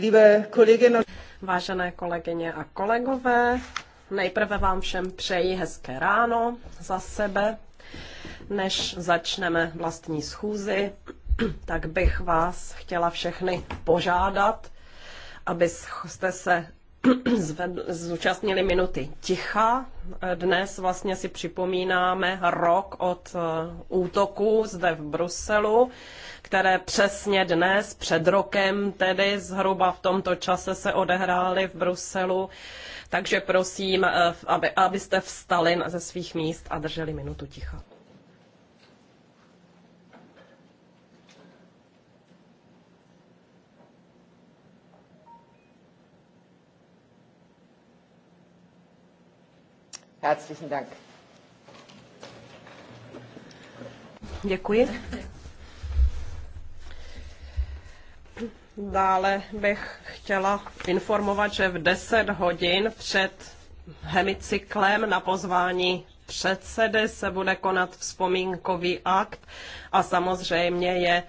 liebe Kolleginnen Vážené kolegyně a kolegové, nejprve vám všem přeji hezké ráno za sebe. Než začneme vlastní schůzi, tak bych vás chtěla všechny požádat, abyste se zúčastnili minuty ticha. Dnes vlastně si připomínáme rok od eh, útoku zde v Bruselu, které přesně dnes, před rokem tedy, zhruba v tomto čase se odehrály v Bruselu. Takže prosím, eh, aby, abyste vstali ze svých míst a drželi minutu ticha. Herzlichen Dank. Děkuji. Dále bych chtěla informovat, že v 10 hodin před hemicyklem na pozvání předsedy se bude konat vzpomínkový akt a samozřejmě je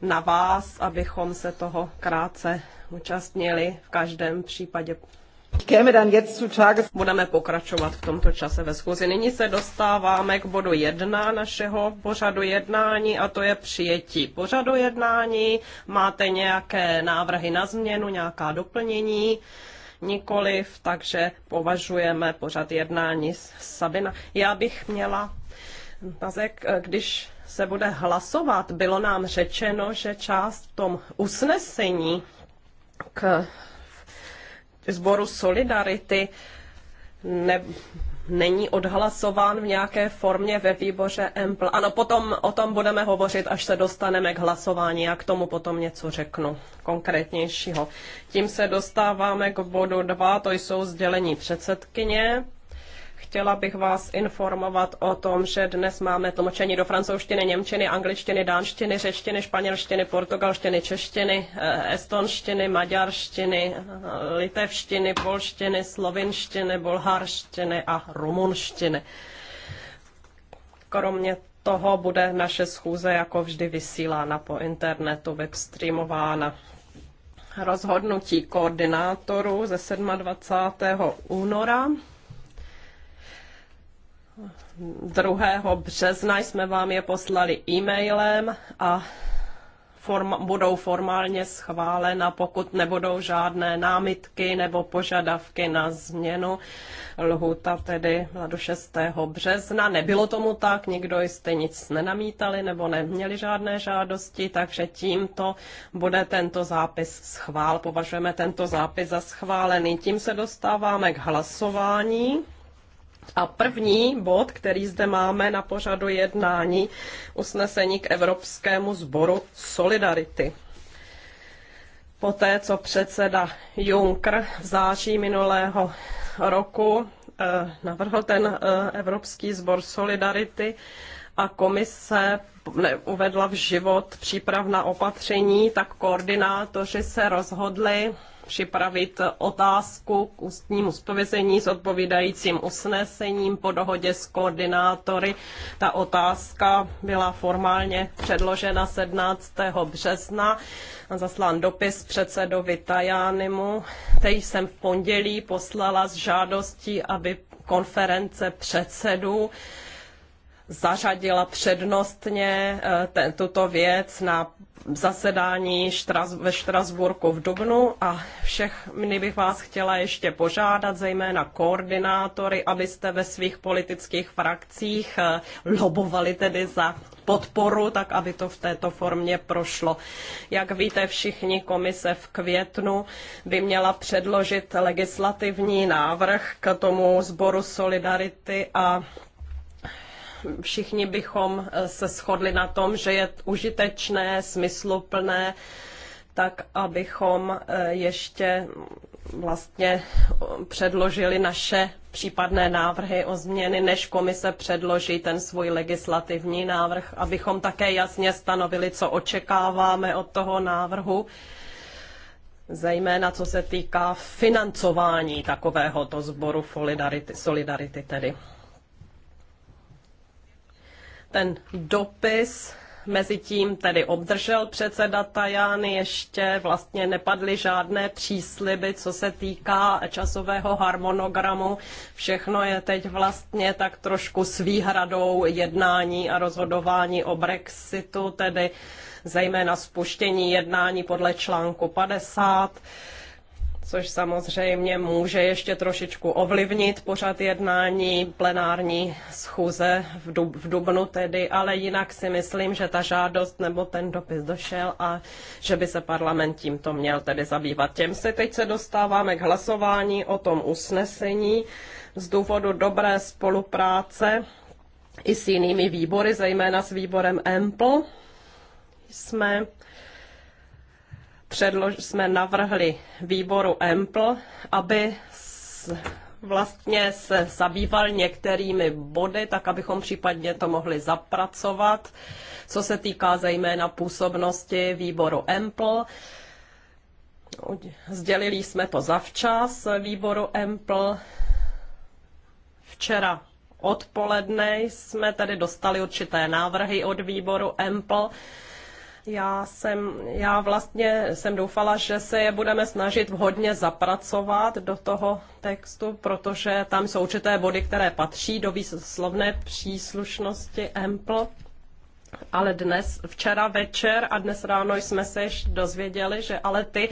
na vás, abychom se toho krátce účastnili. V každém případě Budeme pokračovat v tomto čase ve schůzi. Nyní se dostáváme k bodu jedna našeho pořadu jednání a to je přijetí pořadu jednání. Máte nějaké návrhy na změnu, nějaká doplnění? Nikoliv, takže považujeme pořad jednání s Sabina. Já bych měla Mazek, když se bude hlasovat, bylo nám řečeno, že část v tom usnesení k sboru Solidarity ne, není odhlasován v nějaké formě ve výboře EMPL. Ano, potom o tom budeme hovořit, až se dostaneme k hlasování. Já k tomu potom něco řeknu konkrétnějšího. Tím se dostáváme k bodu 2, to jsou sdělení předsedkyně. Chtěla bych vás informovat o tom, že dnes máme tlumočení do francouzštiny, němčiny, angličtiny, dánštiny, řečtiny, španělštiny, portugalštiny, češtiny, eh, estonštiny, maďarštiny, eh, litevštiny, polštiny, slovinštiny, bulharštiny a rumunštiny. Kromě toho bude naše schůze jako vždy vysílána po internetu, webstreamována rozhodnutí koordinátorů ze 27. února 2. března jsme vám je poslali e-mailem a form, budou formálně schválena, pokud nebudou žádné námitky nebo požadavky na změnu. Lhuta tedy do 6. března. Nebylo tomu tak, nikdo jste nic nenamítali nebo neměli žádné žádosti, takže tímto bude tento zápis schvál. Považujeme tento zápis za schválený. Tím se dostáváme k hlasování. A první bod, který zde máme na pořadu jednání, usnesení k Evropskému sboru Solidarity. Poté, co předseda Juncker v září minulého roku eh, navrhl ten eh, Evropský sbor Solidarity a komise uvedla v život přípravná opatření, tak koordinátoři se rozhodli připravit otázku k ústnímu zpovězení s odpovídajícím usnesením po dohodě s koordinátory. Ta otázka byla formálně předložena 17. března a zaslán dopis předsedovi Tajánemu. který jsem v pondělí poslala s žádostí, aby konference předsedů zařadila přednostně eh, tuto věc na zasedání ve Štrasburku v Dubnu a všechny bych vás chtěla ještě požádat, zejména koordinátory, abyste ve svých politických frakcích eh, lobovali tedy za podporu, tak aby to v této formě prošlo. Jak víte všichni, komise v květnu by měla předložit legislativní návrh k tomu sboru Solidarity a všichni bychom eh, se shodli na tom, že je užitečné, smysluplné, tak abychom eh, ještě vlastně eh, předložili naše případné návrhy o změny, než komise předloží ten svůj legislativní návrh, abychom také jasně stanovili, co očekáváme od toho návrhu, zejména co se týká financování takovéhoto sboru solidarity, solidarity tedy. Ten dopis Mezitím tedy obdržel předseda Tajány, ještě vlastně nepadly žádné přísliby, co se týká časového harmonogramu. Všechno je teď vlastně tak trošku s výhradou jednání a rozhodování o Brexitu, tedy zejména spuštění jednání podle článku 50 což samozřejmě může ještě trošičku ovlivnit pořad jednání plenární schůze v, dub, v Dubnu tedy, ale jinak si myslím, že ta žádost nebo ten dopis došel a že by se parlament tímto měl tedy zabývat. Těm se teď se dostáváme k hlasování o tom usnesení z důvodu dobré spolupráce i s jinými výbory, zejména s výborem EMPL. Jsme předlož, jsme navrhli výboru EMPL, aby s, vlastně se zabýval některými body, tak abychom případně to mohli zapracovat, co se týká zejména působnosti výboru EMPL. Sdělili jsme to zavčas výboru EMPL. Včera odpoledne jsme tedy dostali určité návrhy od výboru EMPL já jsem, já vlastně jsem doufala, že se je budeme snažit vhodně zapracovat do toho textu, protože tam jsou určité body, které patří do výslovné příslušnosti EMPL. Ale dnes, včera večer a dnes ráno jsme se ještě dozvěděli, že ale ty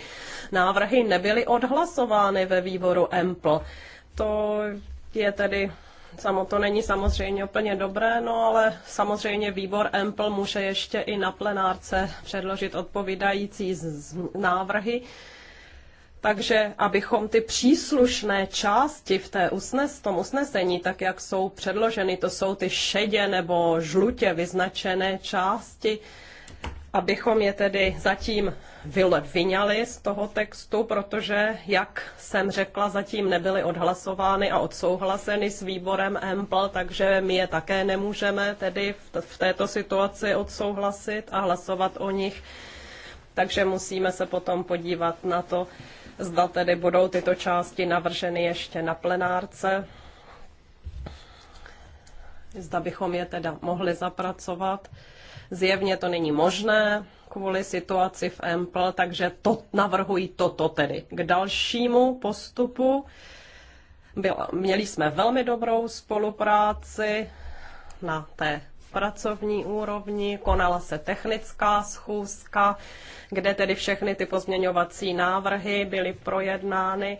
návrhy nebyly odhlasovány ve výboru EMPL. To je tedy Samo to není samozřejmě úplně dobré, no ale samozřejmě výbor EMPL může ještě i na plenárce předložit odpovídající z, z, návrhy. Takže abychom ty příslušné části v té usnes, tom usnesení, tak jak jsou předloženy, to jsou ty šedě nebo žlutě vyznačené části, abychom je tedy zatím vyňali z toho textu, protože, jak jsem řekla, zatím nebyly odhlasovány a odsouhlaseny s výborem EMPL, takže my je také nemůžeme tedy v této situaci odsouhlasit a hlasovat o nich. Takže musíme se potom podívat na to, zda tedy budou tyto části navrženy ještě na plenárce, zda bychom je teda mohli zapracovat. Zjevně to není možné kvůli situaci v Empl, takže to navrhuji toto tedy. K dalšímu postupu bylo, měli jsme velmi dobrou spolupráci na té pracovní úrovni, konala se technická schůzka, kde tedy všechny ty pozměňovací návrhy byly projednány.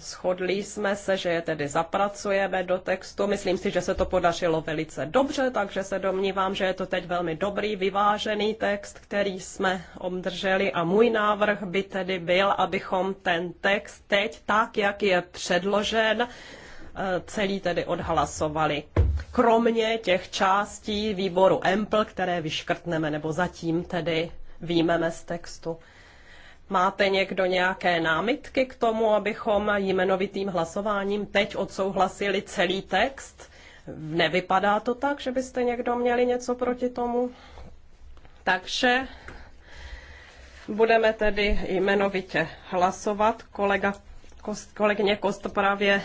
Shodli jsme se, že je tedy zapracujeme do textu. Myslím si, že se to podařilo velice dobře, takže se domnívám, že je to teď velmi dobrý, vyvážený text, který jsme obdrželi a můj návrh by tedy byl, abychom ten text teď tak, jak je předložen, eh, celý tedy odhlasovali. Kromě těch částí výboru EMPL, které vyškrtneme nebo zatím tedy výjmeme z textu. Máte někdo nějaké námitky k tomu, abychom jmenovitým hlasováním teď odsouhlasili celý text? Nevypadá to tak, že byste někdo měli něco proti tomu? Takže budeme tedy jmenovitě hlasovat. Kolega, kost, kolegyně Kost právě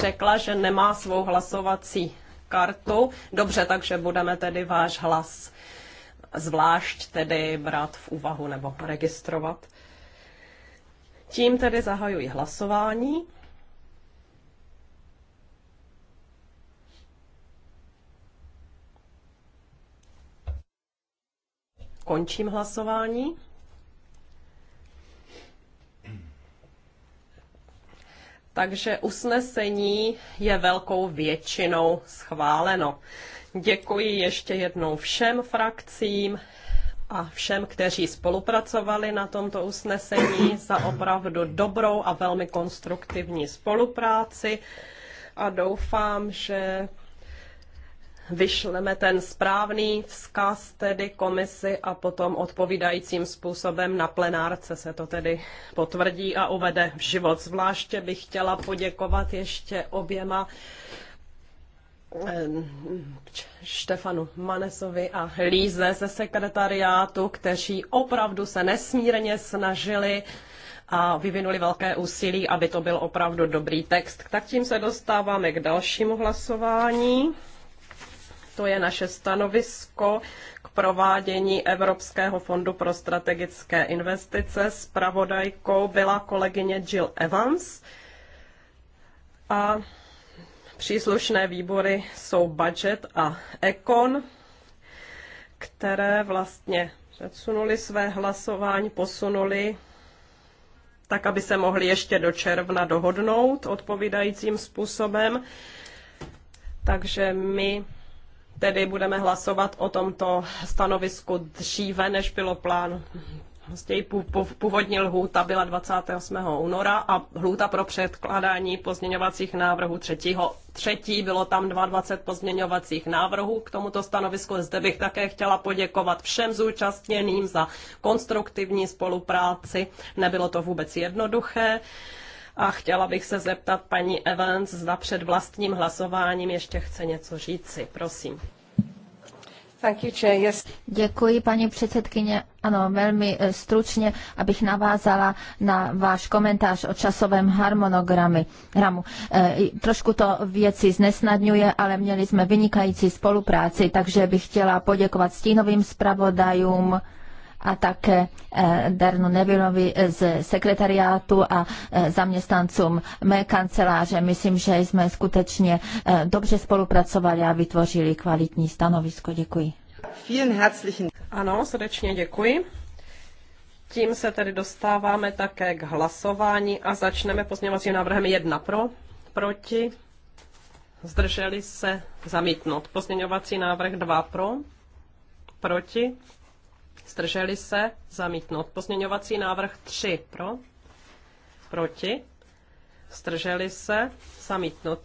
řekla, že nemá svou hlasovací kartu. Dobře, takže budeme tedy váš hlas zvlášť tedy brát v úvahu nebo registrovat. Tím tedy zahajuji hlasování. Končím hlasování. Takže usnesení je velkou většinou schváleno. Děkuji ještě jednou všem frakcím, a všem, kteří spolupracovali na tomto usnesení za opravdu dobrou a velmi konstruktivní spolupráci a doufám, že vyšleme ten správný vzkaz tedy komisi a potom odpovídajícím způsobem na plenárce se to tedy potvrdí a uvede v život. Zvláště bych chtěla poděkovat ještě oběma Eh, Štefanu Manesovi a Líze ze sekretariátu, kteří opravdu se nesmírně snažili a vyvinuli velké úsilí, aby to byl opravdu dobrý text. Tak tím se dostáváme k dalšímu hlasování. To je naše stanovisko k provádění Evropského fondu pro strategické investice. Spravodajkou byla kolegyně Jill Evans. A Příslušné výbory jsou budget a ekon, které vlastně předsunuli své hlasování, posunuli tak, aby se mohli ještě do června dohodnout odpovídajícím způsobem. Takže my tedy budeme hlasovat o tomto stanovisku dříve, než bylo plán, Vlastně původní lhůta byla 28. února a lhůta pro předkládání pozměňovacích návrhů 3. 3. bylo tam 22 pozměňovacích návrhů k tomuto stanovisku. Zde bych také chtěla poděkovat všem zúčastněným za konstruktivní spolupráci. Nebylo to vůbec jednoduché. A chtěla bych se zeptat paní Evans, zda před vlastním hlasováním ještě chce něco říci. Prosím. Děkuji, paní předsedkyně. Ano, velmi eh, stručně, abych navázala na váš komentář o časovém harmonogramu. Eh, trošku to věci znesnadňuje, ale měli jsme vynikající spolupráci, takže bych chtěla poděkovat stínovým zpravodajům, a také eh, Darnu Nevilovi z sekretariátu a eh, zaměstnancům mé kanceláře. Myslím, že jsme skutečně eh, dobře spolupracovali a vytvořili kvalitní stanovisko. Děkuji. Vielen herzlichen. Ano, srdečně děkuji. Tím se tedy dostáváme také k hlasování a začneme pozměňovacím návrhem 1 pro, proti, zdrželi se zamítnout. Pozměňovací návrh 2 pro, proti, Zdrželi se? Zamítnout. Pozměňovací návrh 3 pro? Proti? Zdrželi se? Zamítnout.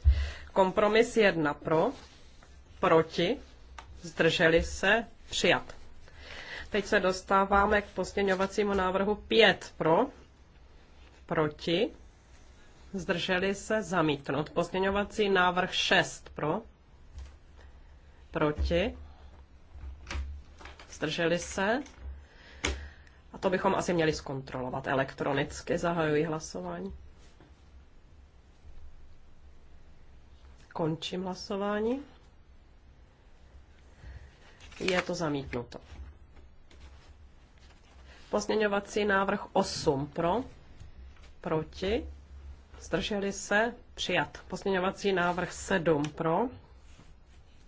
Kompromis 1 pro? Proti? Zdrželi se? Přijat. Teď se dostáváme k pozměňovacímu návrhu 5 pro? Proti? Zdrželi se? Zamítnout. Pozměňovací návrh 6 pro? Proti? zdrželi se. A to bychom asi měli zkontrolovat elektronicky. Zahajuji hlasování. Končím hlasování. Je to zamítnuto. Pozměňovací návrh 8 pro, proti, zdrželi se, přijat. Pozměňovací návrh 7 pro,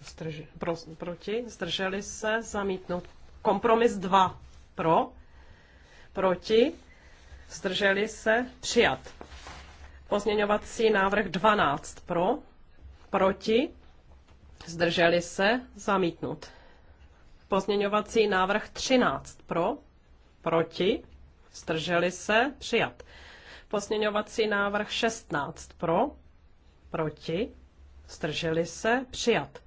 zdrž, pro proti, zdrželi se, zamítnut. Kompromis 2 pro, proti, zdrželi se, přijat. Pozměňovací návrh 12 pro, proti, zdrželi se, zamítnut. Pozměňovací návrh 13 pro, proti, zdrželi se, přijat. Pozměňovací návrh 16 pro, proti, zdrželi se, přijat.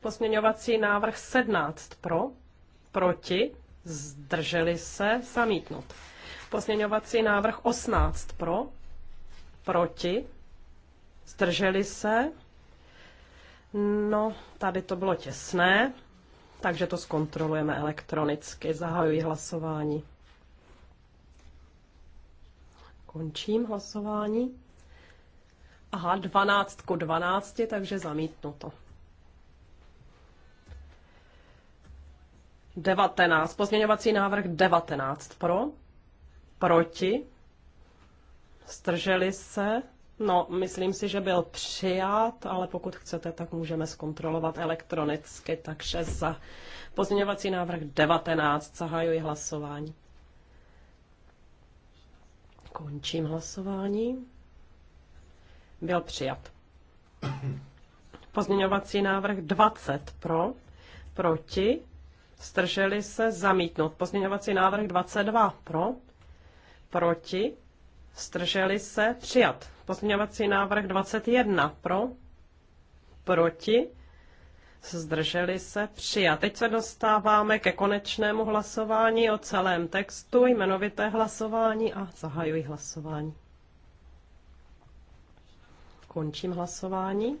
Pozměňovací návrh 17 pro, proti, zdrželi se, zamítnut. Pozměňovací návrh 18 pro, proti, zdrželi se. No, tady to bylo těsné, takže to zkontrolujeme elektronicky. Zahajuji hlasování. Končím hlasování. Aha, 12 ku 12, takže zamítnu to. 19. Pozměňovací návrh 19 pro. Proti. Strželi se. No, myslím si, že byl přijat, ale pokud chcete, tak můžeme zkontrolovat elektronicky. Takže za pozměňovací návrh 19 zahajuji hlasování. Končím hlasování. Byl přijat. Pozměňovací návrh 20 pro, proti Zdrželi se zamítnout. Pozměňovací návrh 22 pro. Proti. Zdrželi se přijat. Pozměňovací návrh 21 pro. Proti. Zdrželi se přijat. Teď se dostáváme ke konečnému hlasování o celém textu, jmenovité hlasování a zahajuji hlasování. Končím hlasování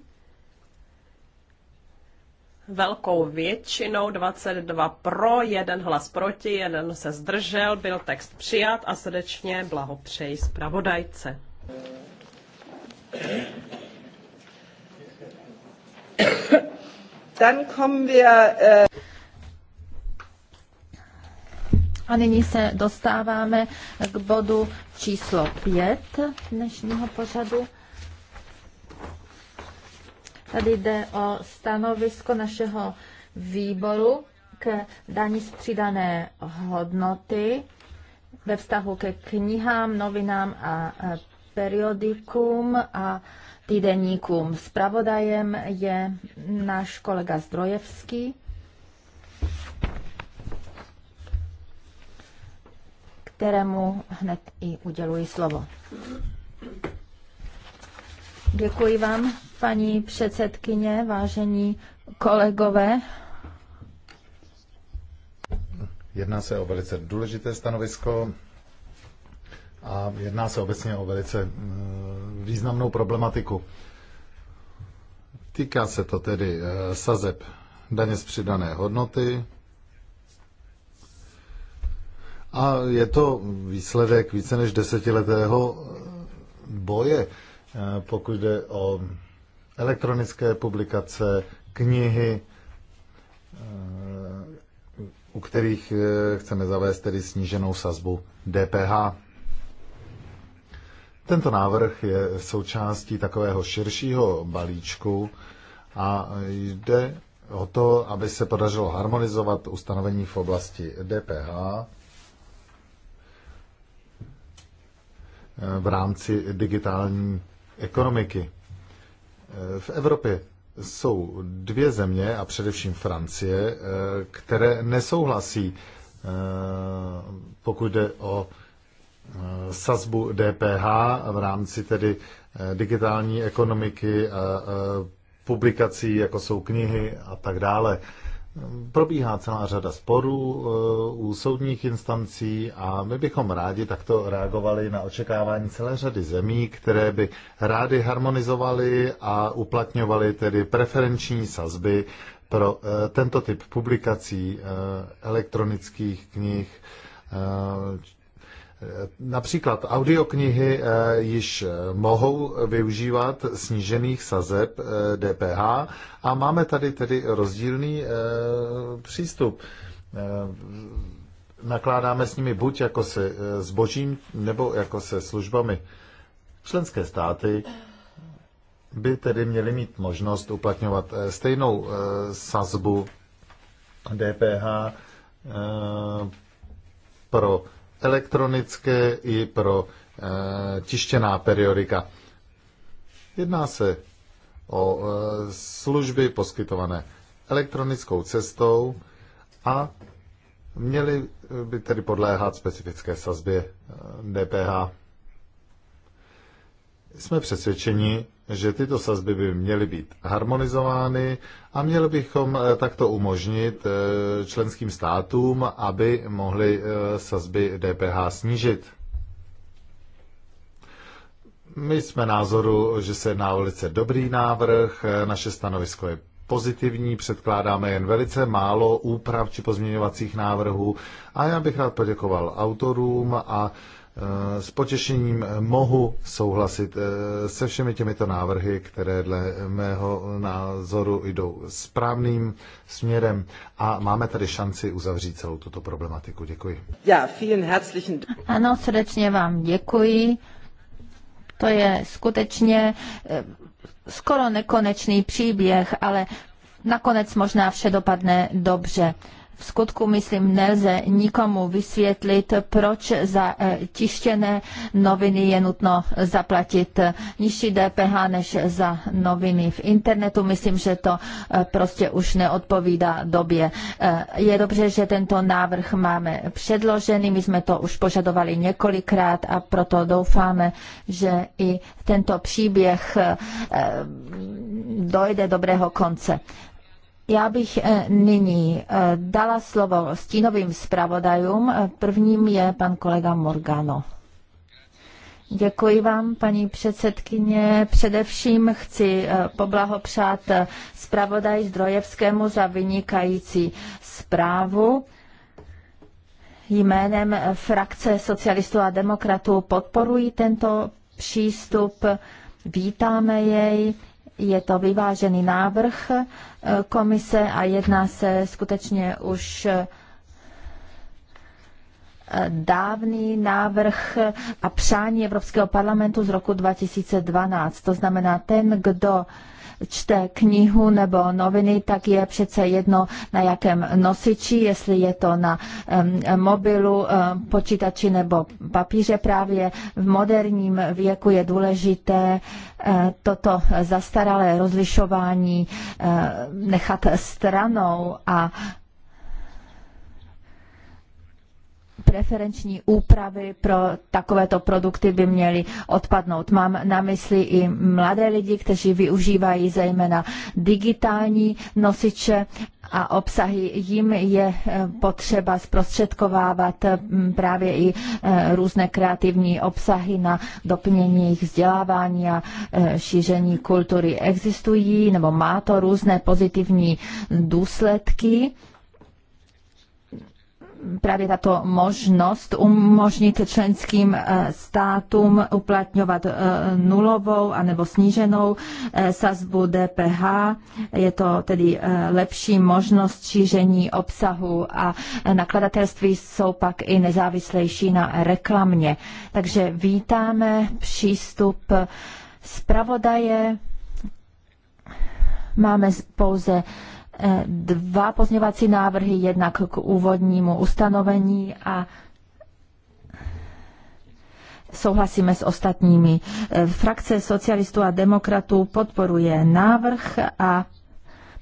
velkou většinou, 22 pro, jeden hlas proti, jeden se zdržel, byl text přijat a srdečně blahopřeji zpravodajce. Dann kommen wir, uh... a nyní se dostáváme k bodu číslo 5 dnešního pořadu. Tady jde o stanovisko našeho výboru k daní z přidané hodnoty ve vztahu ke knihám, novinám a periodikům a týdeníkům. Spravodajem je náš kolega Zdrojevský, kterému hned i uděluji slovo. Děkuji vám, paní předsedkyně, vážení kolegové. Jedná se o velice důležité stanovisko a jedná se obecně o velice mm, významnou problematiku. Týká se to tedy eh, sazeb daně z přidané hodnoty, a je to výsledek více než desetiletého eh, boje, eh, pokud jde o elektronické publikace, knihy, eh, u kterých eh, chceme zavést tedy sníženou sazbu DPH. Tento návrh je součástí takového širšího balíčku a jde o to, aby se podařilo harmonizovat ustanovení v oblasti DPH v rámci digitální ekonomiky. V Evropě jsou dvě země, a především Francie, eh, které nesouhlasí, eh, pokud jde o eh, sazbu DPH v rámci tedy digitální ekonomiky a publikací, jako jsou knihy a tak dále. Probíhá celá řada sporů eh, u soudních instancí a my bychom rádi takto reagovali na očekávání celé řady zemí, které by rádi harmonizovaly a uplatňovaly tedy preferenční sazby pro eh, tento typ publikací eh, elektronických knih Například audioknihy eh, již eh, mohou využívat snížených sazeb DPH eh, a máme tady tedy rozdílný přístup. Nakládáme s nimi buď jako se zbožím nebo jako se službami. Členské státy by tedy měly mít možnost uplatňovat stejnou sazbu DPH pro elektronické i pro e, tištěná periodika. Jedná se o e, služby poskytované elektronickou cestou a měly by tedy podléhat specifické sazbě DPH. Eh, Jsme přesvědčeni, že tyto sazby by měly být harmonizovány a měli bychom eh, takto umožnit eh, členským státům, aby mohly eh, sazby DPH snížit. My jsme názoru, že se jedná velice dobrý návrh, naše stanovisko je pozitivní, předkládáme jen velice málo úprav či pozměňovacích návrhů a já bych rád poděkoval autorům a Eh, s potěšením mohu souhlasit eh, se všemi těmito návrhy, které dle mého názoru jdou správným směrem a máme tady šanci uzavřít celou tuto problematiku. Děkuji. Ja, vielen herzlichen... Ano, srdečně vám děkuji. To je skutečně eh, skoro nekonečný příběh, ale nakonec možná vše dopadne dobře v skutku, myslím, nelze nikomu vysvětlit, proč za eh, tištěné noviny je nutno zaplatit nižší DPH než za noviny v internetu. Myslím, že to eh, prostě už neodpovídá době. Eh, je dobře, že tento návrh máme předložený. My jsme to už požadovali několikrát a proto doufáme, že i tento příběh dojde dobrého konce. Já bych eh, nyní eh, dala slovo stínovým zpravodajům. Eh, prvním je pan kolega Morgano. Děkuji vám, paní předsedkyně. Především chci poblahopřát zpravodaj Zdrojevskému za vynikající zprávu. Jménem frakce socialistů a demokratů podporují tento přístup, vítáme jej je to vyvážený návrh eh, komise a jedná se skutečně už eh, dávný návrh a přání Evropského parlamentu z roku 2012. To znamená, ten, kdo čte knihu nebo noviny, tak je přece jedno, na jakém nosiči, jestli je to na mobilu, počítači nebo papíře. Právě v moderním věku je důležité eh, toto zastaralé rozlišování eh, nechat stranou a preferenční úpravy pro takovéto produkty by měly odpadnout. Mám na mysli i mladé lidi, kteří využívají zejména digitální nosiče a obsahy jim je eh, potřeba zprostředkovávat eh, právě i eh, různé kreativní obsahy na doplnění jejich vzdělávání a šíření kultury. Existují nebo má to různé pozitivní důsledky, právě tato možnost umožnit členským eh, státům uplatňovat eh, nulovou anebo sníženou eh, sazbu DPH. Je to tedy lepší možnost šíření obsahu a nakladatelství jsou pak i nezávislejší na reklamě. Takže vítáme přístup zpravodaje. Máme pouze dva pozměvací návrhy, jednak k úvodnímu ustanovení a souhlasíme s ostatními. Frakce socialistů a demokratů podporuje návrh a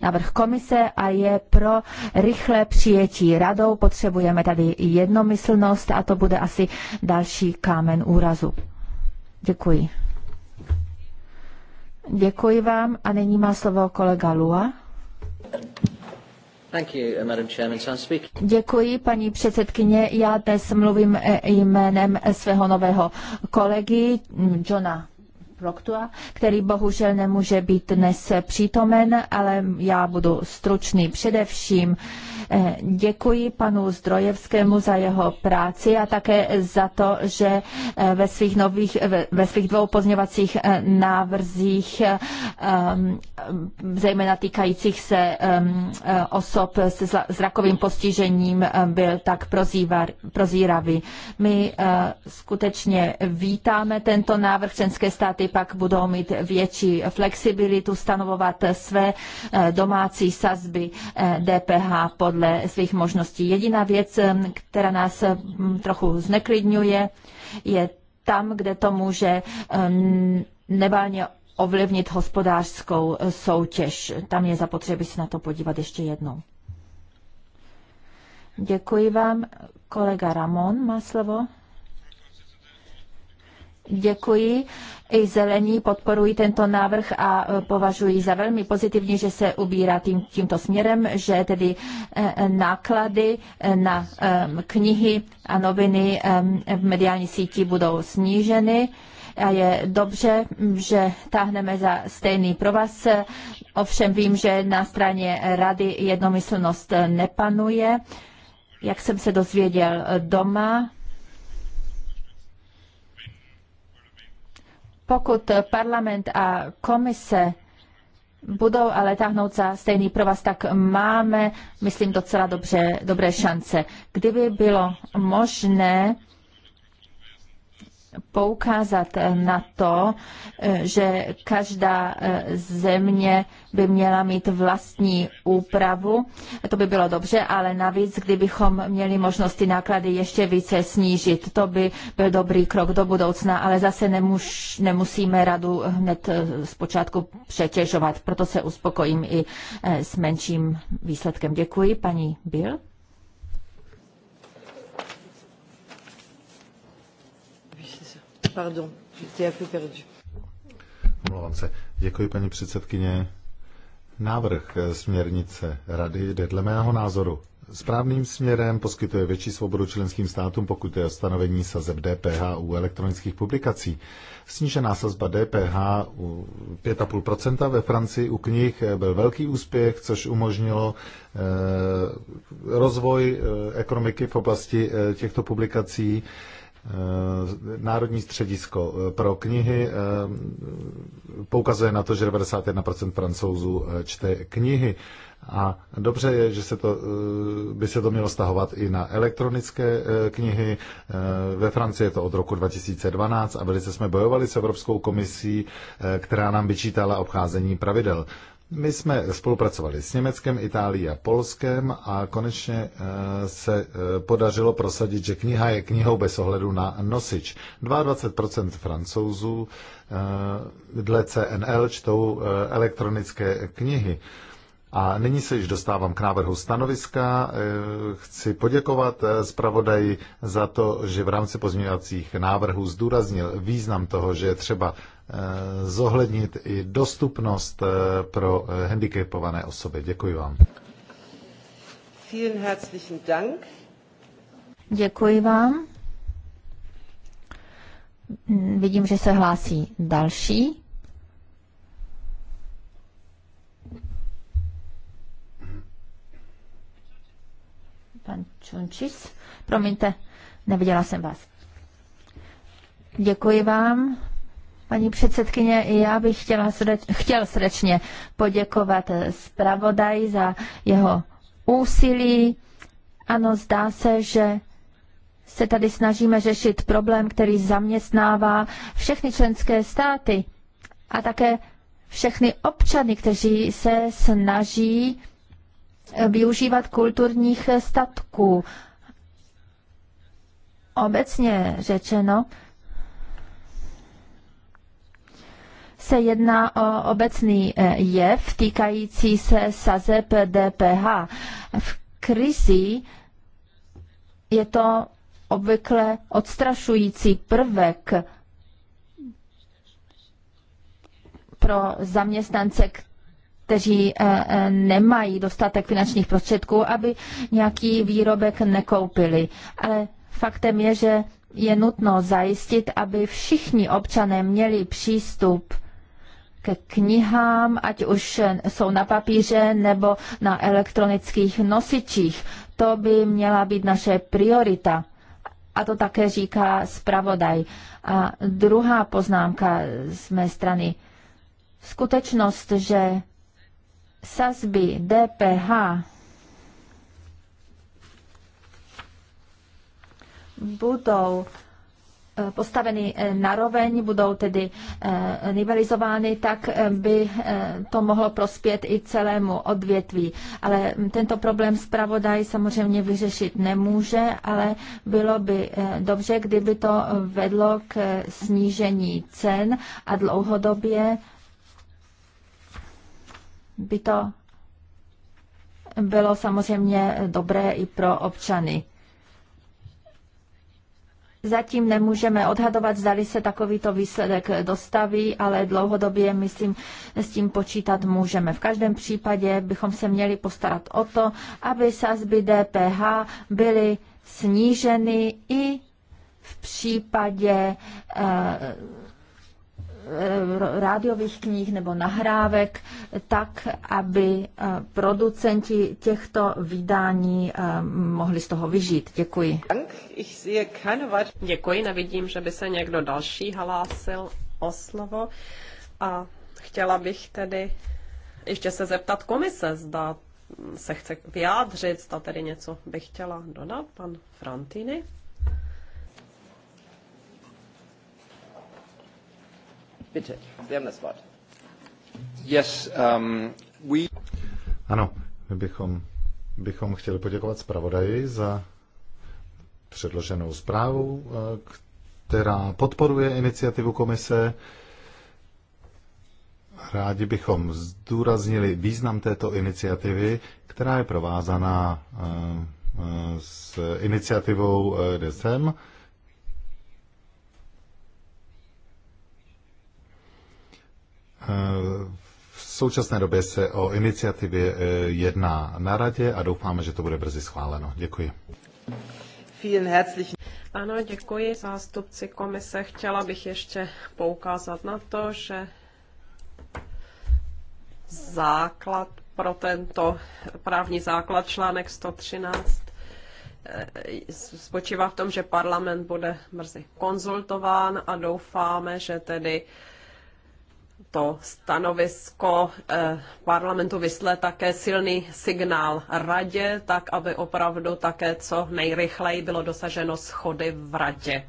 návrh komise a je pro rychlé přijetí radou. Potřebujeme tady jednomyslnost a to bude asi další kámen úrazu. Děkuji. Děkuji vám a nyní má slovo kolega Lua. Uh, Děkuji, paní předsedkyně. Já dnes mluvím eh, jménem eh, svého nového kolegy mm, Johna Proctua, který bohužel nemůže být dnes přítomen, ale já budu stručný především. Uh, Eh, děkuji panu Zdrojevskému za jeho práci a také za to, že eh, ve svých, nových, ve svých dvou pozněvacích eh, návrzích, ehm, zejména týkajících se ehm, osob s zrakovým postižením, byl tak prozíravý. My skutečně vítáme tento návrh. Členské státy pak budou mít větší flexibilitu stanovovat své domácí sazby DPH podle podle svých možností. Jediná věc, která nás trochu zneklidňuje, je tam, kde to může nebálně ovlivnit hospodářskou e, soutěž. Tam je zapotřebí se na to podívat ještě jednou. Děkuji vám. Kolega Ramon má slovo děkuji. I zelení podporují tento návrh a e, považují za velmi pozitivní, že se ubírá tím, tímto směrem, že tedy e, e, náklady na knihy a noviny v mediální síti budou sníženy a je dobře, že táhneme za stejný provaz. Ovšem vím, že na straně rady jednomyslnost nepanuje. Jak jsem se dozvěděl doma, Pokud parlament a komise budou ale táhnout za stejný provaz, tak máme, myslím, docela dobře, dobré šance. Kdyby bylo možné poukázat na to, že každá eh, země by měla mít vlastní úpravu. To by bylo dobře, ale navíc, kdybychom měli možnost ty náklady ještě více snížit, to by byl dobrý krok do budoucna, ale zase nemuž, nemusíme radu hned eh, zpočátku přetěžovat, proto se uspokojím i eh, s menším výsledkem. Děkuji, paní Bill. pardon, j'étais un perdu. Omlouvám se. Děkuji, paní předsedkyně. Návrh směrnice Rady jde dle mého názoru správným směrem, poskytuje větší svobodu členským státům, pokud je o stanovení sazeb DPH u elektronických publikací. Snížená sazba DPH u 5,5% ve Francii u knih byl velký úspěch, což umožnilo eh, rozvoj eh, ekonomiky v oblasti eh, těchto publikací. Eh, Národní středisko eh, pro knihy eh, poukazuje na to, že 91% francouzů čte knihy. A dobře je, že se to, by se to mělo stahovat i na elektronické knihy. Ve Francii je to od roku 2012 a velice jsme bojovali s Evropskou komisí, která nám vyčítala obcházení pravidel. My jsme spolupracovali s Německem, Itálií a Polskem a konečně eh, se eh, podařilo prosadit, že kniha je knihou bez ohledu na nosič. 22% francouzů eh, dle CNL čtou elektronické knihy. A nyní se již dostávám k návrhu stanoviska. Chci poděkovat zpravodaji za to, že v rámci pozměňovacích návrhů zdůraznil význam toho, že je třeba Eh, zohlednit i dostupnost eh, pro eh, handicapované osoby. Děkuji vám. Vielen herzlichen Dank. Děkuji vám. Vidím, že se hlásí další. Pan Čunčis, promiňte, neviděla jsem vás. Děkuji vám, Paní předsedkyně, i já bych chtěla srdeč, chtěl srdečně poděkovat zpravodaji za jeho úsilí. Ano, zdá se, že se tady snažíme řešit problém, který zaměstnává všechny členské státy a také všechny občany, kteří se snaží eh, využívat kulturních statků. Obecně řečeno, se jedná o obecný eh, jev týkající se sazeb DPH. V krizi je to obvykle odstrašující prvek pro zaměstnance, kteří eh, eh, nemají dostatek finančních prostředků, aby nějaký výrobek nekoupili. Ale faktem je, že je nutno zajistit, aby všichni občané měli přístup k knihám, ať už jsou na papíře nebo na elektronických nosičích. To by měla být naše priorita. A to také říká zpravodaj. A druhá poznámka z mé strany. Skutečnost, že sazby DPH budou Eh, postaveny eh, naroveň, budou tedy nivelizovány, eh, tak by to mohlo prospět i celému odvětví. Ale hm, tento problém zpravodaj samozřejmě vyřešit nemůže, ale bylo by dobře, kdyby to vedlo k snížení cen a dlouhodobě by to bylo samozřejmě dobré i pro občany. Zatím nemůžeme odhadovat, zdali se takovýto výsledek dostaví, ale dlouhodobě, myslím, s tím počítat můžeme. V každém případě bychom se měli postarat o to, aby sazby DPH byly sníženy i v případě uh, Eh, rádiových knih nebo nahrávek, tak, aby eh, producenti těchto vydání eh, mohli z toho vyžít. Děkuji. Děkuji, nevidím, že by se někdo další hlásil o slovo. A chtěla bych tedy ještě se zeptat komise, zda se chce vyjádřit, zda tedy něco bych chtěla dodat, pan Frantini. Bitte, Sie haben das Wort. Yes, um, we... Ano, my bychom, bychom chtěli poděkovat zpravodaji za předloženou zprávu, eh, která podporuje iniciativu komise. Rádi bychom zdůraznili význam této iniciativy, která je provázaná eh, eh, s iniciativou DSM, V současné době se o iniciativě eh, jedná na radě a doufáme, že to bude brzy schváleno. Děkuji. Ano, děkuji zástupci komise. Chtěla bych ještě poukázat na to, že základ pro tento právní základ článek 113 eh, spočívá v tom, že parlament bude brzy konzultován a doufáme, že tedy to stanovisko eh, parlamentu vysle také silný signál radě, tak aby opravdu také co nejrychleji bylo dosaženo schody v radě.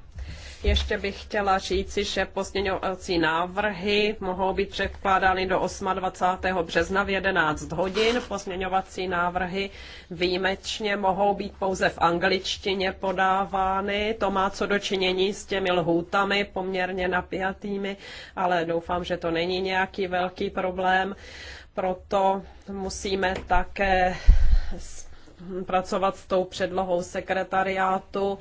Ještě bych chtěla říci, že pozměňovací návrhy mohou být předkládány do 28. března v 11 hodin. Pozměňovací návrhy výjimečně mohou být pouze v angličtině podávány. To má co dočinění s těmi lhůtami poměrně napjatými, ale doufám, že to není nějaký velký problém. Proto musíme také pracovat s tou předlohou sekretariátu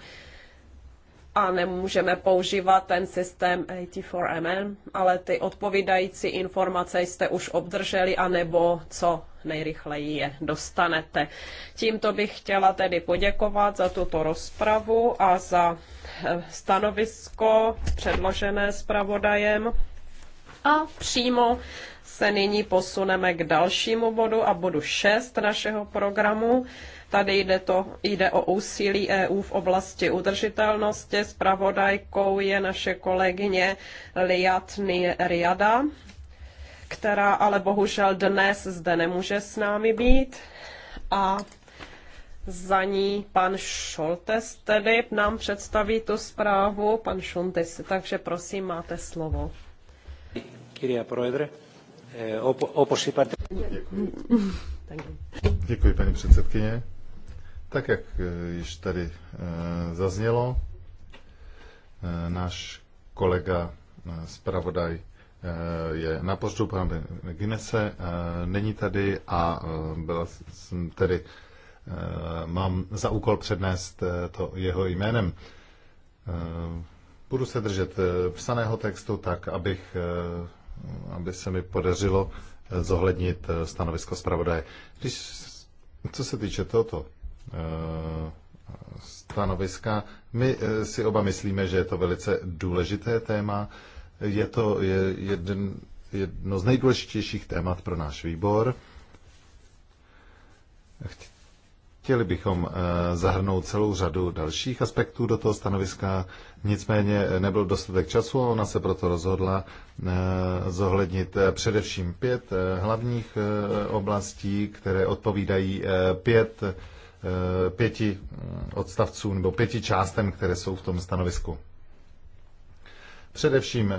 a nemůžeme používat ten systém AT4MN, ale ty odpovídající informace jste už obdrželi, anebo co nejrychleji je dostanete. Tímto bych chtěla tedy poděkovat za tuto rozpravu a za eh, stanovisko předložené zpravodajem. A přímo se nyní posuneme k dalšímu bodu a bodu 6 našeho programu, Tady jde, to, jde o úsilí EU v oblasti udržitelnosti. Spravodajkou je naše kolegyně Liat Riada, která ale bohužel dnes zde nemůže s námi být. A za ní pan Šoltes tedy nám představí tu zprávu, pan Šuntis, takže prosím, máte slovo. Kyria Proedre, eh, Děkuji, paní předsedkyně. Tak jak eh, již tady eh, zaznělo, eh, náš kolega zpravodaj je na poštu pana Ginese, není tady a byla jsem tedy, mám za úkol přednést to jeho jménem. Budu se držet psaného textu tak, abych, aby se mi podařilo zohlednit stanovisko zpravodaje. Když, co se týče tohoto Eh, stanoviska. My eh, si oba myslíme, že je to velice důležité téma. Je to jeden, jedno z nejdůležitějších témat pro náš výbor. Chtěli bychom eh, zahrnout celou řadu dalších aspektů do toho stanoviska, nicméně nebyl dostatek času a ona se proto rozhodla zohlednit především pět hlavních oblastí, které odpovídají pět Eh, pěti mm, odstavců nebo pěti částem, které jsou v tom stanovisku. Především eh,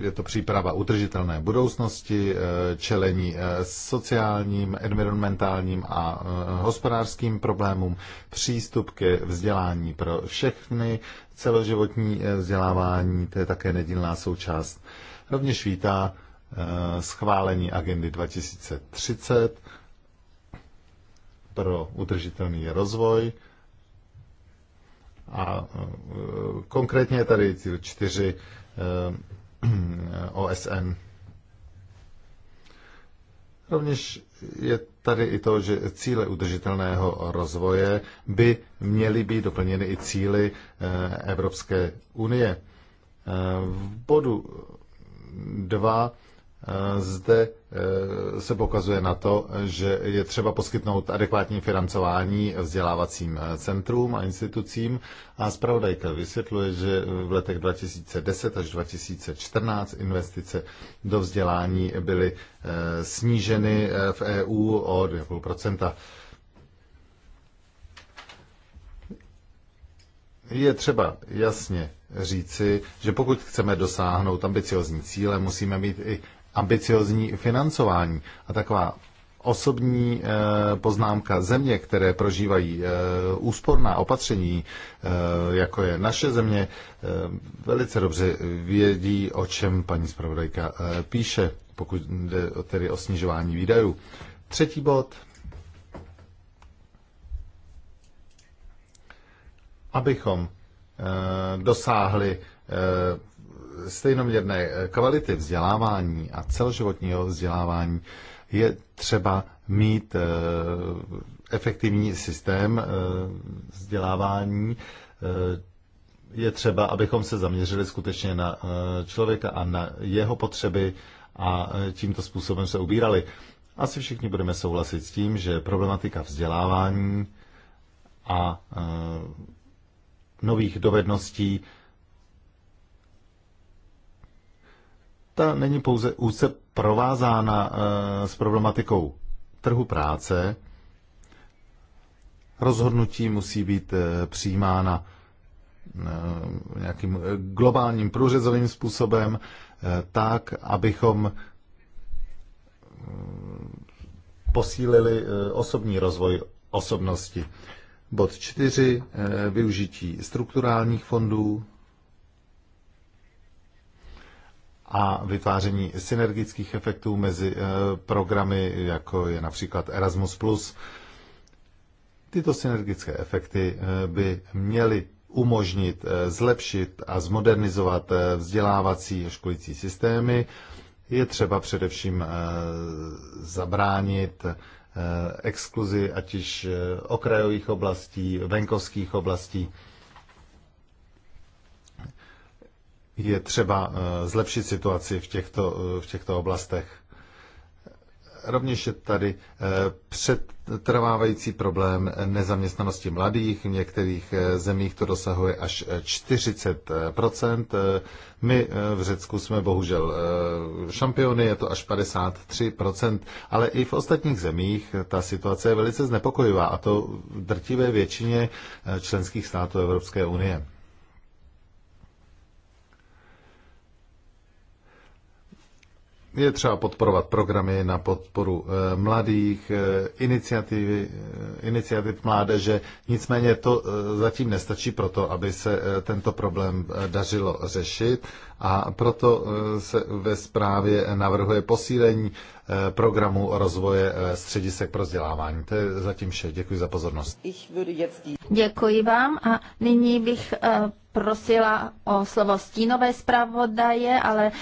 je to příprava udržitelné budoucnosti, eh, čelení sociálním, environmentálním a hospodářským problémům, přístup ke vzdělání pro všechny, celoživotní vzdělávání, to je také nedílná součást. Rovněž vítá schválení agendy 2030 pro udržitelný rozvoj. A e, konkrétně tady cíl 4 e, OSN. Rovněž je tady i to, že cíle udržitelného rozvoje by měly být doplněny i cíly e, Evropské unie. V bodu 2 zde e, se pokazuje na to, že je třeba poskytnout adekvátní financování vzdělávacím e, centrům a institucím a zpravodajka vysvětluje, že v letech 2010 až 2014 investice do vzdělání byly e, sníženy v EU o 2,5 je třeba jasně říci, že pokud chceme dosáhnout ambiciozní cíle, musíme mít i ambiciozní financování. A taková osobní eh, poznámka země, které prožívají eh, úsporná opatření, eh, jako je naše země, velice dobře vědí, o čem paní zpravodajka píše, pokud jde tedy o snižování výdajů. Třetí bod. Abychom dosáhli stejnoměrné kvality vzdělávání a celoživotního vzdělávání je třeba mít eh, efektivní systém eh, vzdělávání. Eh, je třeba, abychom se zaměřili skutečně na člověka a na jeho potřeby a tímto způsobem se ubírali. Asi všichni budeme souhlasit s tím, že problematika vzdělávání a nových dovedností ta není pouze úzce provázána eh, s problematikou trhu práce. Rozhodnutí musí být eh, přijímána eh, nějakým globálním průřezovým způsobem, tak, abychom posílili osobní rozvoj osobnosti. Bod čtyři Využití strukturálních fondů a vytváření synergických efektů mezi eh, programy, jako je například Erasmus. Tyto synergické efekty eh, by měly umožnit eh, zlepšit a zmodernizovat vzdělávací a školící systémy. Je třeba především zabránit exkluzi ať již okrajových oblastí, venkovských oblastí. je třeba eh, zlepšit situaci v těchto, eh, v těchto oblastech. Rovněž je tady eh, přetrvávající problém nezaměstnanosti mladých. V některých zemích to dosahuje až 40 My v Řecku jsme bohužel šampiony, je to až 53 ale i v ostatních zemích ta situace je velice znepokojivá, a to v drtivé většině členských států Evropské unie. Je třeba podporovat programy na podporu eh, mladých, eh, iniciativy, eh, iniciativ mládeže, nicméně to zatím nestačí proto, aby se tento problém dařilo řešit a proto e, se ve zprávě navrhuje posílení e, programu rozvoje e, středisek pro vzdělávání. To je zatím vše. Děkuji za pozornost. Děkuji vám a nyní bych prosila o slovo stínové zpravodaje, ale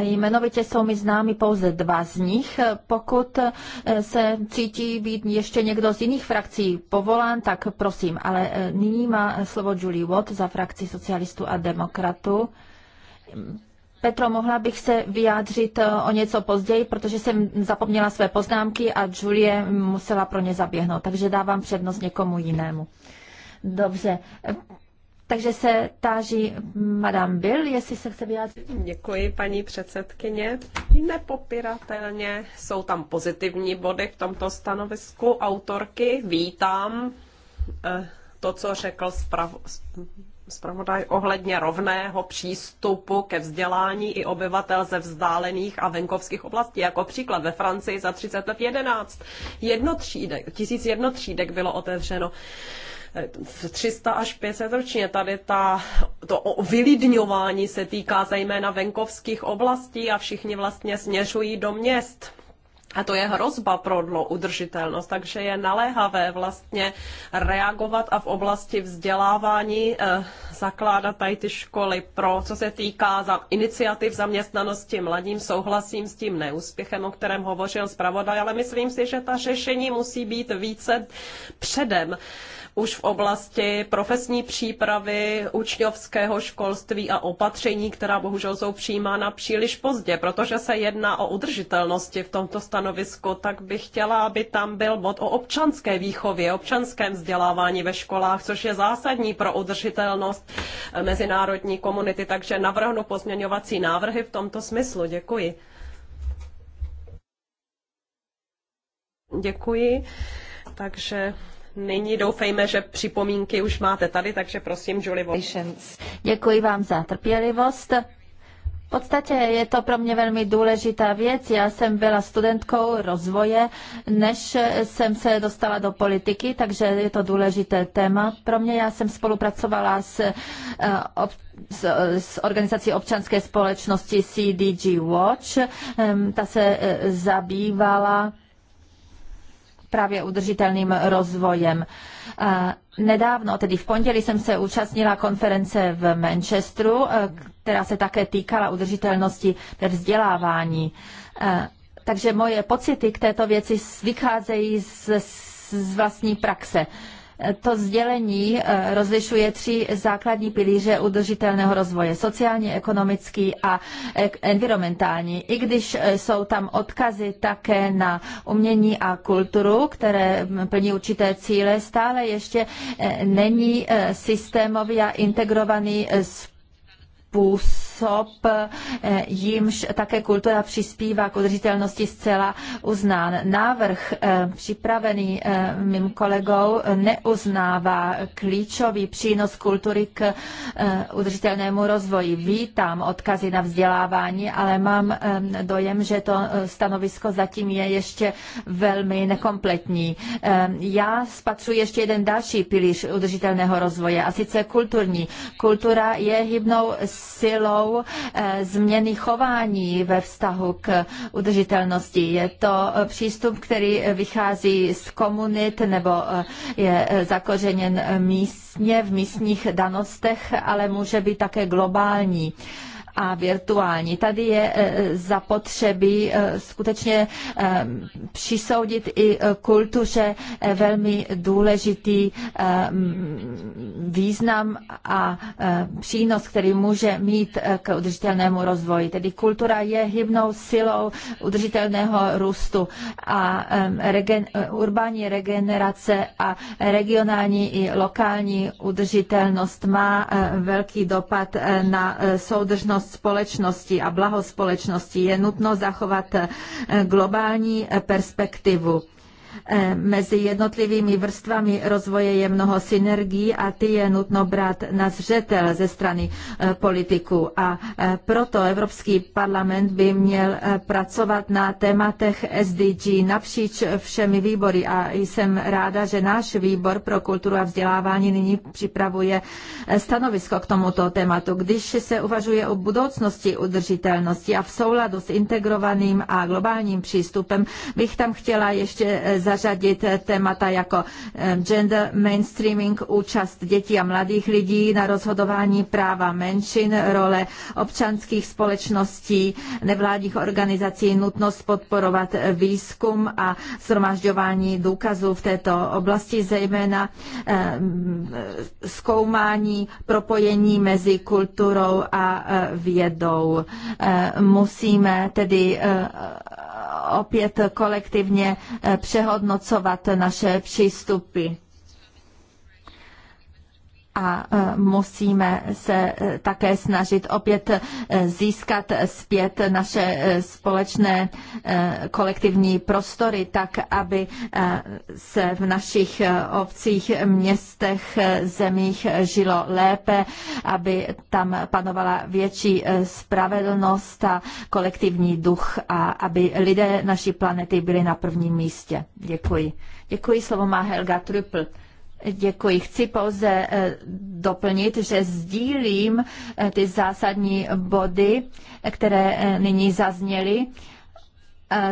jmenovitě jsou mi známi pouze dva z nich. Pokud se cítí být ještě někdo z jiných frakcí povolán, tak prosím. Ale nyní má slovo Julie Watt za frakci socialistů a demokratů. Petro, mohla bych se vyjádřit eh, o něco později, protože jsem zapomněla své poznámky a Julie musela pro ně zaběhnout, takže dávám přednost někomu jinému. Dobře. Takže se táží Madame Bill, jestli se chce vyjádřit. Děkuji, paní předsedkyně. Nepopiratelně jsou tam pozitivní body v tomto stanovisku autorky. Vítám eh, to, co řekl zprav zpravodaj ohledně rovného přístupu ke vzdělání i obyvatel ze vzdálených a venkovských oblastí. Jako příklad ve Francii za 30 let 11 jednotřídek, tisíc jednotřídek bylo otevřeno. 300 eh, až 500 ročně. Tady ta, to vylidňování se týká zejména venkovských oblastí a všichni vlastně směřují do měst a to je hrozba pro dlo udržitelnost, takže je naléhavé vlastně reagovat a v oblasti vzdělávání eh, zakládat tady ty školy pro, co se týká za iniciativ zaměstnanosti mladým, souhlasím s tím neúspěchem, o kterém hovořil zpravodaj, ale myslím si, že ta řešení musí být více předem už v oblasti profesní přípravy, učňovského školství a opatření, která bohužel jsou přijímána příliš pozdě, protože se jedná o udržitelnosti v tomto stanovisku, tak bych chtěla, aby tam byl bod o občanské výchově, občanském vzdělávání ve školách, což je zásadní pro udržitelnost mezinárodní komunity, takže navrhnu pozměňovací návrhy v tomto smyslu. Děkuji. Děkuji. Takže Nyní doufejme, že připomínky už máte tady, takže prosím, Julie. Děkuji vám za trpělivost. V podstatě je to pro mě velmi důležitá věc. Já jsem byla studentkou rozvoje, než jsem se dostala do politiky, takže je to důležité téma pro mě. Já jsem spolupracovala s, eh, s, s organizací občanské společnosti CDG Watch. Ta se eh, zabývala právě udržitelným rozvojem. Nedávno, tedy v pondělí, jsem se účastnila konference v Manchesteru, e, která se také týkala udržitelnosti ve vzdělávání. E, takže moje pocity k této věci vycházejí z, z vlastní praxe. To sdělení eh, rozlišuje tři základní pilíře udržitelného rozvoje. Sociální, ekonomický a eh, environmentální. I když eh, jsou tam odkazy také na umění a kulturu, které mm, plní určité cíle, stále ještě není systémový a integrovaný způsob osob, eh, jimž také kultura přispívá k udržitelnosti zcela uznán. Návrh eh, připravený eh, mým kolegou neuznává klíčový přínos kultury k udržitelnému rozvoji. Vítám odkazy na vzdělávání, ale mám dojem, že to stanovisko zatím je ještě velmi nekompletní. Já spatřuji ještě jeden další pilíř udržitelného rozvoje, a sice kulturní. Kultura je hybnou silou jsou eh, změny chování ve vztahu k udržitelnosti. Je to eh, přístup, který eh, vychází z komunit nebo je zakořeněn místně v místních danostech, ale může být také globální a virtuální. Tady je e, zapotřebí e, skutečně e, přisoudit i kultuře velmi důležitý význam a přínos, který může mít k udržitelnému rozvoji. Tedy kultura je hybnou silou udržitelného růstu a regen, urbání regenerace a regionální i lokální udržitelnost má velký dopad na soudržnost budoucnost společnosti a blaho společnosti, je nutno zachovat eh, globální eh, perspektivu. Eh, mezi jednotlivými vrstvami rozvoje je mnoho synergií a ty je nutno brát na zřetel ze strany eh, politiků. A eh, proto Evropský parlament by měl pracovat na tématech SDG napříč všemi výbory. A jsem ráda, že náš výbor pro kulturu a vzdělávání nyní připravuje stanovisko k tomuto tématu. Když se uvažuje o budoucnosti udržitelnosti a v souladu s integrovaným a globálním přístupem, bych tam chtěla ještě zařadit zařadit témata jako eh, gender mainstreaming, účast dětí a mladých lidí na rozhodování práva menšin, role občanských společností, nevládních organizací, nutnost podporovat výzkum a shromažďování důkazů v této oblasti, zejména eh, zkoumání propojení mezi kulturou a eh, vědou. Musíme tedy opět kolektivně eh, přehodnocovat naše přístupy a e, musíme se e, také snažit opět e, získat zpět naše společné kolektivní prostory, tak aby se v našich obcích, městech, zemích žilo lépe, aby tam panovala větší spravedlnost a kolektivní duch a aby lidé naší planety byli na prvním místě. Děkuji. Děkuji, slovo má Helga Trüppel. Děkuji. Chci pouze eh, doplnit, že sdílím eh, ty zásadní body, které eh, nyní zazněly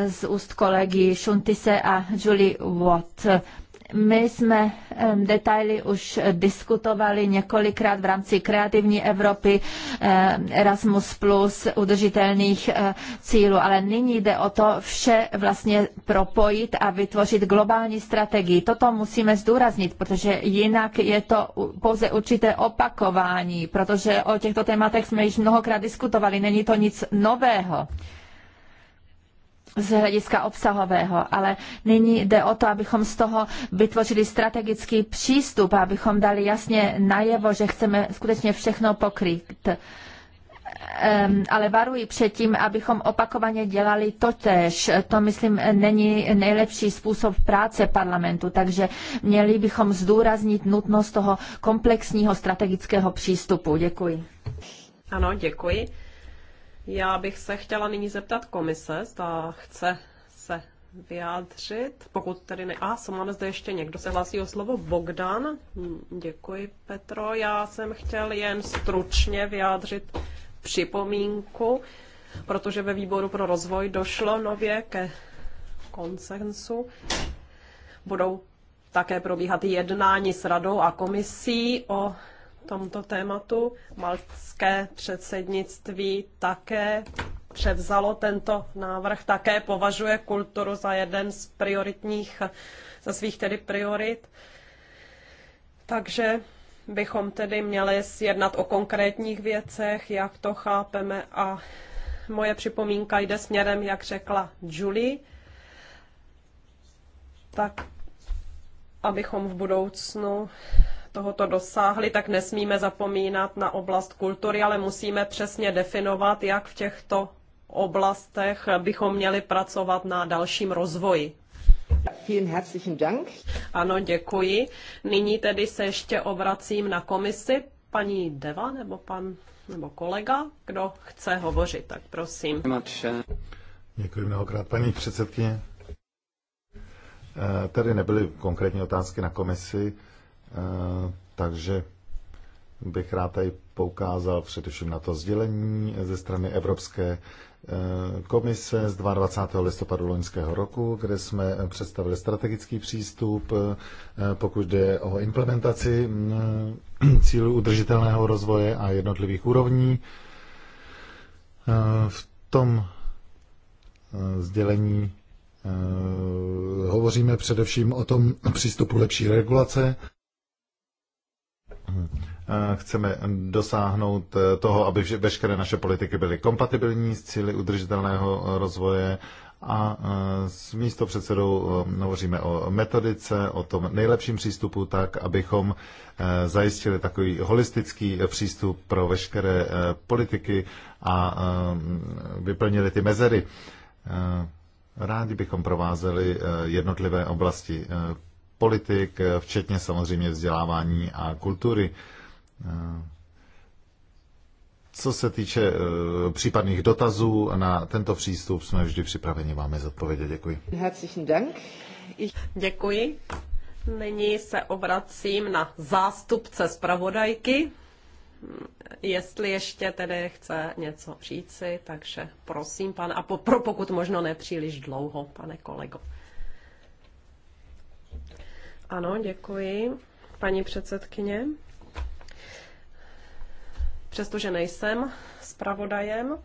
z úst kolegy Šuntise a Julie Watt. My jsme detaily už diskutovali několikrát v rámci kreativní Evropy, Erasmus+, plus udržitelných eh, cílů, ale nyní jde o to vše vlastně propojit a vytvořit globální strategii. Toto musíme zdůraznit, protože jinak je to pouze určité opakování, protože o těchto tématech jsme již mnohokrát diskutovali, není to nic nového z hlediska obsahového, ale nyní jde o to, abychom z toho vytvořili strategický přístup, abychom dali jasně najevo, že chceme skutečně všechno pokryt. Um, ehm, ale varuji před tím, abychom opakovaně dělali tež. To, myslím, není nejlepší způsob práce parlamentu, takže měli bychom zdůraznit nutnost toho komplexního strategického přístupu. Děkuji. Ano, děkuji. Já bych se chtěla nyní zeptat komise, zda chce se vyjádřit, pokud tady ne... A, máme zde ještě někdo se hlásí o slovo. Bogdan, děkuji Petro. Já jsem chtěl jen stručně vyjádřit připomínku, protože ve výboru pro rozvoj došlo nově ke konsensu. Budou také probíhat jednání s radou a komisí o tomto tématu. Maltské předsednictví také převzalo tento návrh, také považuje kulturu za jeden z prioritních, za svých tedy priorit. Takže bychom tedy měli sjednat o konkrétních věcech, jak to chápeme a moje připomínka jde směrem, jak řekla Julie, tak abychom v budoucnu tohoto dosáhli, tak nesmíme zapomínat na oblast kultury, ale musíme přesně definovat, jak v těchto oblastech bychom měli pracovat na dalším rozvoji. Vielen herzlichen Dank. Ano, děkuji. Nyní tedy se ještě obracím na komisi. Paní Deva nebo pan nebo kolega, kdo chce hovořit, tak prosím. Děkuji mnohokrát, paní předsedkyně. Eh, tady nebyly konkrétní otázky na komisi, Eh, takže bych rád tady poukázal především na to sdělení ze strany Evropské eh, komise z 22. listopadu loňského roku, kde jsme představili strategický přístup, eh, pokud jde o implementaci mm, cílů udržitelného rozvoje a jednotlivých úrovní. V tom sdělení hovoříme především o tom přístupu lepší regulace, Eh, chceme dosáhnout eh, toho, aby veškeré naše politiky byly kompatibilní s cíly udržitelného eh, rozvoje a s místo předsedou hovoříme o metodice, o tom nejlepším přístupu tak, abychom zajistili takový holistický přístup pro veškeré politiky a vyplnili ty mezery. Rádi bychom provázeli jednotlivé oblasti politik, včetně samozřejmě vzdělávání a kultury. Co se týče eh, případných dotazů na tento přístup, jsme vždy připraveni vám je zodpovědět. Děkuji. Děkuji. Nyní se obracím na zástupce zpravodajky. Jestli ještě tedy chce něco říci, takže prosím, pan, a po, pro, pokud možno nepříliš dlouho, pane kolego. Ano, děkuji, paní předsedkyně. Přestože nejsem zpravodajem,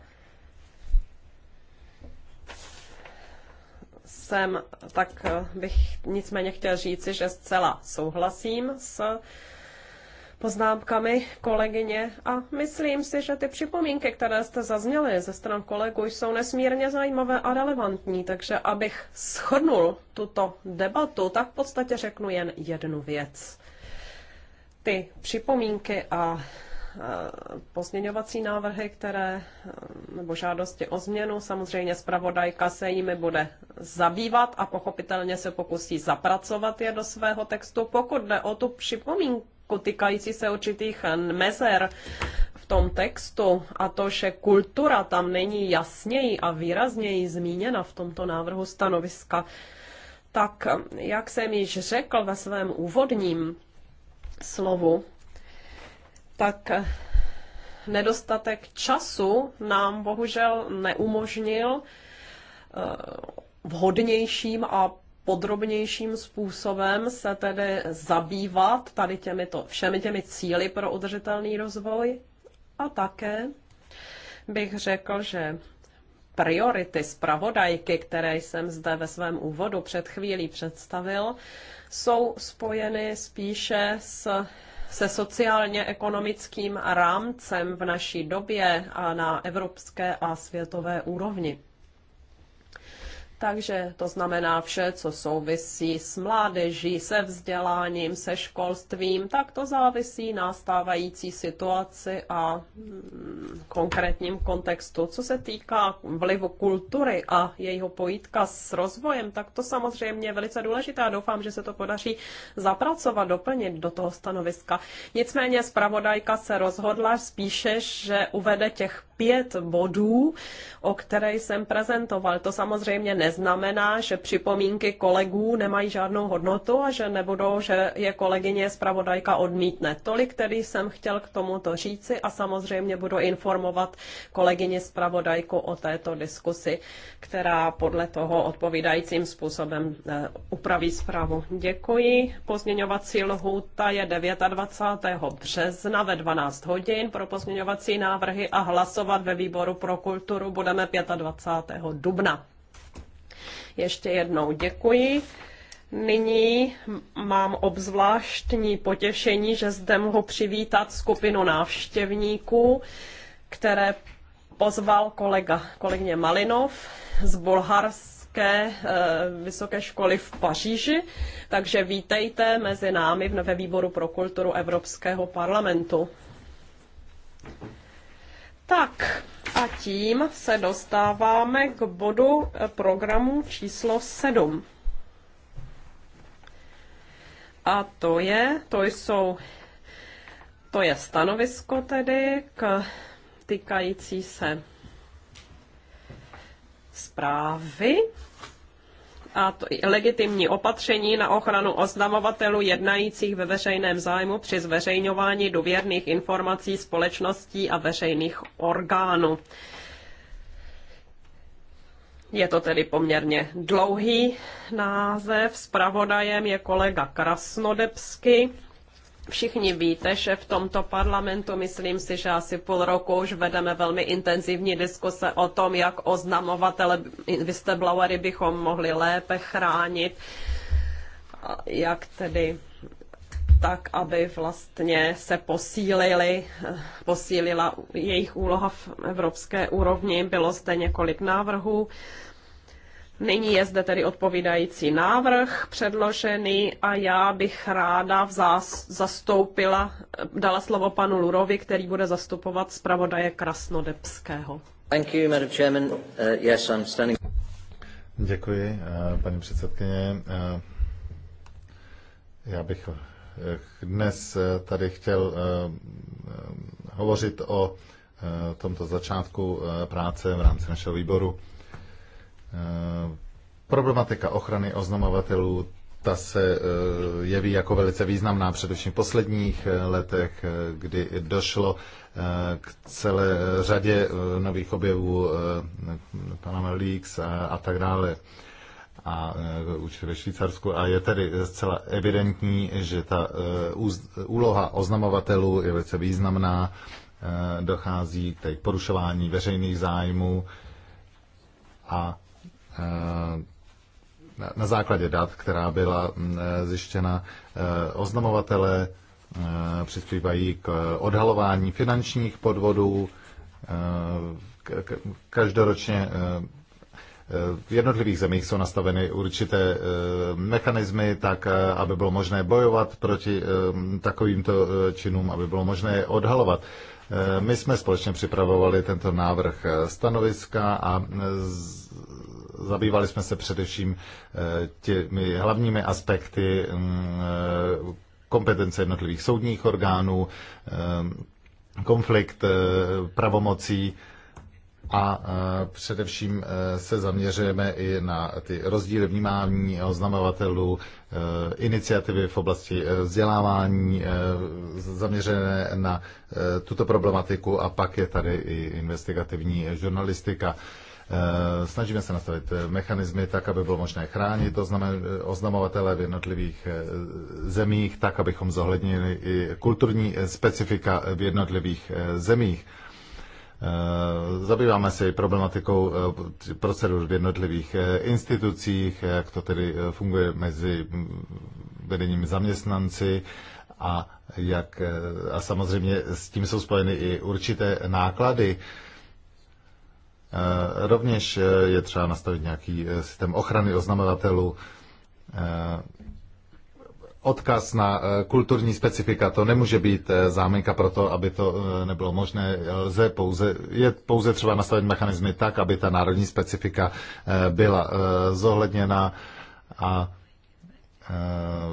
jsem, tak bych nicméně chtěl říci, že zcela souhlasím s poznámkami kolegyně a myslím si, že ty připomínky, které jste zazněly ze stran kolegů, jsou nesmírně zajímavé a relevantní, takže abych shrnul tuto debatu, tak v podstatě řeknu jen jednu věc. Ty připomínky a e, pozměňovací návrhy, které, e, nebo žádosti o změnu. Samozřejmě zpravodajka se jimi bude zabývat a pochopitelně se pokusí zapracovat je do svého textu. Pokud jde o tu připomínku, týkající se určitých mezer v tom textu a to, že kultura tam není jasněji a výrazněji zmíněna v tomto návrhu stanoviska, tak jak jsem již řekl ve svém úvodním slovu, tak nedostatek času nám bohužel neumožnil eh, vhodnějším a podrobnějším způsobem se tedy zabývat tady těmito, všemi těmi cíly pro udržitelný rozvoj a také bych řekl, že priority zpravodajky, které jsem zde ve svém úvodu před chvílí představil, jsou spojeny spíše s se sociálně-ekonomickým rámcem v naší době a na evropské a světové úrovni. Takže to znamená vše, co souvisí s mládeží, se vzděláním, se školstvím, tak to závisí na stávající situaci a mm, konkrétním kontextu. Co se týká vlivu kultury a jejího pojítka s rozvojem, tak to samozřejmě je velice důležité a doufám, že se to podaří zapracovat, doplnit do toho stanoviska. Nicméně zpravodajka se rozhodla spíše, že uvede těch pět bodů, o které jsem prezentoval. To samozřejmě ne neznamená, že připomínky kolegů nemají žádnou hodnotu a že nebudou, že je kolegyně zpravodajka odmítne. Tolik tedy jsem chtěl k tomuto říci a samozřejmě budu informovat kolegyně zpravodajku o této diskusi, která podle toho odpovídajícím způsobem eh, upraví zprávu. Děkuji. Pozměňovací lhůta je 29. března ve 12 hodin pro pozměňovací návrhy a hlasovat ve výboru pro kulturu budeme 25. dubna. Ještě jednou děkuji. Nyní mám obzvláštní potěšení, že zde mohu přivítat skupinu návštěvníků, které pozval kolega, kolegyně Malinov z Bulharské eh, vysoké školy v Paříži. Takže vítejte mezi námi ve výboru pro kulturu Evropského parlamentu. Tak, a tím se dostáváme k bodu eh, programu číslo 7. A to je, to jsou, to je stanovisko tedy k týkající se zprávy a to legitimní opatření na ochranu oznamovatelů jednajících ve veřejném zájmu při zveřejňování důvěrných informací společností a veřejných orgánů. Je to tedy poměrně dlouhý název. Spravodajem je kolega Krasnodebsky. Všichni víte, že v tomto parlamentu, myslím si, že asi půl roku už vedeme velmi intenzivní diskuse o tom, jak oznamovatele whistleblowery bychom mohli lépe chránit, jak tedy tak, aby vlastně se posílili, posílila jejich úloha v evropské úrovni. Bylo zde několik návrhů Nyní je zde tedy odpovídající návrh předložený a já bych ráda vzás, zastoupila, dala slovo panu Lurovi, který bude zastupovat zpravodaje Krasnodebského. Thank you, Madam Chairman. Uh, yes, I'm standing... Děkuji, uh, paní předsedkyně. Uh, já bych uh, dnes tady chtěl um, hovořit o tomto začátku práce v rámci našeho výboru. Eh, problematika ochrany oznamovatelů ta se eh, jeví jako velice významná, především v posledních eh, letech, kdy došlo k celé řadě nových objevů Panama Leaks a, a tak dále a určitě ve Švýcarsku. A je tedy zcela evidentní, že ta úloha oznamovatelů je velice významná, dochází k porušování veřejných zájmů a na základě dat, která byla mm, zjištěna, eh, oznamovatele eh, přispívají k odhalování finančních podvodů eh, každoročně v jednotlivých zemích jsou nastaveny určité mechanismy tak, aby bylo možné bojovat proti takovýmto činům, aby bylo možné je odhalovat. My jsme společně připravovali tento návrh stanoviska a zabývali jsme se především eh, těmi hlavními aspekty mm, eh, kompetence jednotlivých soudních orgánů, eh, konflikt pravomocí a především se zaměřujeme i na ty rozdíly vnímání oznamovatelů, iniciativy v oblasti vzdělávání zaměřené na tuto problematiku a pak je tady i investigativní žurnalistika. Eh, snažíme se nastavit eh, mechanismy tak, aby bylo možné chránit eh, oznamovatele v jednotlivých zemích, tak, abychom zohlednili i kulturní specifika v jednotlivých zemích. Zabýváme se i problematikou procedur v jednotlivých institucích, jak to tedy funguje mezi mm, vedením zaměstnanci a, jak, a samozřejmě s tím jsou spojeny i určité náklady. Eh, rovněž eh, je třeba nastavit nějaký eh, systém ochrany oznamovatelů, odkaz na kulturní specifika, to nemůže být záminka pro to, aby to nebylo možné. Lze pouze, je pouze třeba nastavit mechanizmy tak, aby ta národní specifika byla zohledněna a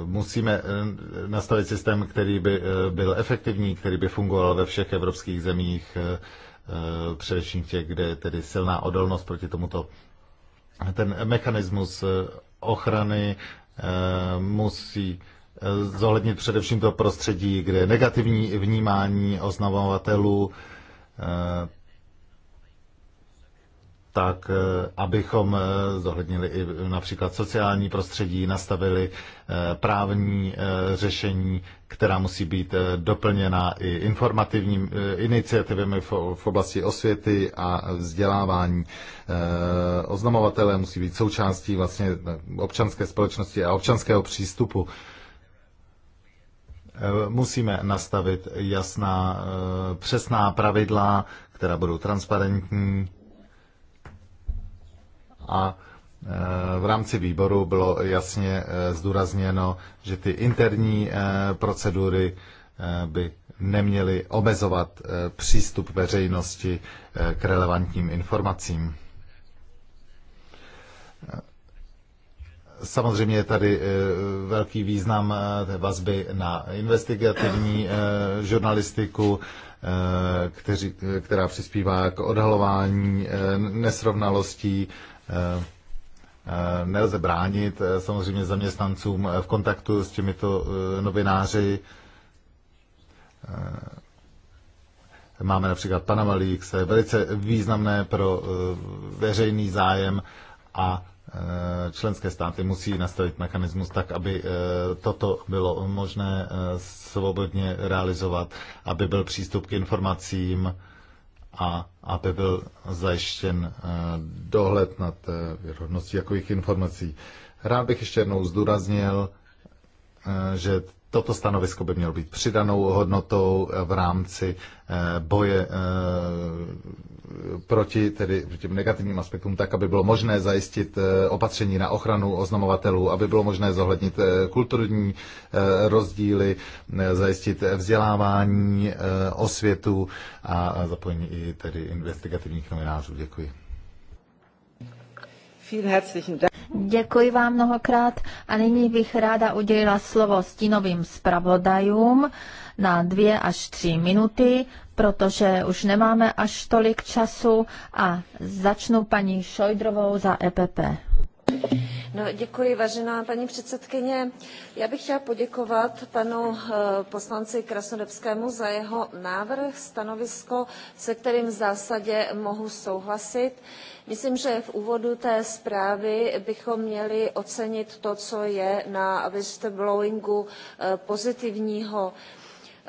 musíme nastavit systém, který by byl efektivní, který by fungoval ve všech evropských zemích. Eh, především v těch, kde je tedy silná odolnost proti tomuto. Ten mechanismus eh, ochrany eh, musí zohlednit především to prostředí, kde je negativní vnímání oznamovatelů, tak eh, abychom eh, zohlednili i například sociální prostředí, nastavili eh, právní řešení, která musí být doplněna i informativním iniciativami v oblasti osvěty a vzdělávání. Oznamovatele musí být součástí vlastně občanské společnosti a občanského přístupu musíme nastavit jasná, přesná pravidla, která budou transparentní a e, v rámci výboru bylo jasně e, zdůrazněno, že ty interní e, procedury by neměly omezovat přístup veřejnosti k relevantním informacím. Samozřejmě je tady velký význam té vazby na investigativní žurnalistiku, která přispívá k odhalování nesrovnalostí, Eh, eh, nelze bránit eh, samozřejmě zaměstnancům v kontaktu s těmito novináři. Máme například Panama Leaks, velice významné pro veřejný zájem a členské státy musí nastavit mechanismus tak, aby toto bylo možné svobodně realizovat, aby byl přístup k informacím, a aby byl zajištěn eh, dohled nad eh, věrohodností takových informací. Rád bych ještě jednou zdůraznil, eh, že toto stanovisko by mělo být přidanou hodnotou v rámci eh, boje eh, proti tedy těm negativním aspektům, tak, aby bylo možné zajistit eh, opatření na ochranu oznamovatelů, aby bylo možné zohlednit kulturní rozdíly, zajistit vzdělávání, osvětu a zapojení i tedy investigativních novinářů. Děkuji. Děkuji vám mnohokrát a nyní bych ráda udělila slovo stínovým zpravodajům na dvě až tři minuty, protože už nemáme až tolik času a začnu paní Šojdrovou za EPP. No, děkuji, vážená paní předsedkyně. Já bych chtěla poděkovat panu eh, poslanci Krasnodebskému za jeho návrh, stanovisko, se kterým v zásadě mohu souhlasit. Myslím, že v úvodu té zprávy bychom měli ocenit to, co je na whistleblowingu eh, pozitivního.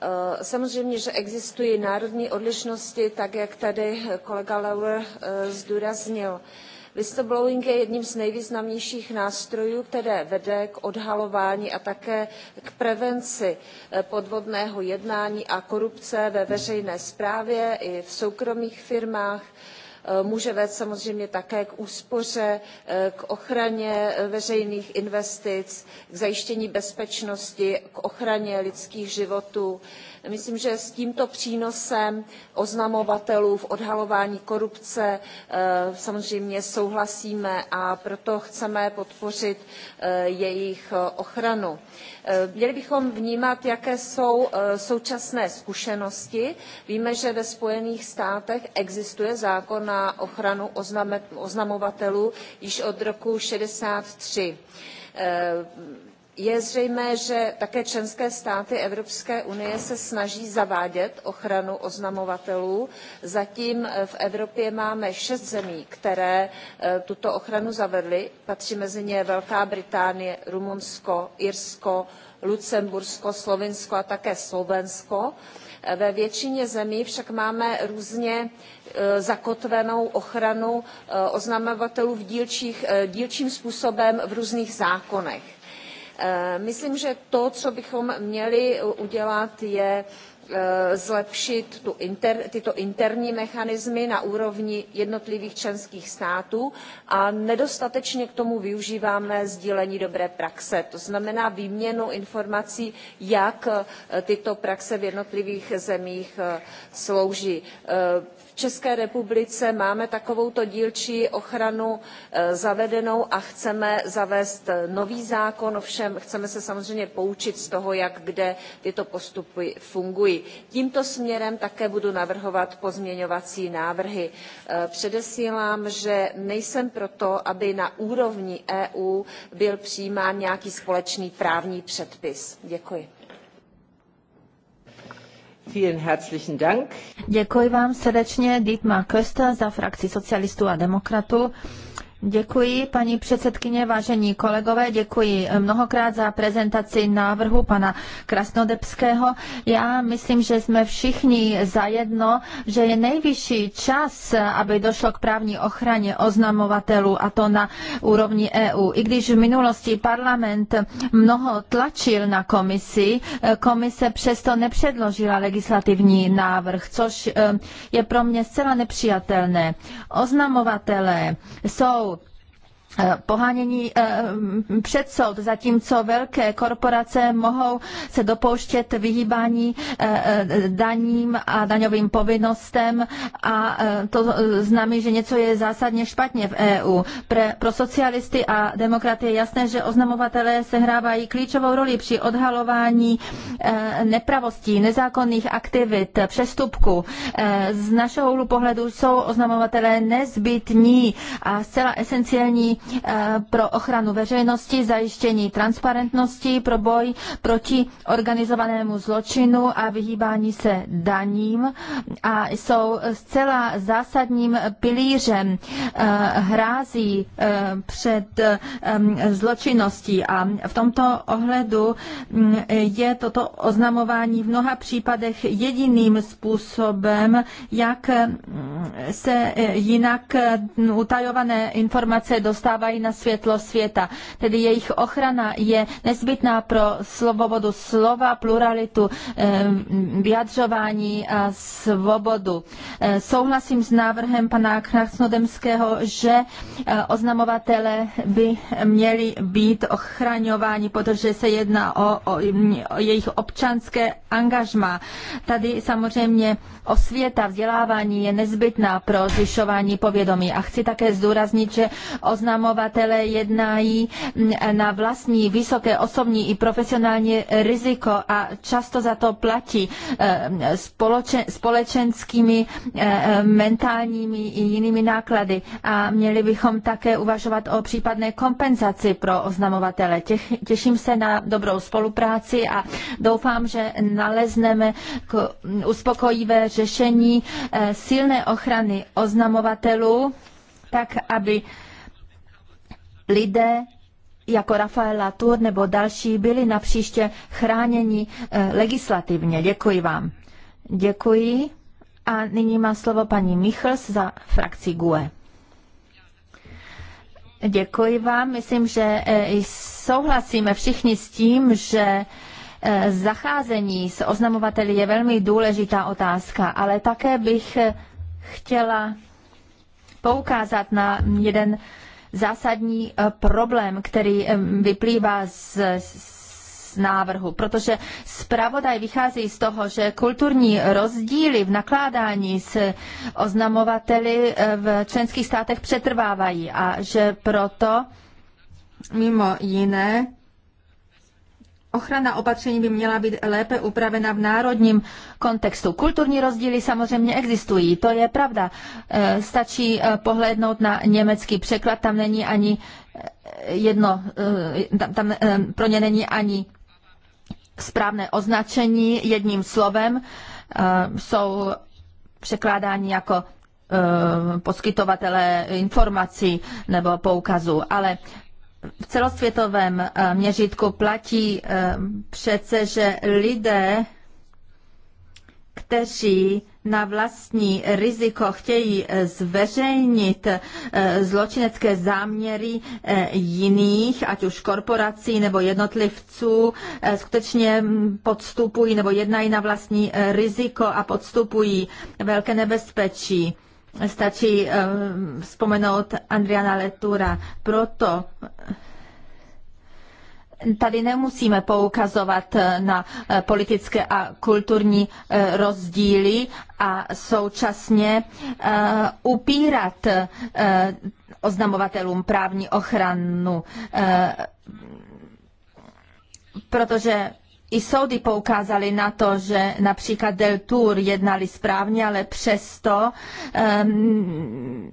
Eh, samozřejmě, že existují národní odlišnosti, tak jak tady kolega Lauer eh, zdůraznil. Whistleblowing je jedním z nejvýznamnějších nástrojů, které vede k odhalování a také k prevenci podvodného jednání a korupce ve veřejné správě i v soukromých firmách Eh, může vést samozřejmě také k úspoře eh, k ochraně eh, veřejných investic k zajištění bezpečnosti k ochraně lidských životů Myslím, že s tímto přínosem oznamovatelů v odhalování korupce eh, samozřejmě souhlasíme a proto chceme podpořit eh, jejich eh, ochranu. Měli bychom vnímat, jaké jsou současné zkušenosti. Víme, že ve Spojených státech existuje zákon na ochranu oznamovatelů již od roku 63 je zřejmé, že také členské státy Evropské unie se snaží zavádět ochranu oznamovatelů. Zatím eh, v Evropě máme šest zemí, které eh, tuto ochranu zavedly. Patří mezi ně Velká Británie, Rumunsko, Irsko, Lucembursko, Slovinsko a také Slovensko. Eh, ve většině zemí však máme různě zakotvenou ochranu oznamovatelů v dílčím způsobem v různých zákonech Eh, myslím, že to, co bychom měli udělat, je eh, zlepšit inter, tyto interní mechanismy na úrovni jednotlivých členských států a nedostatečně k tomu využíváme sdílení dobré praxe to znamená výměnu informací jak eh, tyto praxe v jednotlivých zemích slouží české republice máme takovouto dílčí ochranu e, zavedenou a chceme zavést e, nový zákon ovšem chceme se samozřejmě poučit z toho jak kde tyto postupy fungují. tímto směrem také budu navrhovat pozměňovací návrhy. E, předesílám že nejsem pro to aby na úrovni eu byl přijímán nějaký společný právní předpis. děkuji. Děkuji vám srdečně Dietmar Köster za frakci socialistů a demokratů. Děkuji, paní předsedkyně, vážení kolegové, děkuji mnohokrát za prezentaci návrhu pana Krasnodebského. Já myslím, že jsme všichni zajedno, že je nejvyšší čas, aby došlo k právní ochraně oznamovatelů a to na úrovni EU. I když v minulosti parlament mnoho tlačil na komisi, komise přesto nepředložila legislativní návrh, což eh, je pro mě zcela nepřijatelné. Oznamovatelé jsou Eh, pohánění eh, před soud, zatímco velké korporace mohou se dopouštět vyhýbání eh, daním a daňovým povinnostem a to znamená, že něco je zásadně špatně v EU. Pro socialisty a demokraty je jasné, že oznamovatelé sehrávají klíčovou roli při odhalování nepravostí, nezákonných aktivit, přestupků. Z našeho úhlu pohledu jsou oznamovatelé nezbytní a zcela esenciální Eh, pro ochranu veřejnosti, zajištění transparentnosti, pro boj proti organizovanému zločinu a vyhýbání se daním a jsou zcela zásadním pilířem eh, hrází eh, před zločinností a v tomto ohledu mm, je toto oznamování v mnoha případech jediným způsobem, jak mm, se jinak mm, utajované informace dostávají dostávají na světlo světa. Tedy jejich ochrana je nezbytná pro svobodu slova, pluralitu, eh, vyjadřování a svobodu. Eh, souhlasím s návrhem pana Knacnodemského, že eh, oznamovatele by měli být ochraňováni, protože se jedná o, o, o jejich občanské angažma. Tady samozřejmě osvěta, vzdělávání je nezbytná pro zvyšování povědomí. A chci také zdůraznit, že oznam oznamovatele jednají na vlastní vysoké osobní i profesionální riziko a často za to platí eh, společenskými, eh, mentálními i jinými náklady. A měli bychom také uvažovat o případné kompenzaci pro oznamovatele. Těším se na dobrou spolupráci a doufám, že nalezneme uspokojivé řešení eh, silné ochrany oznamovatelů, tak aby lidé jako Rafaela Tour nebo další byli napříště chráněni eh, legislativně. Děkuji vám. Děkuji. A nyní má slovo paní Michels za frakci GUE. Děkuji vám. Myslím, že eh, souhlasíme všichni s tím, že eh, zacházení s oznamovateli je velmi důležitá otázka, ale také bych chtěla poukázat na jeden zásadní eh, problém, který eh, vyplývá z, návrhu, protože zpravodaj vychází z toho, že kulturní rozdíly v nakládání s oznamovateli eh, v členských státech přetrvávají a že proto mimo jiné ochrana opatření by měla být lépe upravena v národním kontextu. Kulturní rozdíly samozřejmě existují, to je pravda. E, stačí e, pohlednout na německý překlad, tam není ani e, jedno, tam, tam pro ně není ani správné označení jedním slovem. Jsou překládáni jako poskytovatele informací nebo poukazů. ale v celosvětovém eh, měřítku platí eh, přece, že lidé, kteří na vlastní riziko chtějí eh, zveřejnit zločinecké záměry jiných, ať už korporací nebo jednotlivců, skutečně mm, podstupují nebo jednají na vlastní riziko a podstupují velké nebezpečí. Stačí eh, vzpomenout Andriana Letura. Proto eh, tady nemusíme poukazovat eh, na politické a kulturní rozdíly a současně upírat oznamovatelům právní ochranu, protože i soudy poukázaly na to, že například Del Tour jednali správně, ale přesto um,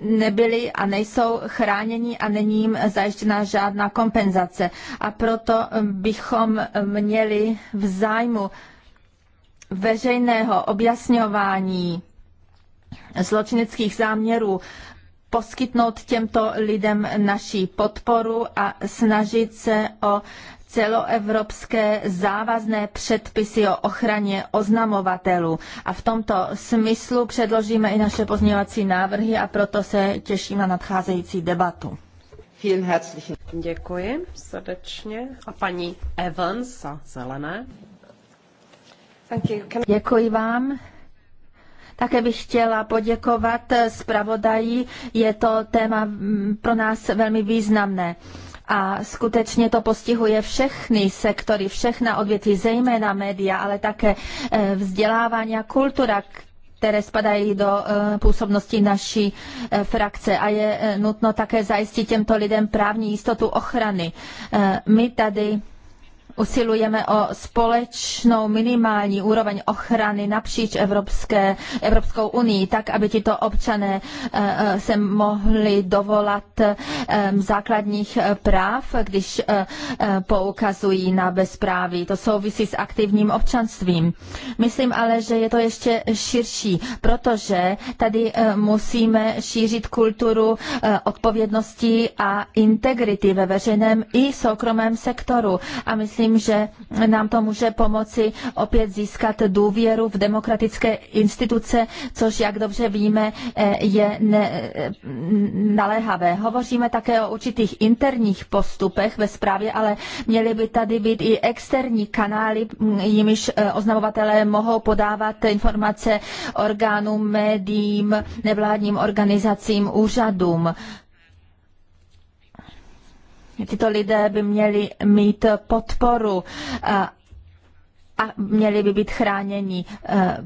nebyli a nejsou chráněni a není jim zajištěna žádná kompenzace. A proto bychom měli v zájmu veřejného objasňování zločineckých záměrů poskytnout těmto lidem naší podporu a snažit se o celoevropské závazné předpisy o ochraně oznamovatelů. A v tomto smyslu předložíme i naše pozměňovací návrhy a proto se těším na nadcházející debatu. Děkuji srdečně. A paní Evans a Zelené. Děkuji vám. Také bych chtěla poděkovat zpravodaji. Je to téma mm, pro nás velmi významné a skutečně to postihuje všechny sektory, všechna odvětví, zejména média, ale také eh, vzdělávání a kultura, které spadají do eh, působnosti naší eh, frakce a je nutno také zajistit těmto lidem právní jistotu ochrany. My tady usilujeme o společnou minimální úroveň ochrany napříč Evropské, Evropskou unii, tak, aby tito občané eh, eh, se mohli dovolat eh, základních práv, když poukazují na bezpráví. To souvisí s aktivním občanstvím. Myslím ale, že je to ještě širší, protože tady musíme šířit kulturu odpovědnosti a integrity ve veřejném i soukromém sektoru. A myslím, Myslím, že nám to může pomoci opět získat důvěru v demokratické instituce, což, jak dobře víme, eh, je ne, eh, naléhavé. Hovoříme také o určitých interních postupech ve zprávě, ale měly by tady být i externí kanály, jimiž eh, oznamovatelé mohou podávat informace orgánům, médiím, nevládním organizacím, úřadům. Tito lidé by měli mít podporu eh, a měli by být chráněni eh,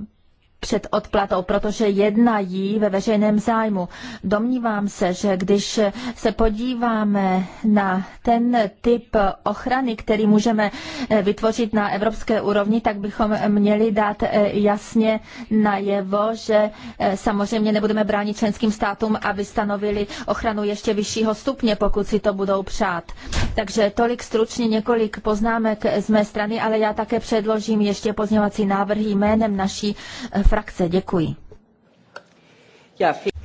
před odplatou, protože jednají ve veřejném zájmu. Domnívám se, že když se podíváme na ten typ ochrany, který můžeme eh, vytvořit na evropské úrovni, tak bychom měli dát eh, jasně najevo, že eh, samozřejmě nebudeme bránit členským státům, aby stanovili ochranu ještě vyššího stupně, pokud si to budou přát. Takže tolik stručně několik poznámek z mé strany, ale já také předložím ještě pozněvací návrhy jménem naší frakce. Děkuji.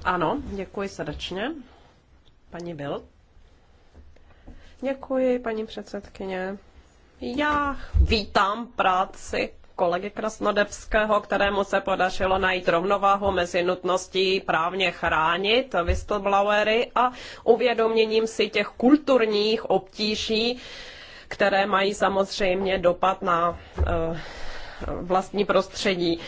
Ano, děkuji srdečně. Paní Bill. Děkuji, paní předsedkyně. Já vítám práci kolegy Krasnodebského, kterému se podařilo najít rovnováhu mezi nutností právně chránit whistleblowery a uvědoměním si těch kulturních obtíží, které mají samozřejmě dopad na eh, vlastní prostředí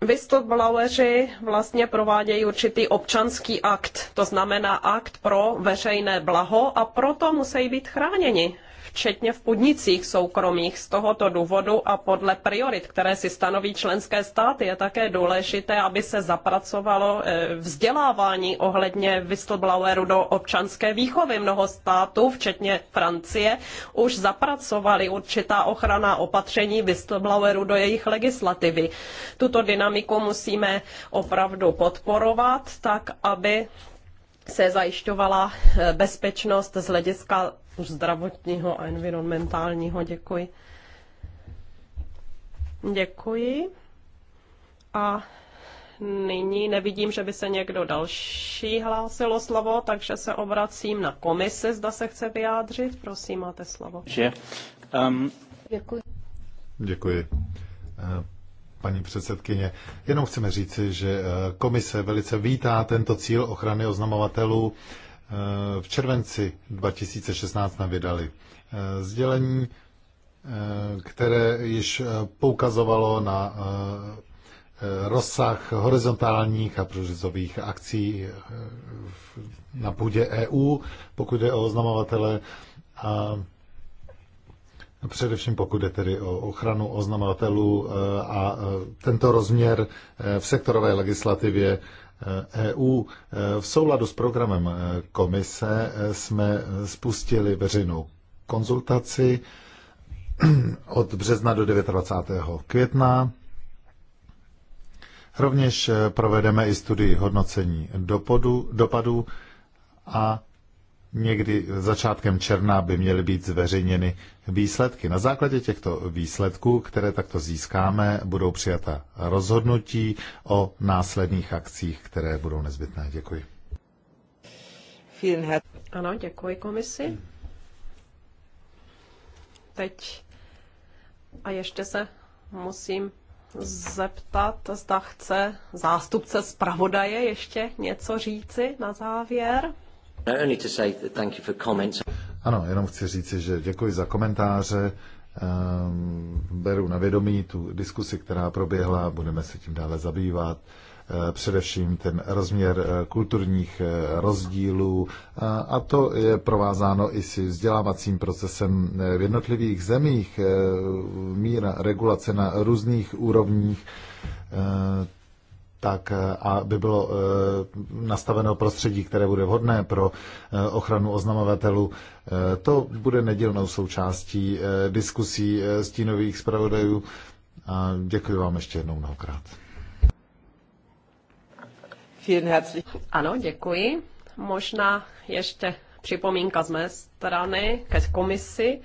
whistlebloweri vlastně provádějí určitý občanský akt, to znamená akt pro veřejné blaho a proto musí být chráněni včetně v podnicích soukromých. Z tohoto důvodu a podle priorit, které si stanoví členské státy, je také důležité, aby se zapracovalo eh, vzdělávání ohledně whistlebloweru do občanské výchovy. Mnoho států, včetně Francie, už zapracovali určitá ochrana opatření whistlebloweru do jejich legislativy. Tuto dynamiku musíme opravdu podporovat, tak aby se zajišťovala eh, bezpečnost z hlediska zdravotního a environmentálního. Děkuji. Děkuji. A nyní nevidím, že by se někdo další o slovo, takže se obracím na komisi, zda se chce vyjádřit. Prosím, máte slovo. Že, um... Děkuji. Děkuji. Eh, paní předsedkyně, jenom chceme říci, že eh, komise velice vítá tento cíl ochrany oznamovatelů Eh, v červenci 2016 vydali eh, sdělení, eh, které již poukazovalo na rozsah horizontálních a průřezových akcí na půdě EU, pokud je o oznamovatele a především pokud je tedy o ochranu oznamovatelů a tento rozměr v sektorové legislativě EU. E e, v souladu s programem e, komise jsme spustili veřejnou konzultaci od března do 29. května. Rovněž provedeme i studii hodnocení dopadu, dopadů a Někdy začátkem června by měly být zveřejněny výsledky. Na základě těchto výsledků, které takto získáme, budou přijata rozhodnutí o následných akcích, které budou nezbytné. Děkuji. Ano, děkuji komisi. Teď a ještě se musím zeptat, zda chce zástupce zpravodaje ještě něco říci na závěr. Ano, jenom chci říci, že děkuji za komentáře. Ehm, beru na vědomí tu diskusi, která proběhla, budeme se tím dále zabývat eh, především ten rozměr eh, kulturních eh, rozdílů a to je provázáno i s vzdělávacím procesem v jednotlivých zemích, míra regulace na různých úrovních tak eh, aby bylo eh, nastaveno prostředí, které bude vhodné pro eh, ochranu oznamovatelů. To bude nedílnou součástí diskusí stínových zpravodajů. A děkuji vám ještě jednou mnohokrát. Ano, děkuji. Možná ještě připomínka z mé strany ke komisi.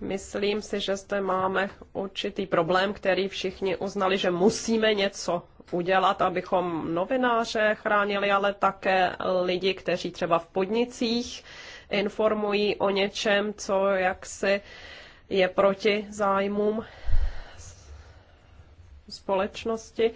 Myslím si, že zde máme určitý problém, který všichni uznali, že musíme něco udělat, abychom novináře chránili, ale také lidi, kteří třeba v podnicích informují o něčem, co jaksi je proti zájmům společnosti.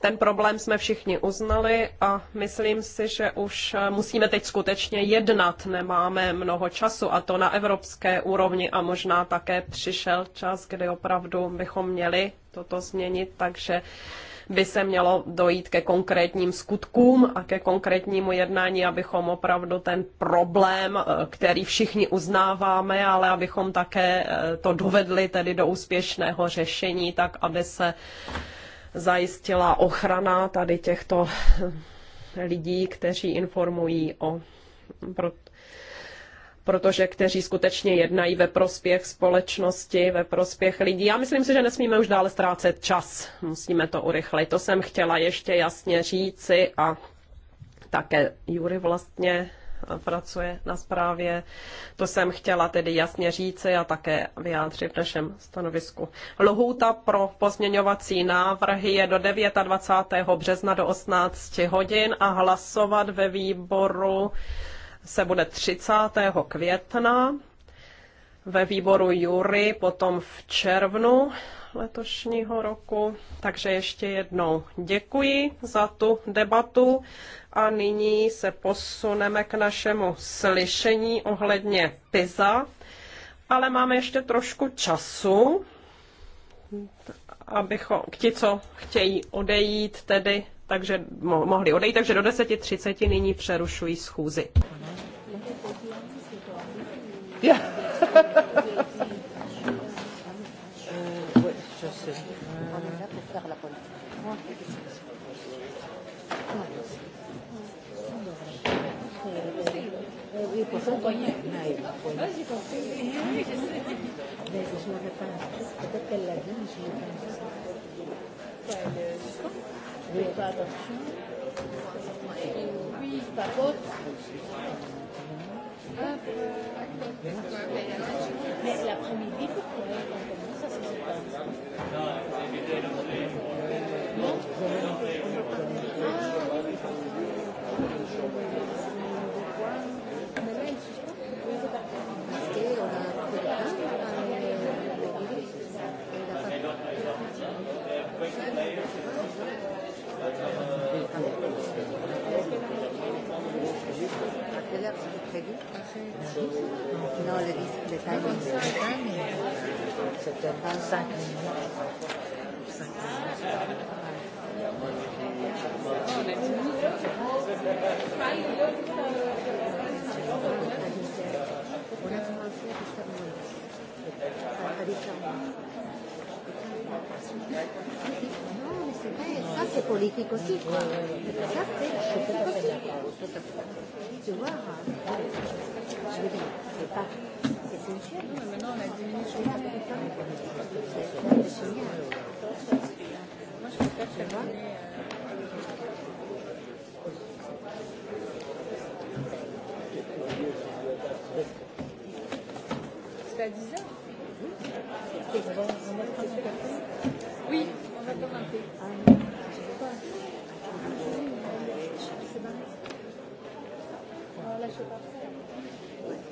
Ten problém jsme všichni uznali a myslím si, že už musíme teď skutečně jednat. Nemáme mnoho času a to na evropské úrovni a možná také přišel čas, kdy opravdu bychom měli toto změnit, takže by se mělo dojít ke konkrétním skutkům a ke konkrétnímu jednání, abychom opravdu ten problém, eh, který všichni uznáváme, ale abychom také eh, to dovedli tedy do úspěšného řešení, tak aby se zajistila ochrana tady těchto eh, lidí, kteří informují o protože kteří skutečně jednají ve prospěch společnosti, ve prospěch lidí. Já myslím si, že nesmíme už dále ztrácet čas. Musíme to urychlit. To jsem chtěla ještě jasně říci a také Jury vlastně pracuje na zprávě. To jsem chtěla tedy jasně říci a také vyjádřit v našem stanovisku. Lhůta pro pozměňovací návrhy je do 29. března do 18 hodin a hlasovat ve výboru se bude 30. května ve výboru Jury, potom v červnu letošního roku. Takže ještě jednou děkuji za tu debatu a nyní se posuneme k našemu slyšení ohledně PISA, ale máme ještě trošku času, abychom, ti, co chtějí odejít, tedy takže mohli odejít, takže do 10.30 nyní přerušují schůzi. Yeah. Oui, pas attention. Oui, par contre. Mais l'après-midi, pourquoi on commence à se séparer Non No, le, le timing. Le timing. C'était 25 On a commencé à faire moins. À différents. c'est vrai, ça c'est politique aussi, quoi. Ça c'est la politique aussi. Tu vois, hein je veux c'est pas. C'est une Mais maintenant, on a diminué sur la Moi, je préfère que C'est à 10 heures Oui, on va prendre un thé. je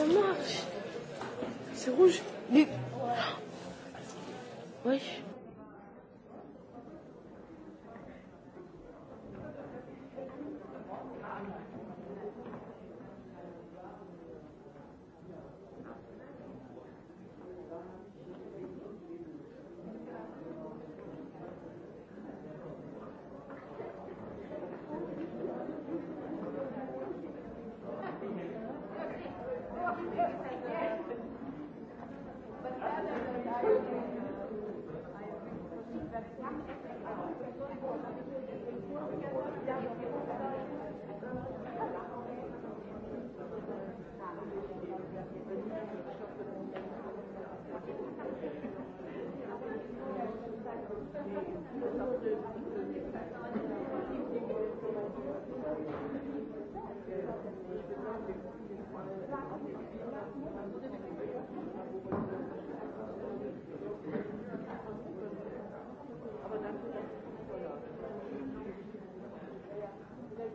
so much.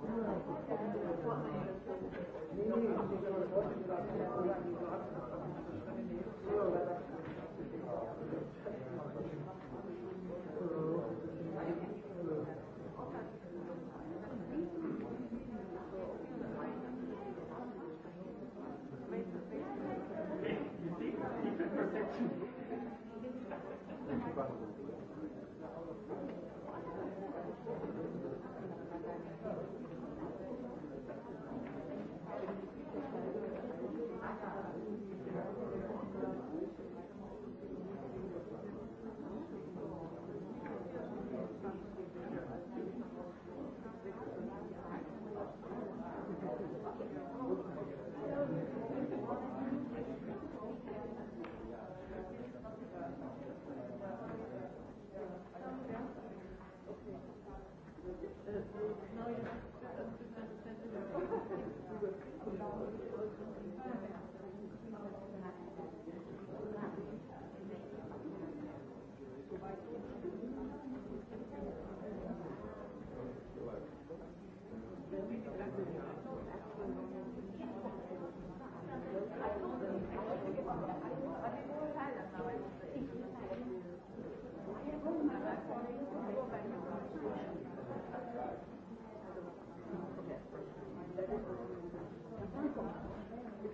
Thank you.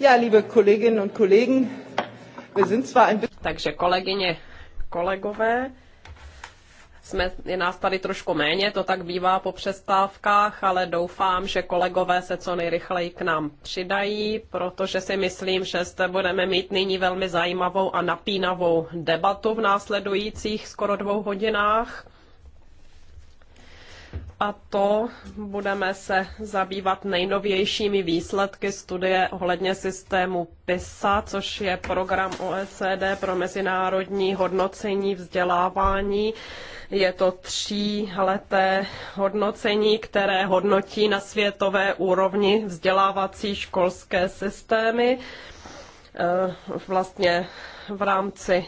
Ja, liebe Kolleginnen und Kollegen, wir sind zwar ein bisschen... Takže kolegyně, kolegové, jsme, je nás tady trošku méně, to tak bývá po přestávkách, ale doufám, že kolegové se co nejrychleji k nám přidají, protože si myslím, že zde budeme mít nyní velmi zajímavou a napínavou debatu v následujících skoro dvou hodinách a to budeme se zabývat nejnovějšími výsledky studie ohledně systému PISA, což je program OECD pro mezinárodní hodnocení vzdělávání. Je to tříleté hodnocení, které hodnotí na světové úrovni vzdělávací školské systémy. E, vlastně v rámci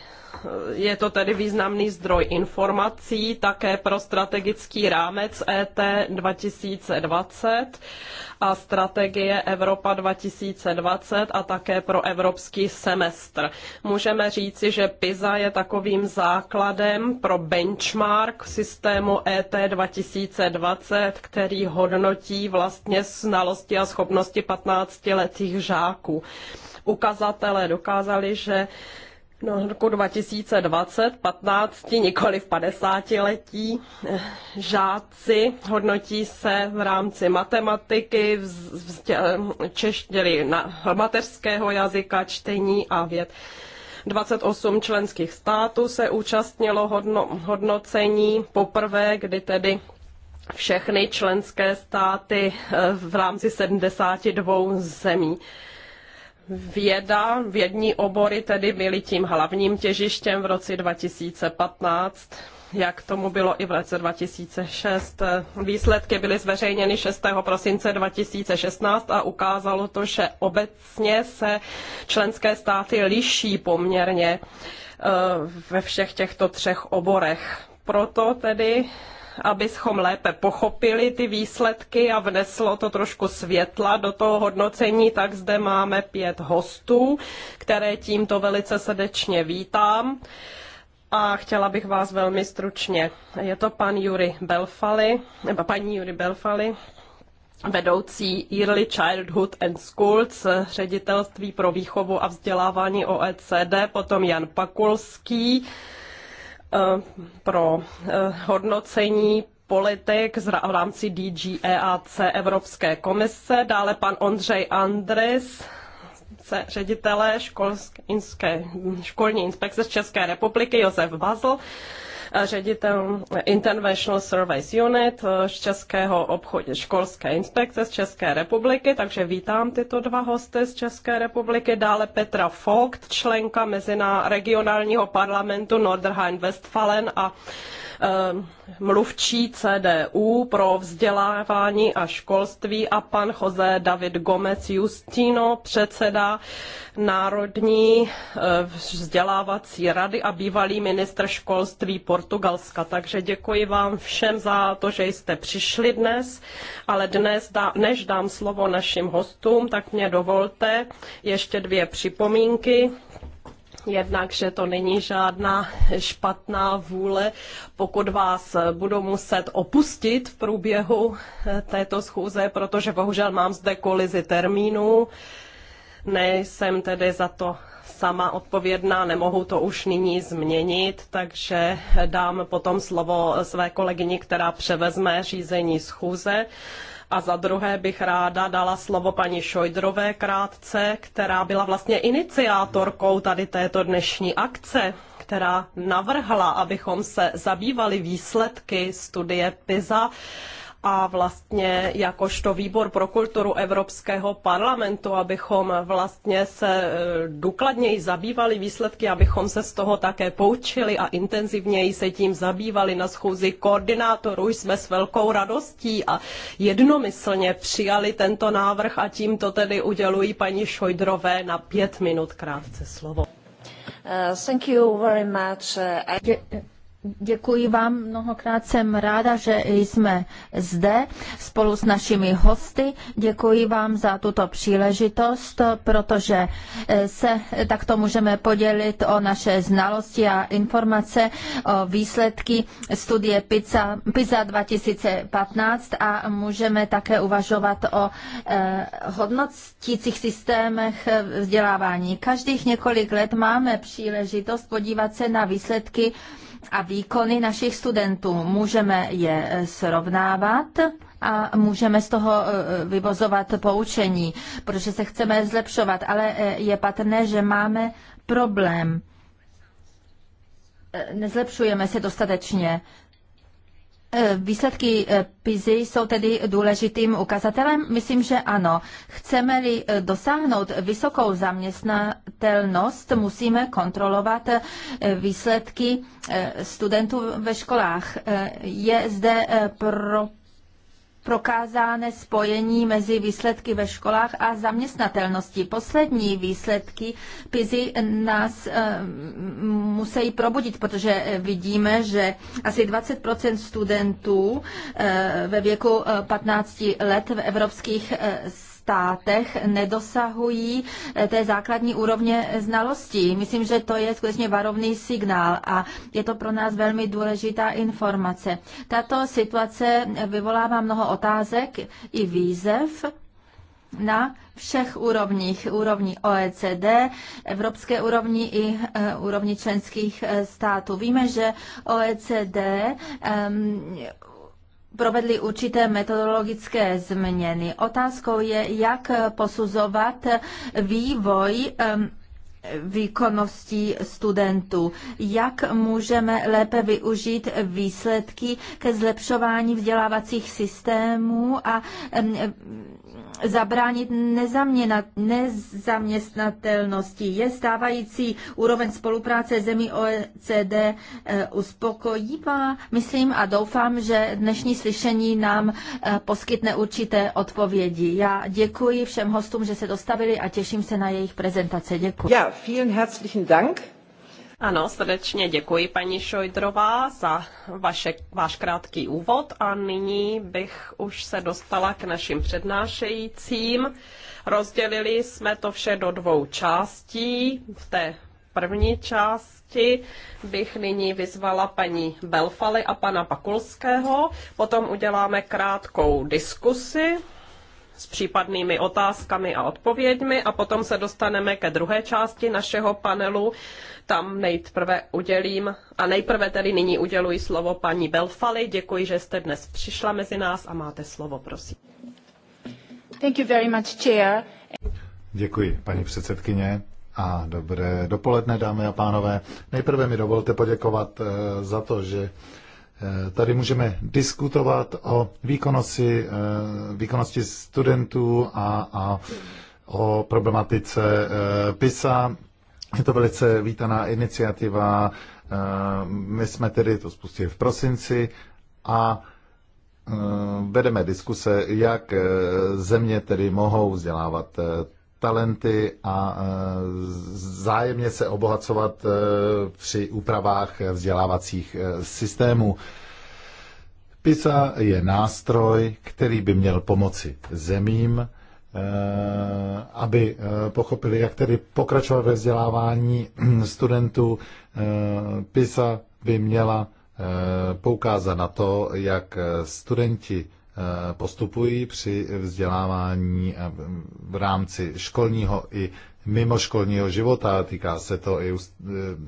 je to tedy významný zdroj informací také pro strategický rámec e ET 2020 a strategie Evropa 2020 a také pro evropský semestr. Můžeme říci, že PISA je takovým základem pro benchmark systému e ET 2020, který hodnotí vlastně znalosti a schopnosti 15-letých žáků. Ukazatele dokázali, že no, roku 2020, 15, nikoli v 50 letí, žáci hodnotí se v rámci matematiky, češtěli na mateřského jazyka, čtení a věd. 28 členských států se účastnilo hodno, hodnocení poprvé, kdy tedy všechny členské státy eh, v rámci 72 zemí. Věda, vědní obory tedy byly tím hlavním těžištěm v roce 2015 jak tomu bylo i v roce 2006. Výsledky byly zveřejněny 6. prosince 2016 a ukázalo to, že obecně se členské státy liší poměrně eh, ve všech těchto třech oborech. Proto tedy abychom lépe pochopili ty výsledky a vneslo to trošku světla do toho hodnocení, tak zde máme pět hostů, které tímto velice srdečně vítám. A chtěla bych vás velmi stručně. Je to pan Juri Belfali, nebo paní Juri Belfali, vedoucí Early Childhood and Schools, ředitelství pro výchovu a vzdělávání OECD, potom Jan Pakulský, Eh, pro eh, hodnocení politik v rámci DG EAC Evropské komise, dále pan Ondřej Andres, ředitele školské, školní inspekce z České republiky Josef Bazl, ředitel International Service Unit eh, z Českého obchodě školské inspekce z České republiky, takže vítám tyto dva hosty z České republiky. Dále Petra Vogt, členka mezina regionálního parlamentu Nordrhein-Westfalen a Eh, mluvčí CDU pro vzdělávání a školství a pan Jose David Gomez Justino, předseda Národní eh, vzdělávací rady a bývalý ministr školství Portugalska. Takže děkuji vám všem za to, že jste přišli dnes, ale dnes, než dám slovo našim hostům, tak mě dovolte ještě dvě připomínky jednak, že to není žádná špatná vůle, pokud vás budu muset opustit v průběhu eh, této schůze, protože bohužel mám zde kolizi termínů. Nejsem tedy za to sama odpovědná, nemohu to už nyní změnit, takže dám potom slovo své kolegyni, která převezme řízení schůze. A za druhé bych ráda dala slovo paní Šojdrové krátce, která byla vlastně iniciátorkou tady této dnešní akce, která navrhla, abychom se zabývali výsledky studie PISA a vlastně jakožto výbor pro kulturu Evropského parlamentu, abychom vlastně se e, důkladněji zabývali výsledky, abychom se z toho také poučili a intenzivněji se tím zabývali na schůzi koordinátorů. Jsme s velkou radostí a jednomyslně přijali tento návrh a tímto tedy udělují paní Šojdrové na pět minut krátce slovo. Uh, thank you very much. Uh, I... Děkuji vám mnohokrát, jsem ráda, že jsme zde spolu s našimi hosty. Děkuji vám za tuto příležitost, protože eh, se takto můžeme podělit o naše znalosti a informace o výsledky studie PISA, PISA 2015 a můžeme také uvažovat o eh, hodnotících systémech eh, vzdělávání. Každých několik let máme příležitost podívat se na výsledky a výkony našich studentů. Můžeme je eh, srovnávat a můžeme z toho eh, eh, vyvozovat poučení, protože se chceme zlepšovat, ale je patrné, že máme problém. Nezlepšujeme se dostatečně Eh, výsledky eh, PISY jsou tedy důležitým ukazatelem? Myslím, že ano. Chceme-li eh, dosáhnout vysokou zaměstnatelnost, musíme kontrolovat výsledky studentů ve školách. Je zde pro prokázané spojení mezi výsledky ve školách a zaměstnatelností. Poslední výsledky PISY nás eh, musí probudit, protože vidíme, že asi 20 studentů eh, ve věku 15 eh, let v evropských státech nedosahují eh, té základní úrovně znalostí. Myslím, že to je skutečně varovný signál a je to pro nás velmi důležitá informace. Tato situace eh, vyvolává mnoho otázek i výzev na všech úrovních, úrovní OECD, evropské úrovni i eh, úrovni členských států. Víme, že OECD provedli určité metodologické změny. Otázkou je, jak posuzovat vývoj výkonností studentů. Jak můžeme lépe využít výsledky ke zlepšování vzdělávacích systémů a zabránit nezaměstnatelnosti. Je stávající úroveň spolupráce zemí OECD eh, uspokojivá? Myslím a doufám, že dnešní slyšení nám eh, poskytne určité odpovědi. Já děkuji všem hostům, že se dostavili a těším se na jejich prezentace. Děkuji. Ja, vielen herzlichen Dank. Ano, srdečně děkuji paní Šojdrová za vaše, váš krátký úvod a nyní bych už se dostala k našim přednášejícím. Rozdělili jsme to vše do dvou částí. V té první části bych nyní vyzvala paní Belfaly a pana Pakulského. Potom uděláme krátkou diskusi s případnými otázkami a odpověďmi a potom se dostaneme ke druhé části našeho panelu. Tam nejprve udělím a nejprve tedy nyní uděluji slovo paní Belfali. Děkuji, že jste dnes přišla mezi nás a máte slovo, prosím. Thank you very much, chair. Děkuji, paní předsedkyně. A dobré dopoledne, dámy a pánové. Nejprve mi dovolte poděkovat eh, za to, že Eh, tady můžeme diskutovat o výkonnosti, eh, výkonnosti studentů a, a o problematice eh, PISA. Je to velice vítaná iniciativa. My jsme tedy to spustili v prosinci a vedeme diskuse, jak země tedy mohou vzdělávat talenty a e, zájemně se obohacovat e, při úpravách vzdělávacích e, systémů. PISA je nástroj, který by měl pomoci zemím, aby pochopili, jak tedy pokračovat ve vzdělávání studentů. PISA by měla poukázat na to, jak studenti postupují při vzdělávání v rámci školního i mimoškolního života. Týká se to i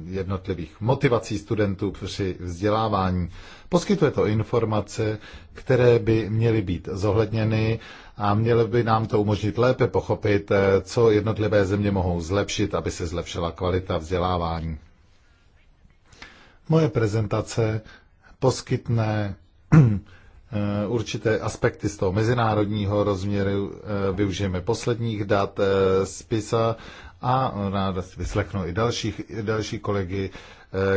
jednotlivých motivací studentů při vzdělávání. Poskytuje to informace, které by měly být zohledněny a měly by nám to umožnit lépe pochopit, eh, co jednotlivé země mohou zlepšit, aby se zlepšila kvalita vzdělávání. Moje prezentace poskytne eh, Eh, určité aspekty z toho mezinárodního rozměru, eh, využijeme posledních dat eh, z PISA a ráda si vyslechnu i dalších, další kolegy,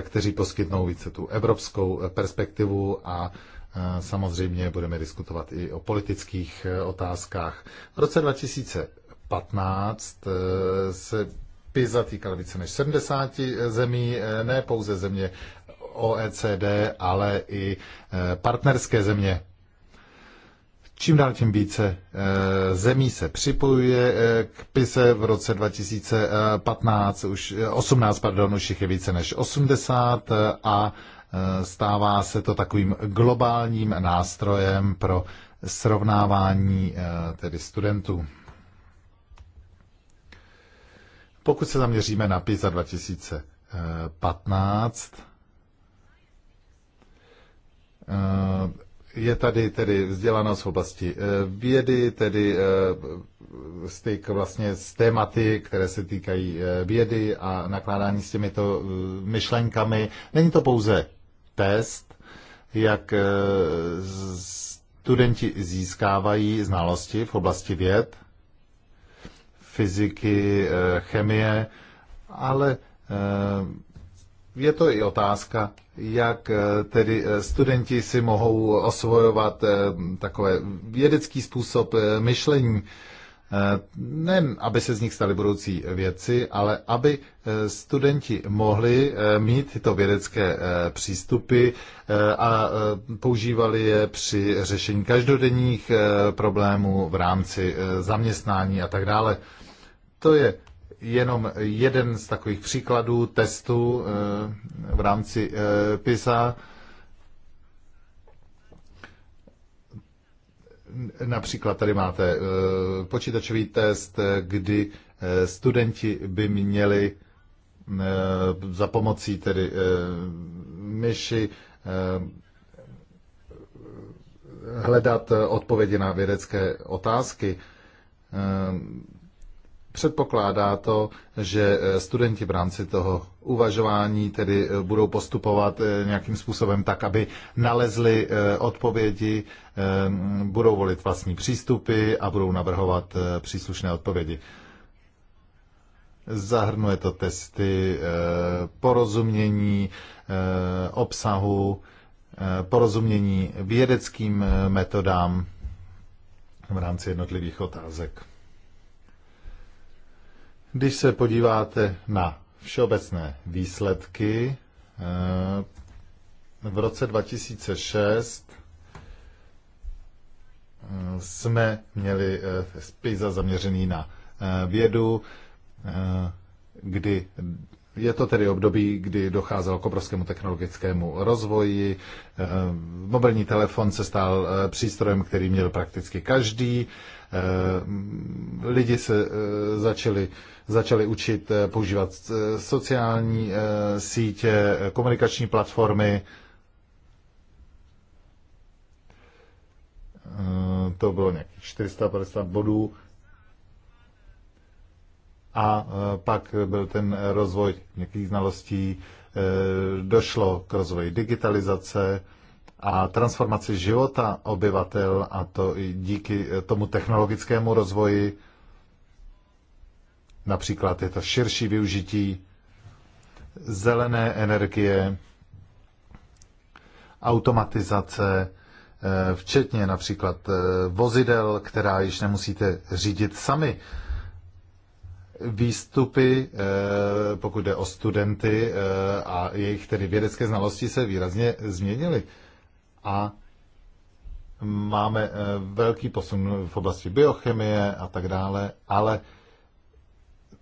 kteří poskytnou více tu evropskou perspektivu a samozřejmě budeme diskutovat i o politických otázkách. V roce 2015 se PISA týkal více než 70 zemí, ne pouze země OECD, ale i eh, partnerské země. Čím dál tím více eh, zemí se připojuje eh, k PISE v roce 2015, už 18, pardon, už jich je více než 80 a stává se to takovým globálním nástrojem pro srovnávání tedy studentů. Pokud se zaměříme na PISA 2015, Eh, je tady tedy vzdělanost v oblasti eh, vědy, tedy eh, styk vlastně s tématy, které se týkají vědy a nakládání s těmito myšlenkami. Není to pouze test, jak studenti získávají znalosti v oblasti věd, fyziky, chemie, ale je to i otázka jak eh, tedy eh, studenti si mohou osvojovat eh, takové vědecký způsob myšlení, ne, aby se z nich stali budoucí vědci, ale aby studenti mohli mít tyto vědecké přístupy a používali je při řešení každodenních problémů v rámci zaměstnání a tak dále. To je jenom jeden z takových příkladů testů eh, v rámci eh, PISA. Například tady máte eh, počítačový test, kdy studenti by měli za pomocí tedy myši hledat odpovědi na vědecké otázky Předpokládá to, že eh, studenti v rámci toho uvažování tedy eh, budou postupovat eh, nějakým způsobem tak, aby nalezli odpovědi, budou volit vlastní přístupy a budou navrhovat příslušné odpovědi. Zahrnuje to testy porozumění obsahu, porozumění vědeckým metodám v rámci jednotlivých otázek. Když se podíváte na všeobecné výsledky, eh, v roce 2006 eh, jsme měli eh, spíza zaměřený na vědu, kdy je to tedy období, kdy docházelo k obrovskému technologickému rozvoji. Mobilní telefon se stal přístrojem, který měl prakticky každý. Eh, lidi se eh, začali, začali učit eh, používat sociální sítě, komunikační platformy. To bylo nějakých 450 bodů. A pak byl ten rozvoj nějakých znalostí, došlo k rozvoji digitalizace, a transformaci života obyvatel, a to i díky eh, tomu technologickému rozvoji. Například je to širší využití zelené energie, automatizace, eh, včetně například eh, vozidel, která již nemusíte řídit sami. Výstupy, pokud jde o studenty a jejich tedy vědecké znalosti, se výrazně změnily a máme eh, velký posun v oblasti biochemie a tak dále, ale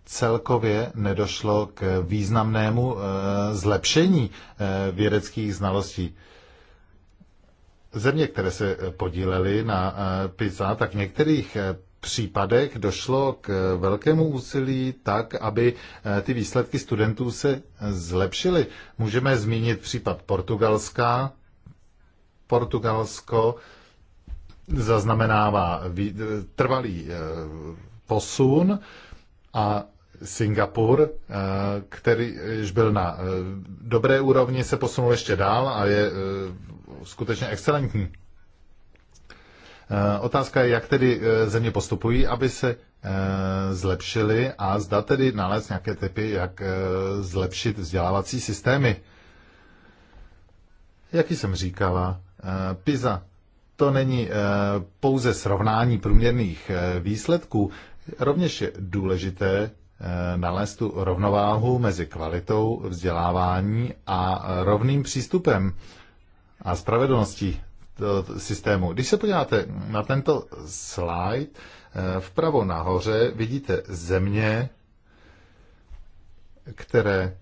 celkově nedošlo k významnému eh, zlepšení eh, vědeckých znalostí. Země, které se podílely na PISA, tak v některých případech došlo k velkému úsilí tak, aby ty výsledky studentů se zlepšily. Můžeme zmínit případ Portugalska, Portugalsko zaznamenává trvalý eh, posun a Singapur, eh, který již byl na eh, dobré úrovni, se posunul ještě dál a je skutečně excelentní. Otázka je, jak tedy země postupují, aby se zlepšily a zda tedy nalézt nějaké typy, jak zlepšit vzdělávací systémy. Jak jsem říkala, Eh, PISA to není eh, pouze srovnání průměrných eh, výsledků, rovněž je důležité nalézt tu rovnováhu mezi kvalitou vzdělávání a rovným přístupem a spravedlností systému. Když se podíváte na tento slide, vpravo nahoře vidíte země, které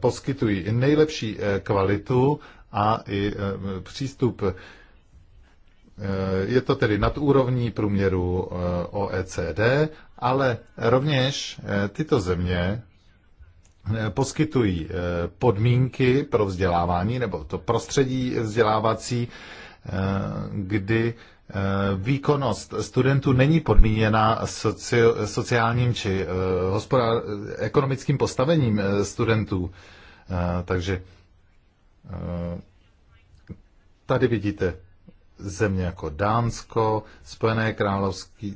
poskytují nejlepší kvalitu a i e, přístup. E, je to tedy nad úrovní průměru e, OECD, ale rovněž tyto země poskytují podmínky pro vzdělávání nebo to prostředí vzdělávací, kdy výkonnost studentů není podmíněna socio, sociálním či ekonomickým postavením studentů. Takže Eh, tady vidíte země jako Dánsko, Spojené království,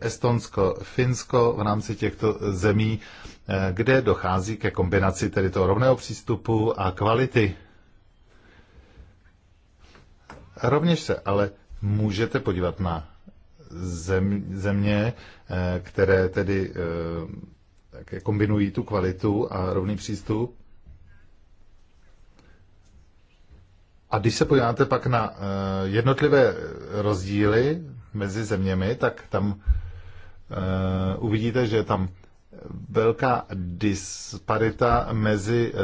Estonsko, Finsko v rámci těchto zemí, eh, kde dochází ke kombinaci tedy toho rovného přístupu a kvality. Rovněž se ale můžete podívat na zem, země, eh, které tedy kombinují tu kvalitu a rovný přístup A když se podíváte pak na eh, jednotlivé rozdíly mezi zeměmi, tak tam eh, uvidíte, že je tam velká disparita mezi eh,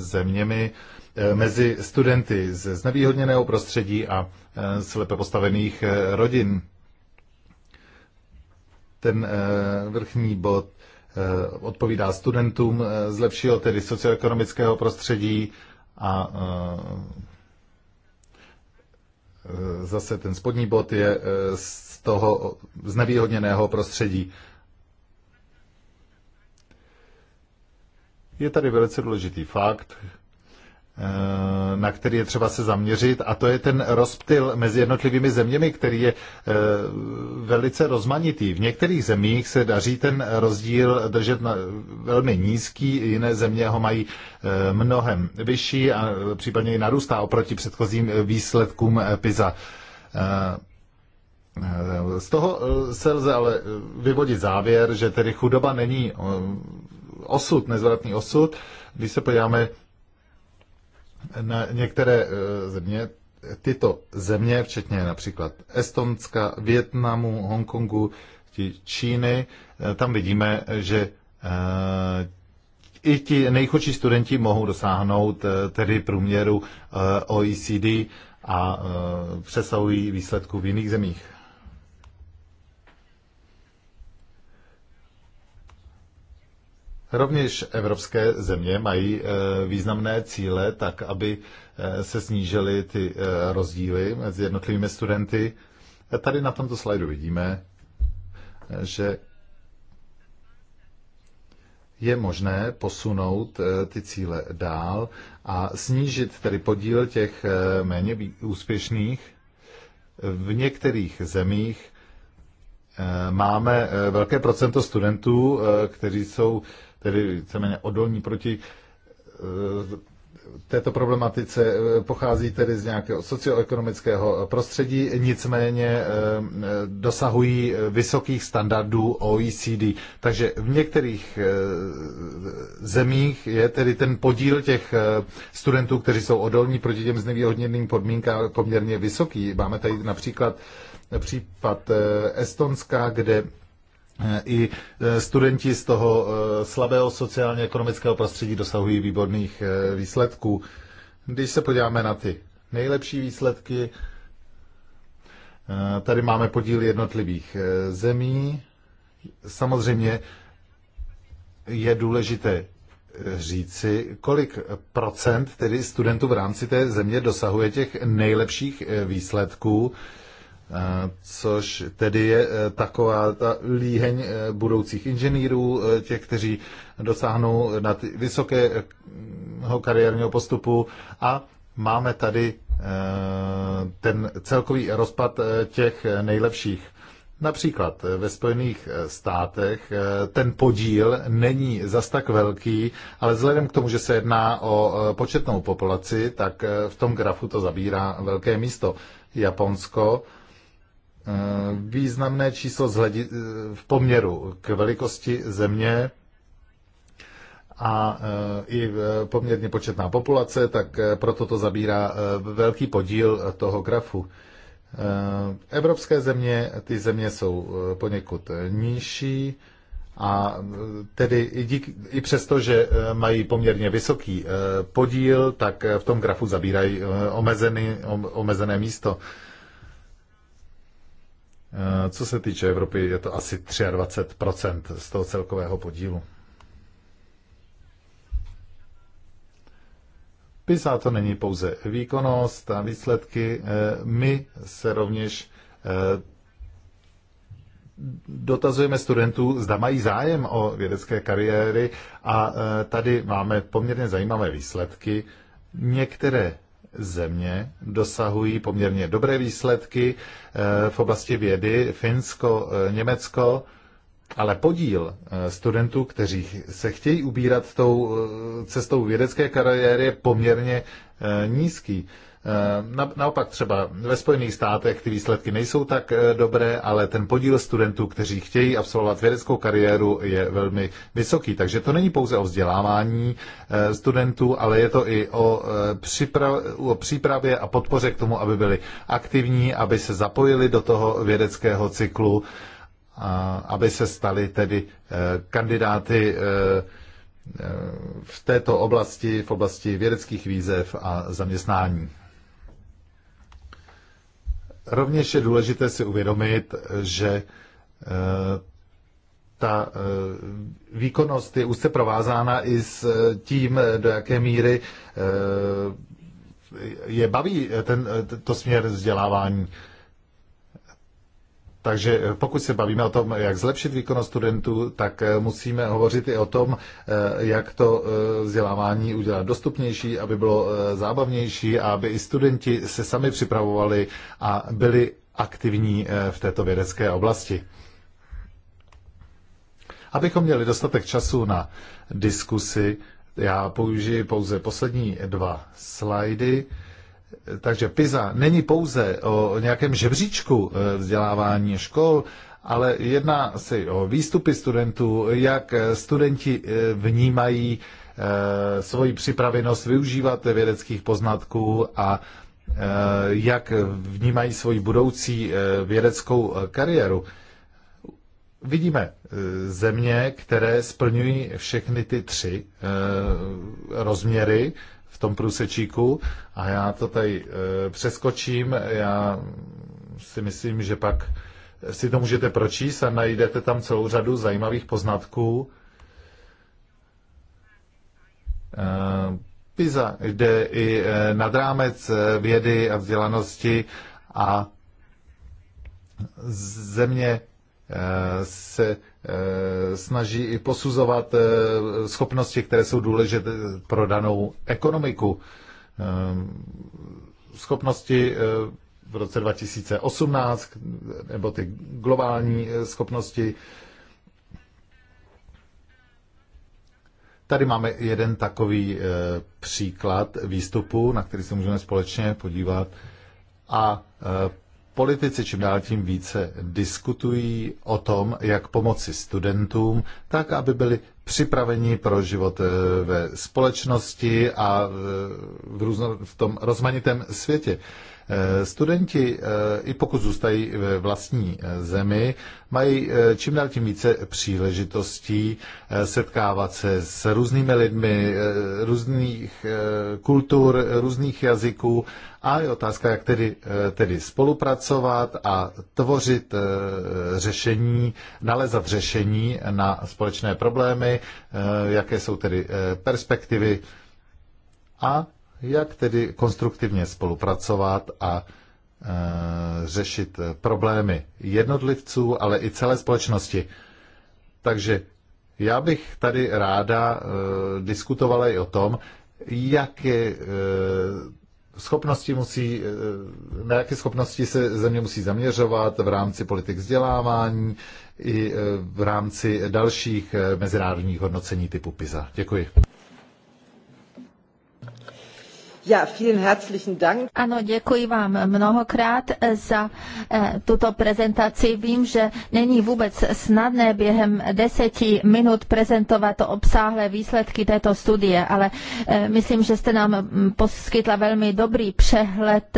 zeměmi, mezi studenty ze znevýhodněného prostředí a slepe postavených rodin. Ten vrchní bod odpovídá studentům z lepšího, tedy socioekonomického prostředí a Eh, zase ten spodní bod je eh, z toho znevýhodněného prostředí. Je tady velice důležitý fakt, Eh, na který je třeba se zaměřit a to je ten rozptyl mezi jednotlivými zeměmi, který je eh, velice rozmanitý. V některých zemích se daří ten rozdíl držet na velmi nízký, jiné země ho mají eh, mnohem vyšší a případně i narůstá oproti předchozím výsledkům PISA. Z toho se lze ale vyvodit závěr, že tedy chudoba není osud, nezvratný osud. Když se podíváme na některé eh, země, tyto země, včetně například Estonska, Větnamu, Hongkongu, Číny, eh, tam vidíme, že eh, i ti nejchodší studenti mohou dosáhnout tedy průměru OECD a přesahují výsledku v jiných zemích. Rovněž evropské země mají eh, významné cíle, tak aby eh, se snížily ty eh, rozdíly mezi jednotlivými studenty. Tady na tomto slajdu vidíme, že je možné posunout ty cíle dál a snížit tedy podíl těch méně úspěšných. V některých zemích máme velké procento studentů, kteří jsou tedy víceméně odolní proti eh, této problematice eh, pochází tedy z nějakého socioekonomického prostředí, nicméně eh, dosahují vysokých standardů OECD. Takže v některých zemích je tedy ten podíl těch studentů, kteří jsou odolní proti těm znevýhodněným podmínkám, poměrně vysoký. Máme tady například případ Estonska, kde Eh, i eh, studenti z toho eh, slabého sociálně-ekonomického prostředí dosahují výborných výsledků. Když se podíváme na ty nejlepší výsledky, tady máme podíl jednotlivých zemí. Samozřejmě je důležité říci, kolik procent tedy studentů v rámci té země dosahuje těch nejlepších výsledků což tedy je e, taková ta líheň e, budoucích inženýrů, e, těch, kteří dosáhnou na vysokého kariérního postupu a máme tady ten celkový rozpad těch nejlepších. Například ve Spojených státech ten podíl není zas tak velký, ale vzhledem k tomu, že se jedná o početnou populaci, tak v tom grafu to zabírá velké místo. Japonsko Eh, významné číslo z hledi- eh, v poměru k velikosti země a eh, i poměrně početná populace, tak proto to zabírá velký podíl toho grafu. Evropské země, ty země jsou poněkud nižší a tedy i, dík, i přesto, že mají poměrně vysoký podíl, tak v tom grafu zabírají omezený, omezené místo. Eh, co se týče Evropy, je to asi 23% z toho celkového podílu. PISA to není pouze výkonnost a výsledky. Eh, my se rovněž eh, dotazujeme studentů, zda mají zájem o vědecké kariéry a tady máme poměrně zajímavé výsledky. Některé země dosahují poměrně dobré výsledky eh, v oblasti vědy, Finsko, eh, Německo, ale podíl eh, studentů, kteří se chtějí ubírat tou cestou vědecké kariéry, je poměrně nízký. Eh, naopak třeba ve Spojených státech ty výsledky nejsou tak eh, dobré, ale ten podíl studentů, kteří chtějí absolvovat vědeckou kariéru, je velmi vysoký. Takže to není pouze o vzdělávání eh, studentů, ale je to i o, přípravě a podpoře k tomu, aby byli aktivní, aby se zapojili do toho vědeckého cyklu, aby se stali tedy kandidáty v této oblasti, v oblasti vědeckých výzev a zaměstnání. Rovněž je důležité si uvědomit, že eh, ta eh, výkonnost je úzce provázána i s eh, tím, do jaké míry je baví ten, to směr vzdělávání. Takže eh, pokud se bavíme o tom, jak zlepšit výkonnost studentů, tak eh, musíme hovořit i o tom, eh, jak to vzdělávání udělat dostupnější, aby bylo zábavnější a aby i studenti se sami připravovali a byli aktivní v této vědecké oblasti. Abychom měli dostatek času na diskusy, já použiji pouze poslední dva slajdy. Takže PISA není pouze o nějakém žebříčku eh, vzdělávání škol, ale jedná se o výstupy studentů, jak studenti eh, vnímají eh, svoji připravenost využívat vědeckých poznatků a jak vnímají svoji budoucí vědeckou kariéru. Vidíme země, které splňují všechny ty tři rozměry v tom průsečíku a já to tady e, přeskočím. Já si myslím, že pak si to můžete pročíst a najdete tam celou řadu zajímavých poznatků. E, PISA jde i e, nad rámec vědy a vzdělanosti a země se eh, snaží i posuzovat eh, schopnosti, které jsou důležité pro danou ekonomiku. Eh, schopnosti v roce 2018, nebo ty globální schopnosti. Tady máme jeden takový příklad výstupu, na který se můžeme společně podívat. A politici čím dál tím více diskutují o tom, jak pomoci studentům, tak aby byli připraveni pro život eh, ve společnosti a eh, v, různo, v tom rozmanitém světě. Eh, studenti, i pokud zůstají ve vlastní zemi, mají čím dál tím více příležitostí setkávat se s různými lidmi, různých kultur, různých jazyků a je otázka, jak tedy, tedy spolupracovat a tvořit řešení, nalezat řešení na společné problémy Eh, jaké jsou tedy eh, perspektivy a jak tedy konstruktivně spolupracovat a eh, řešit problémy jednotlivců, ale i celé společnosti. Takže já bych tady ráda diskutovala i o tom, jaké schopnosti musí, na jaké schopnosti se země musí zaměřovat v rámci politik vzdělávání, i e, v rámci dalších e, mezinárodních hodnocení typu PISA. Děkuji. Ja, vielen herzlichen Dank. Ano, děkuji vám mnohokrát za e, tuto prezentaci. Vím, že není vůbec snadné během deseti minut prezentovat obsáhlé výsledky této studie, ale myslím, že jste nám poskytla velmi dobrý přehled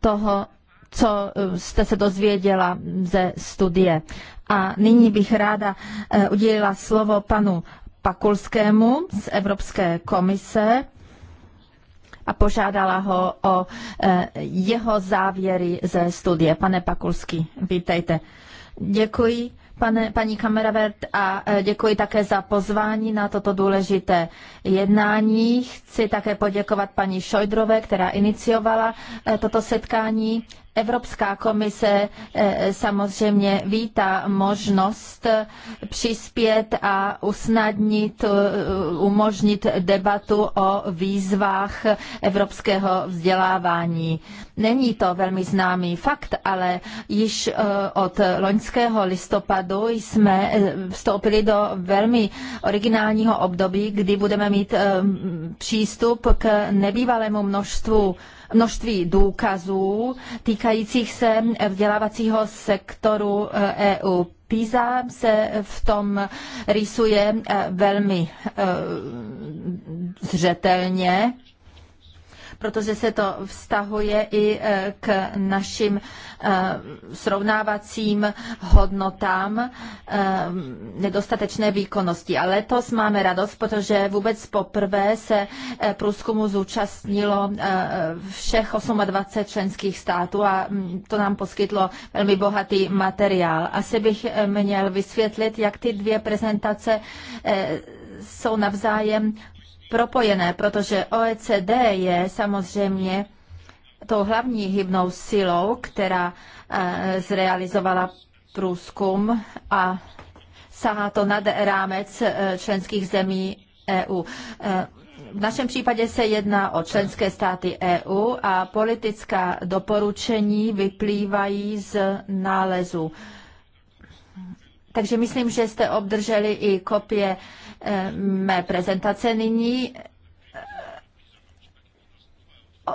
toho, co eh, jste se dozvěděla ze studie. A nyní bych ráda eh, udělila slovo panu Pakulskému z Evropské komise a požádala ho o eh, jeho závěry ze studie. Pane Pakulský, vítejte. Děkuji. Pane, paní Kameravert, a děkuji také za pozvání na toto důležité jednání. Chci také poděkovat paní Šojdrové, která iniciovala toto setkání Evropská komise eh, samozřejmě vítá možnost přispět a usnadnit, eh, umožnit debatu o výzvách evropského vzdělávání. Není to velmi známý fakt, ale již eh, od loňského listopadu jsme vstoupili do velmi originálního období, kdy budeme mít přístup k nebývalému množstvu množství důkazů týkajících se vzdělávacího sektoru EU. Eh, e PISA se v tom rýsuje eh, velmi eh, zřetelně protože se to vztahuje i eh, k našim eh, srovnávacím hodnotám eh, nedostatečné výkonnosti. A letos máme radost, protože vůbec poprvé se průzkumu zúčastnilo všech 28 členských států a mm, to nám poskytlo velmi bohatý materiál. Asi bych měl vysvětlit, jak ty dvě prezentace jsou navzájem propojené, protože OECD je samozřejmě tou hlavní hybnou silou, která eh, zrealizovala průzkum a sahá to nad rámec eh, členských zemí EU. Eh, v našem případě se jedná o členské státy EU a politická doporučení vyplývají z nálezu takže myslím, že jste obdrželi i kopie eh, mé prezentace nyní. Eh,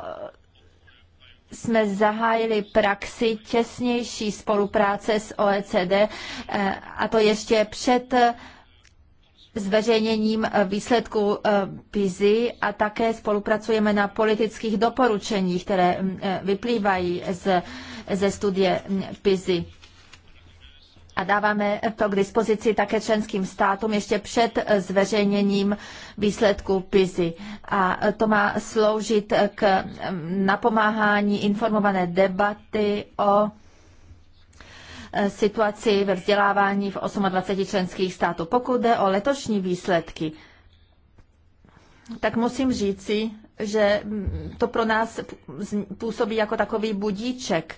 jsme zahájili praxi těsnější spolupráce s OECD eh, a to ještě před zveřejněním výsledků PISY a také spolupracujeme na politických doporučeních, které mm, vyplývají z, ze studie mm, PISY a dáváme to k dispozici také členským státům ještě před zveřejněním výsledků PISY. A to má sloužit k napomáhání informované debaty o situaci ve vzdělávání v 28 členských států. Pokud jde o letošní výsledky, tak musím říci, že to pro nás působí jako takový budíček.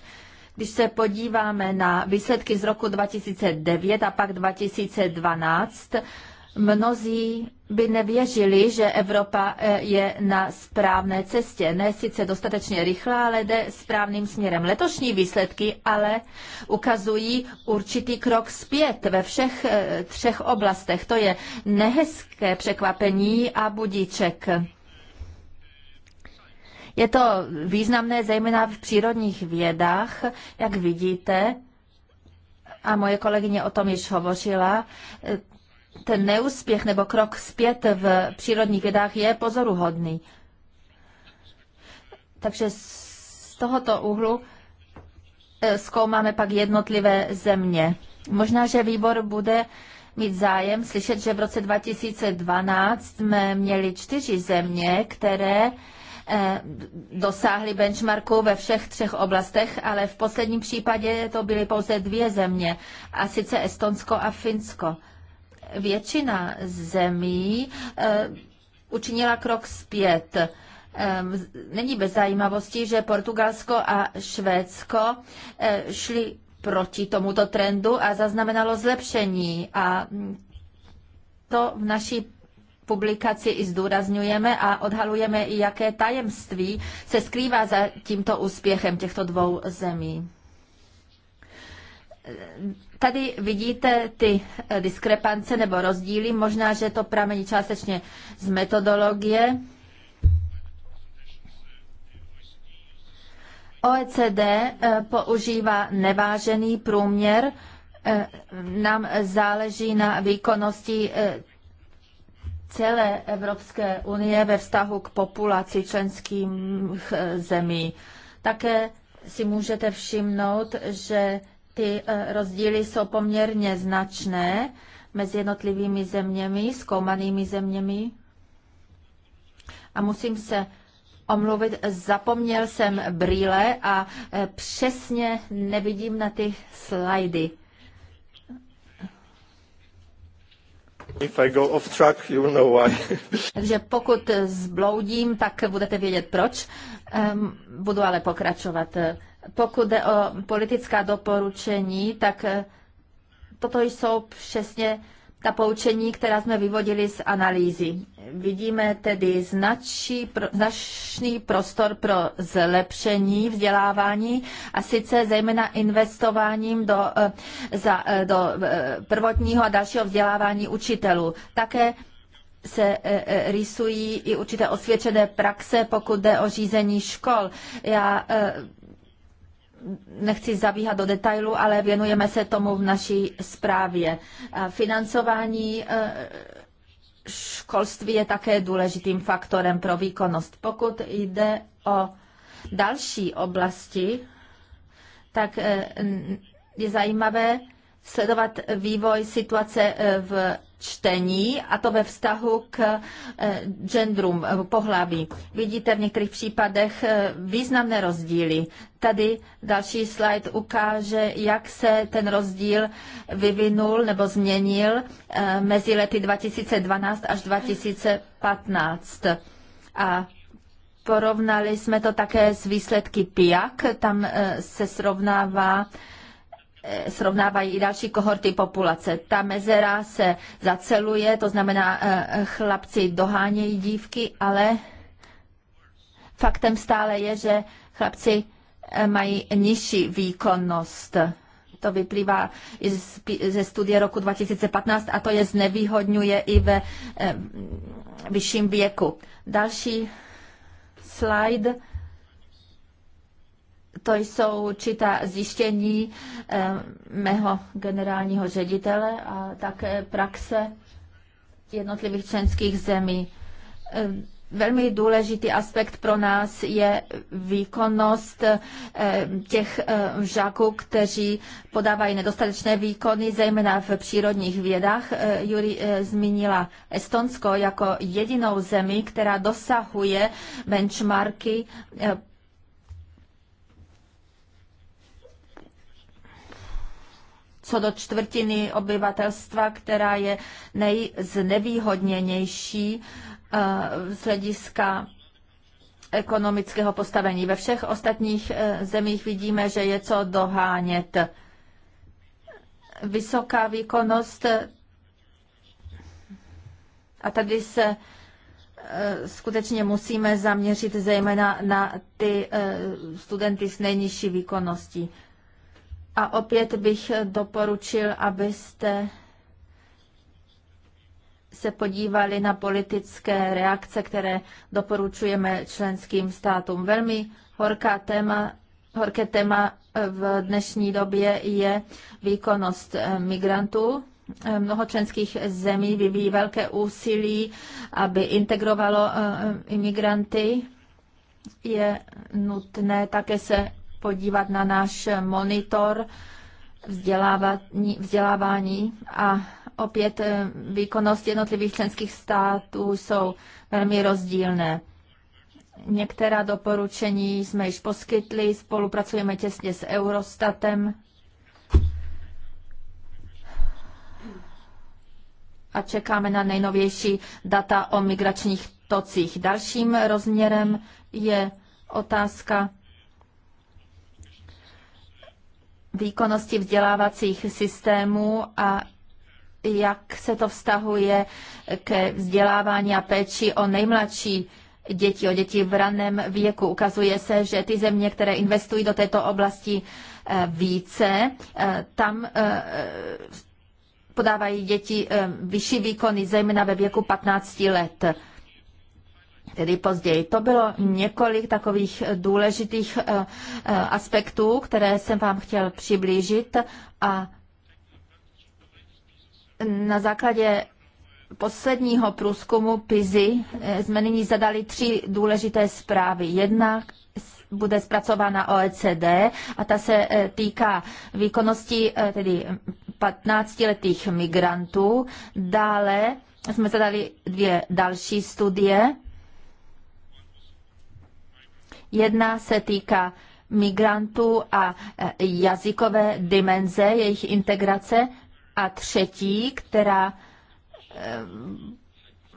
Když se podíváme na výsledky z roku 2009 a pak 2012, mnozí by nevěřili, že Evropa eh, je na správné cestě. Ne sice dostatečně rychlá, ale jde správným směrem. Letošní výsledky ale ukazují určitý krok zpět ve všech eh, třech oblastech. To je nehezké překvapení a budíček. Je to významné zejména v přírodních vědách, jak vidíte, a moje kolegyně o tom již hovořila, ten neúspěch nebo krok zpět v přírodních vědách je pozoruhodný. Takže z tohoto úhlu eh, zkoumáme pak jednotlivé země. Možná, že výbor bude mít zájem slyšet, že v roce 2012 jsme měli čtyři země, které Eh, dosáhli benchmarku ve všech třech oblastech, ale v posledním případě to byly pouze dvě země, a sice Estonsko a Finsko. Většina zemí eh, učinila krok zpět. Není bez zajímavosti, že Portugalsko a Švédsko eh, šli proti tomuto trendu a zaznamenalo zlepšení. A mm, to v naší publikaci i zdůrazňujeme a odhalujeme i, jaké tajemství se skrývá za tímto úspěchem těchto dvou zemí. Tady vidíte ty diskrepance nebo rozdíly. Možná, že to pramení částečně z metodologie. OECD eh, používá nevážený průměr. Eh, nám záleží na výkonnosti eh, celé Evropské unie ve vztahu k populaci členských zemí. Také si můžete všimnout, že ty eh, rozdíly jsou poměrně značné mezi jednotlivými zeměmi, zkoumanými zeměmi. A musím se omluvit, zapomněl jsem brýle a eh, přesně nevidím na ty slajdy. Takže pokud zbloudím, tak budete vědět proč. Budu ale pokračovat. Pokud jde o politická doporučení, tak eh, toto jsou přesně ta poučení, která jsme vyvodili z analýzy. Vidíme tedy značí, pro, značný prostor pro zlepšení vzdělávání a sice zejména investováním do, eh, za, eh, do eh, prvotního a dalšího vzdělávání učitelů. Také se rýsují i určité osvědčené praxe, pokud jde o řízení škol. Já nechci zabíhat do detailu, ale věnujeme se tomu v naší zprávě. Financování e, školství je také důležitým faktorem pro výkonnost. Pokud jde o další oblasti, tak e, je zajímavé, sledovat vývoj situace eh, v čtení, a to ve vztahu k eh, genderům, eh, pohlaví. Vidíte v některých případech významné rozdíly. Tady další slide ukáže, jak se ten rozdíl vyvinul nebo změnil mezi lety 2012 až 2015. A porovnali jsme to také s výsledky PIAC, tam se srovnává Eh, srovnávají i další kohorty populace. Ta mezera se zaceluje, to znamená, eh, chlapci dohánějí dívky, ale faktem stále je, že chlapci eh, mají nižší výkonnost. To vyplývá ze studie roku 2015 a to je znevýhodňuje i ve vyšším věku. Další slide to jsou určitá zjištění eh, mého generálního ředitele a také praxe jednotlivých členských zemí. Eh, velmi důležitý aspekt pro nás je výkonnost eh, těch žáků, kteří podávají nedostatečné výkony, zejména v přírodních vědách. Juri zmínila Estonsko jako jedinou zemi, která dosahuje benchmarky co do čtvrtiny obyvatelstva, která je nejznevýhodněnější eh, z hlediska ekonomického postavení. Ve všech ostatních eh, zemích vidíme, že je co dohánět. Vysoká výkonnost a tady se eh, skutečně musíme zaměřit zejména na ty studenty s nejnižší výkonností. A opět bych doporučil, abyste se podívali na politické reakce, které doporučujeme členským státům. Velmi horká téma, horké téma v dnešní době je výkonnost eh, migrantů. Eh, mnoho členských zemí vyvíjí velké úsilí, aby integrovalo eh, imigranty. Je nutné také se podívat na náš monitor vzdělávání, a opět eh, výkonnost jednotlivých členských států jsou velmi rozdílné. Některá doporučení jsme již poskytli, spolupracujeme těsně s Eurostatem a čekáme na nejnovější data o migračních tocích. Dalším rozměrem je otázka výkonnosti vzdělávacích systémů a jak se to vztahuje ke vzdělávání a péči o nejmladší děti, o děti v raném věku. Ukazuje se, že ty země, které investují do této oblasti eh, více, eh, tam eh, podávají děti vyšší výkony, zejména ve věku 15 let tedy později. To bylo několik takových důležitých eh, eh, aspektů, které jsem vám chtěl přiblížit a na základě posledního průzkumu PISY eh, jsme nyní zadali tři důležité zprávy. Jedna bude zpracována OECD a ta se týká výkonnosti tedy 15-letých migrantů. Dále jsme zadali dvě další studie Jedna se týká migrantů a e, jazykové dimenze jejich integrace a třetí, která e,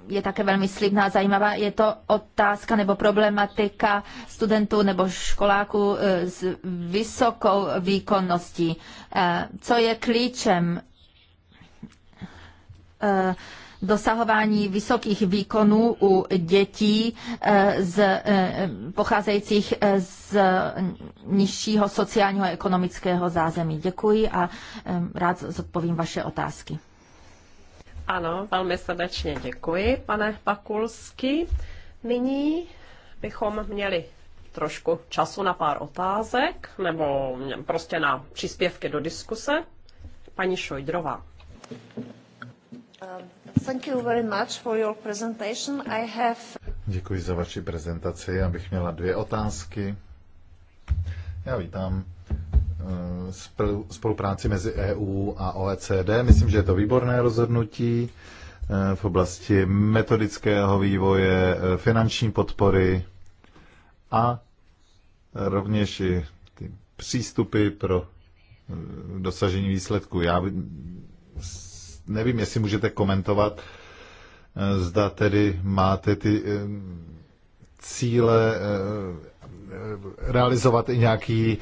je také velmi slibná a zajímavá. Je to otázka nebo problematika studentů nebo školáků e, s vysokou výkonností. Co je klíčem dosahování vysokých výkonů u dětí eh, z, eh, pocházejících eh, z nižšího sociálního a ekonomického zázemí. Děkuji a rád zodpovím vaše otázky. Ano, velmi srdečně děkuji, pane Pakulský. Nyní bychom měli trošku času na pár otázek nebo prostě na příspěvky do diskuse. Paní Šojdrová. Děkuji za vaši prezentaci. Já bych měla dvě otázky. Já vítám eh, spolupráci mezi EU a OECD. Myslím, že je to výborné rozhodnutí eh, v oblasti metodického vývoje, eh, finanční podpory a rovněž i ty přístupy pro dosažení výsledku. Já nevím, jestli můžete komentovat, eh, zda tedy máte ty eh, cíle eh, realizovat i nějaký,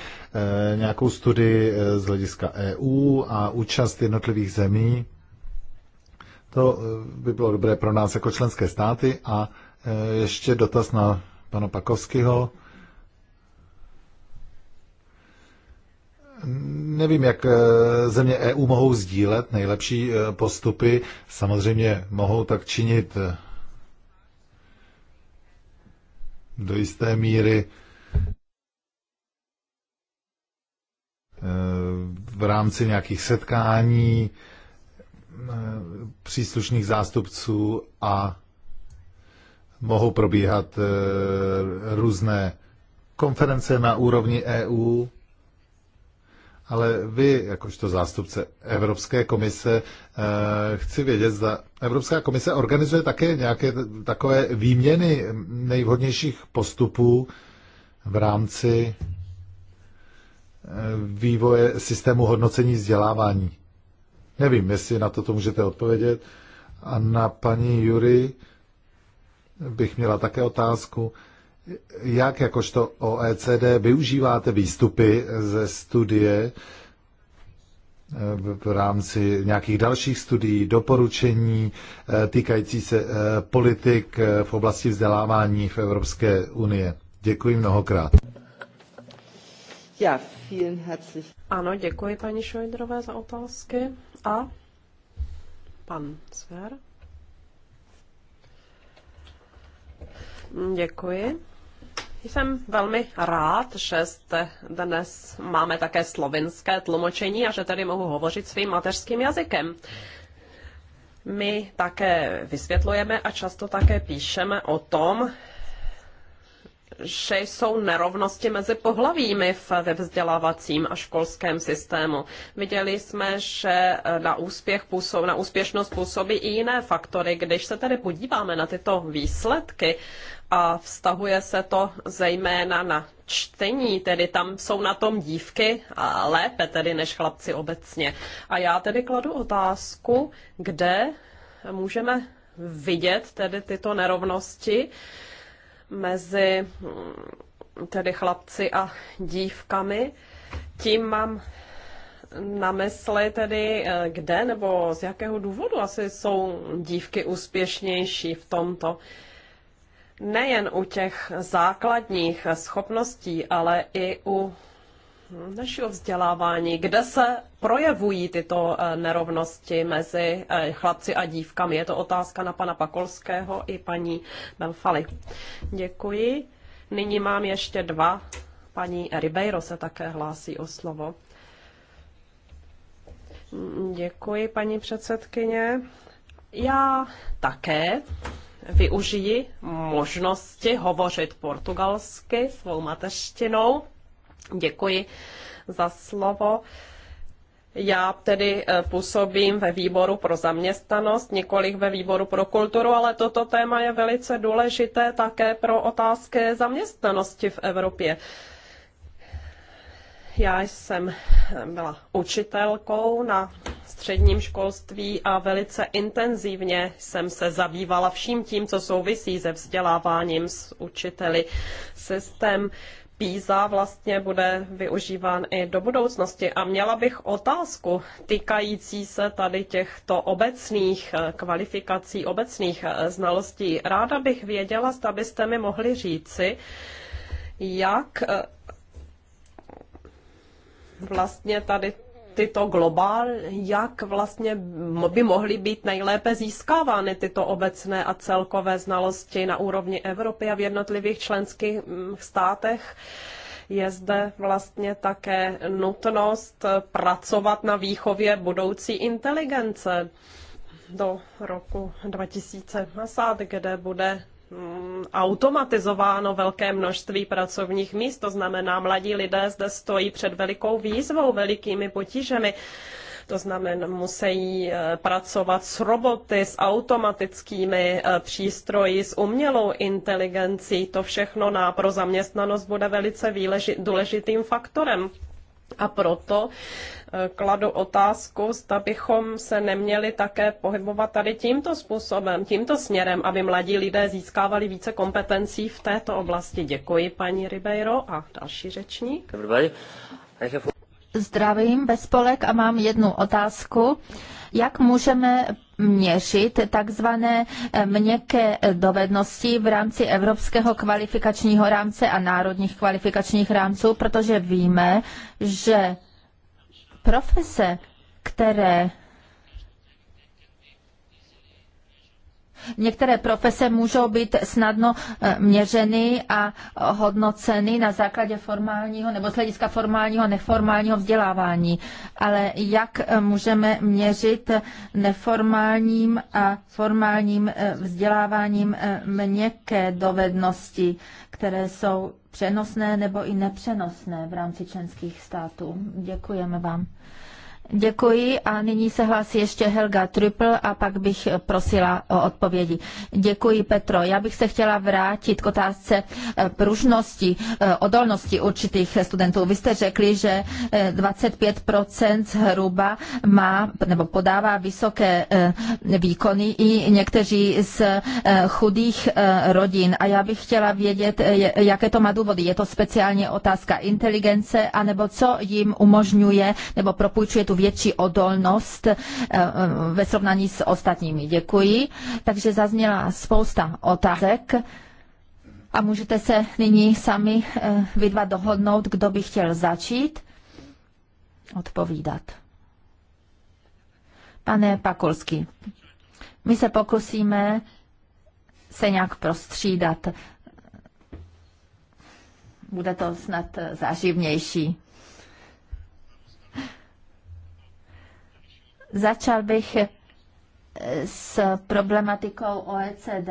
nějakou studii z hlediska EU a účast jednotlivých zemí. To by bylo dobré pro nás jako členské státy. A ještě dotaz na pana Pakovského. Nevím, jak eh, země EU mohou sdílet nejlepší eh, postupy. Samozřejmě mohou tak činit eh, do jisté míry v rámci nějakých setkání příslušných zástupců a mohou probíhat různé konference na úrovni EU ale vy, jakožto zástupce Evropské komise, eh, chci vědět, zda Evropská komise organizuje také nějaké takové výměny nejvhodnějších postupů v rámci eh, vývoje systému hodnocení vzdělávání. Nevím, jestli na to můžete odpovědět. A na paní Jury bych měla také otázku jak jakožto OECD využíváte výstupy ze studie eh, v rámci nějakých dalších studií, doporučení eh, týkající se eh, politik v oblasti vzdělávání v Evropské unie. Děkuji mnohokrát. Ano, děkuji paní Šojdrové za otázky. A pan Sver. Děkuji. Jsem velmi rád, že jste dnes máme také slovinské tlumočení a že tady mohu hovořit svým mateřským jazykem. My také vysvětlujeme a často také píšeme o tom, že jsou nerovnosti mezi pohlavími ve vzdělávacím a školském systému. Viděli jsme, že na, úspěch působ, na úspěšnost působí i jiné faktory. Když se tedy podíváme na tyto výsledky, a vztahuje se to zejména na čtení, tedy tam jsou na tom dívky a lépe tedy než chlapci obecně. A já tedy kladu otázku, kde můžeme vidět tedy tyto nerovnosti mezi mm, tedy chlapci a dívkami. Tím mám na mysli tedy, eh, kde nebo z jakého důvodu asi jsou dívky úspěšnější v tomto nejen u těch základních schopností, ale i u našeho vzdělávání, kde se projevují tyto eh, nerovnosti mezi eh, chlapci a dívkami. Je to otázka na pana Pakolského i paní Belfaly. Děkuji. Nyní mám ještě dva. Paní Ribeiro se také hlásí o slovo. Děkuji, paní předsedkyně. Já také využiji možnosti hovořit portugalsky svou mateřštinou. Děkuji za slovo. Já tedy eh, působím ve výboru pro zaměstnanost, nikoliv ve výboru pro kulturu, ale toto téma je velice důležité také pro otázky zaměstnanosti v Evropě. Já jsem eh, byla učitelkou na středním školství a velice intenzivně jsem se zabývala vším tím, co souvisí se vzděláváním s učiteli. Systém PISA vlastně bude využíván i do budoucnosti. A měla bych otázku týkající se tady těchto obecných eh, kvalifikací, obecných eh, znalostí. Ráda bych věděla, zda byste mi mohli říci, jak eh, vlastně tady tyto globál, jak vlastně by mohly být nejlépe získávány tyto obecné a celkové znalosti na úrovni Evropy a v jednotlivých členských mm, státech je zde vlastně také nutnost pracovat na výchově budoucí inteligence do roku 2050, kde bude Hmm, automatizováno velké množství pracovních míst, to znamená, mladí lidé zde stojí před velikou výzvou, velikými potížemi. To znamená, musí eh, pracovat s roboty, s automatickými eh, přístroji, s umělou inteligencí. To všechno na, pro zaměstnanost bude velice výleži, důležitým faktorem. A proto eh, kladu otázku, zda bychom se neměli také pohybovat tady tímto způsobem, tímto směrem, aby mladí lidé získávali více kompetencí v této oblasti. Děkuji, paní Ribeiro. A další řečník. Zdravím, Bezpolek, a mám jednu otázku. Jak můžeme měřit takzvané eh, měkké eh, dovednosti v rámci Evropského kvalifikačního rámce a národních kvalifikačních rámců, protože víme, že profese, které Některé profese můžou být snadno eh, měřeny a hodnoceny na základě formálního nebo z hlediska formálního a neformálního vzdělávání. Ale jak eh, můžeme měřit neformálním a formálním eh, vzděláváním měkké dovednosti, které jsou přenosné nebo i nepřenosné v rámci členských států? Děkujeme vám. Děkuji a nyní se hlásí ještě Helga Trüppel a pak bych prosila o odpovědi. Děkuji Petro. Já bych se chtěla vrátit k otázce eh, pružnosti, eh, odolnosti určitých studentů. Vy jste řekli, že 25% eh, zhruba má nebo podává vysoké výkony i někteří z chudých rodin. A já bych chtěla vědět, jaké to má důvody. Je to speciálně otázka inteligence, anebo co jim umožňuje nebo propůjčuje tu větší odolnost eh, eh, ve srovnání s ostatními. Děkuji. Takže zazněla spousta otázek. A můžete se nyní sami eh, vy dva dohodnout, kdo by chtěl začít odpovídat. Pane Pakolský, my se pokusíme se nějak prostřídat. Bude to snad záživnější. Začal bych eh, s problematikou OECD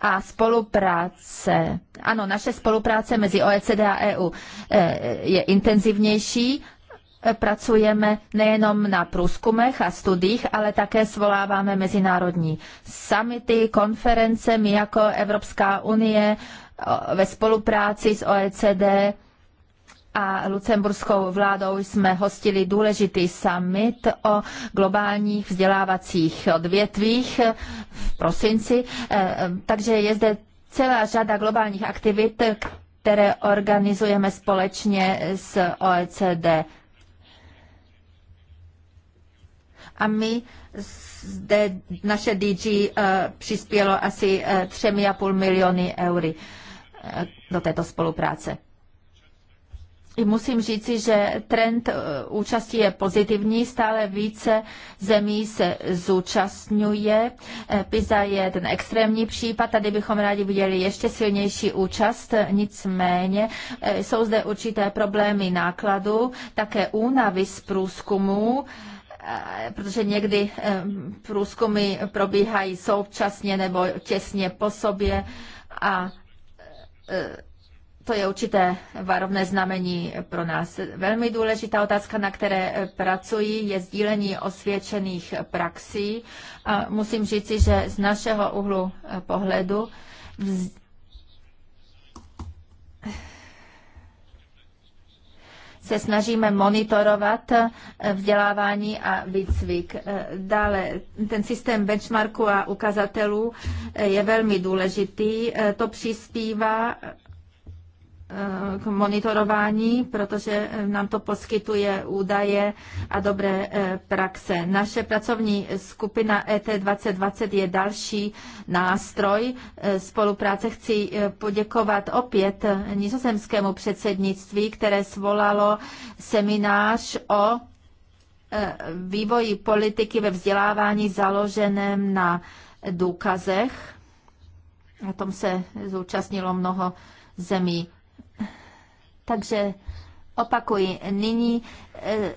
a spolupráce. Ano, naše spolupráce mezi OECD a EU eh, je intenzivnější. Pracujeme nejenom na průzkumech a studiích, ale také svoláváme mezinárodní summity, konference, my jako Evropská unie eh, ve spolupráci s OECD a lucemburskou vládou jsme hostili důležitý summit o globálních vzdělávacích odvětvích v prosinci, eh, takže je zde celá řada globálních aktivit, které organizujeme společně s OECD. A my zde naše DG eh, přispělo asi 3,5 eh, miliony eury do této spolupráce. Musím říci, že trend e, účasti je pozitivní, stále více zemí se zúčastňuje. E, PISA je ten extrémní případ, tady bychom rádi viděli ještě silnější účast, nicméně e, jsou zde určité problémy nákladu, také únavy z průzkumu protože někdy průzkumy probíhají současně nebo těsně po sobě a to je určité varovné znamení pro nás. Velmi důležitá otázka, na které pracuji, je sdílení osvědčených praxí. A musím říci, že z našeho úhlu pohledu vz... se snažíme monitorovat vzdělávání a výcvik. Dále ten systém benchmarku a ukazatelů je velmi důležitý. To přispívá k monitorování, protože nám to poskytuje údaje a dobré eh, praxe. Naše pracovní skupina e ET 2020 je další nástroj eh, spolupráce. Chci eh, poděkovat opět nizozemskému předsednictví, které svolalo seminář o vývoji politiky ve vzdělávání založeném na důkazech. Na tom se zúčastnilo mnoho zemí. Takže opakuji, nyní e,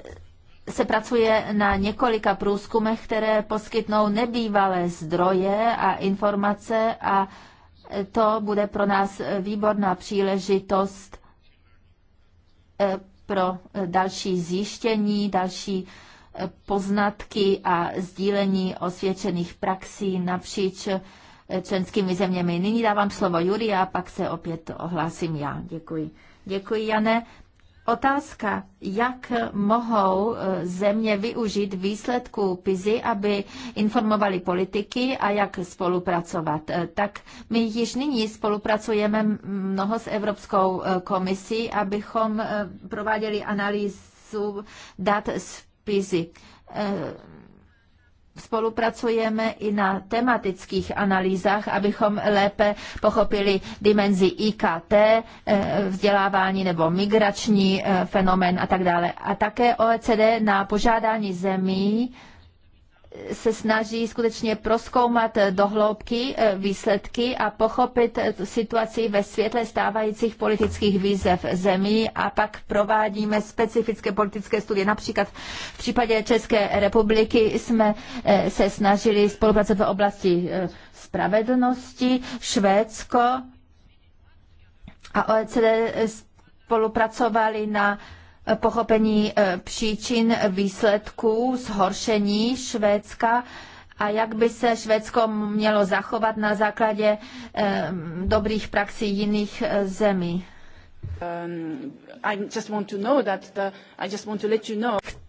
se pracuje na několika průzkumech, které poskytnou nebývalé zdroje a informace a to bude pro nás výborná příležitost e, pro další zjištění, další e, poznatky a sdílení osvědčených praxí napříč členskými zeměmi. Nyní dávám slovo Juri a pak se opět ohlásím já. Děkuji. Děkuji, Jane. Otázka, jak mohou eh, země využít výsledků PIZY, aby informovali politiky a jak spolupracovat. Eh, tak my již nyní spolupracujeme mnoho s Evropskou eh, komisí, abychom prováděli analýzu dat z PIZY spolupracujeme i na tematických analýzách, abychom lépe pochopili dimenzi IKT, eh, vzdělávání nebo migrační eh, fenomén a tak dále. A také OECD na požádání zemí se snaží skutečně proskoumat dohloubky eh, výsledky a pochopit situaci ve světle stávajících politických výzev zemí a pak provádíme specifické politické studie. Například v případě České republiky jsme eh, se snažili spolupracovat v oblasti eh, spravedlnosti, Švédsko a OECD spolupracovali na pochopení eh, příčin výsledků zhoršení Švédska a jak by se Švédsko mělo zachovat na základě eh, dobrých praxí jiných eh, zemí. Um,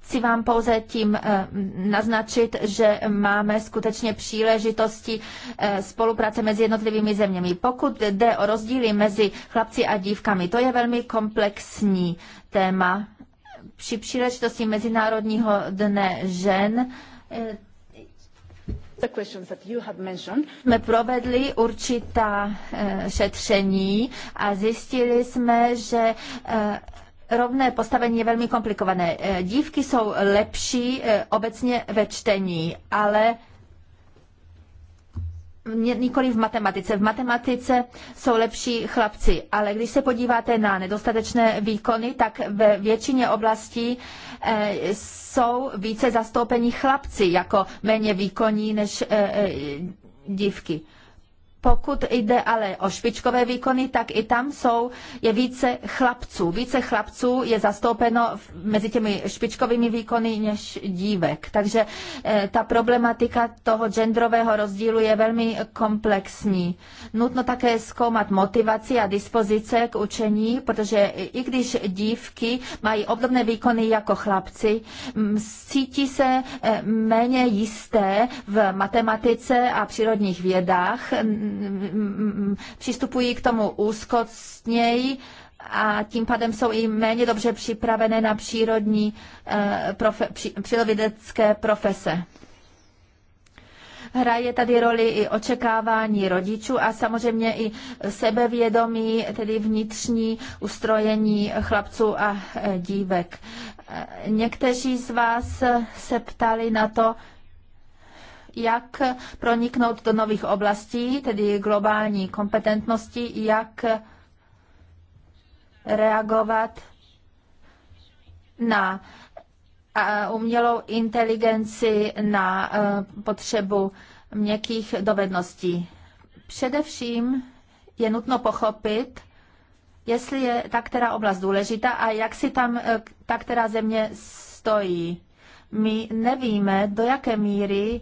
Chci vám pouze tím naznačit, že máme skutečně příležitosti spolupráce mezi jednotlivými zeměmi. Pokud jde o rozdíly mezi chlapci a dívkami, to je velmi komplexní téma. Při příležitosti Mezinárodního dne žen jsme provedli určitá eh, šetření a zjistili jsme, že eh, rovné postavení je velmi komplikované. Eh, dívky jsou lepší obecně ve čtení, ale nikoli v matematice. V matematice jsou lepší chlapci, ale když se podíváte na nedostatečné výkony, tak ve většině oblastí eh, jsou více zastoupeni chlapci jako méně výkonní než eh, eh, dívky. Pokud jde ale o špičkové výkony, tak i tam jsou, je více chlapců. Více chlapců je zastoupeno mezi těmi špičkovými výkony než dívek. Takže eh, ta problematika toho genderového rozdílu je velmi komplexní. Nutno také zkoumat motivaci a dispozice k učení, protože i když dívky mají obdobné výkony jako chlapci, mm, cítí se eh, méně jisté v matematice a přírodních vědách, přistupují k tomu úzkostněji a tím pádem jsou i méně dobře připravené na přírodní eh, profe, při, přírodovědecké profese. Hraje tady roli i očekávání rodičů a samozřejmě i sebevědomí, tedy vnitřní ustrojení chlapců a eh, dívek. Eh, někteří z vás se ptali na to, jak proniknout do nových oblastí, tedy globální kompetentnosti, jak reagovat na umělou inteligenci, na e, potřebu měkkých dovedností. Především je nutno pochopit, jestli je ta která oblast důležitá a jak si tam e, ta která země stojí. My nevíme, do jaké míry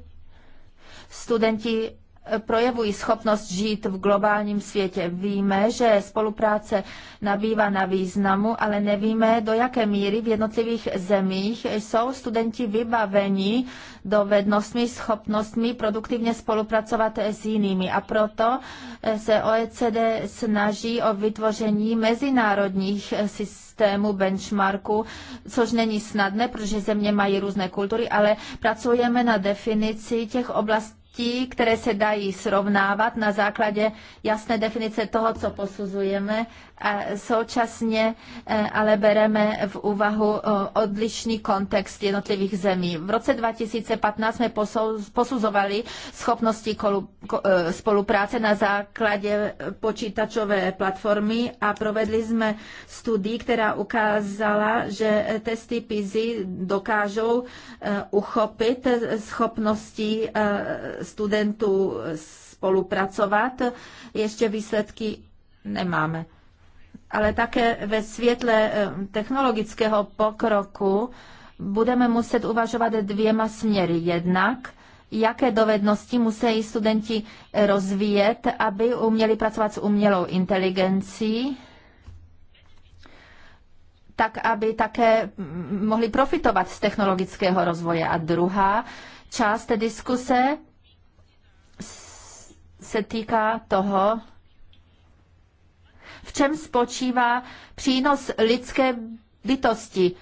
studenti eh, projevují schopnost žít v globálním světě. Víme, že spolupráce nabývá na významu, ale nevíme, do jaké míry v jednotlivých zemích jsou studenti vybaveni dovednostmi, schopnostmi produktivně spolupracovat s jinými. A proto eh, se OECD snaží o vytvoření mezinárodních systémů systému benchmarku, což není snadné, protože země mají různé kultury, ale pracujeme na definici těch oblastí, oblastí, které se dají srovnávat na základě jasné definice toho, co posuzujeme. A současně eh, ale bereme v úvahu eh, odlišný kontext jednotlivých zemí. V roce 2015 jsme posuzovali schopnosti eh, spolupráce na základě počítačové platformy a provedli jsme studii, která ukázala, že testy pisy dokážou uchopit schopnosti studentů spolupracovat. Ještě výsledky nemáme. Ale také ve světle eh, technologického pokroku budeme muset uvažovat dvěma směry. Jednak jaké dovednosti musí studenti rozvíjet, aby uměli pracovat s umělou inteligencí, tak aby také mohli profitovat z technologického rozvoje. A druhá část té diskuse se týká toho, v čem spočívá přínos lidské bytosti,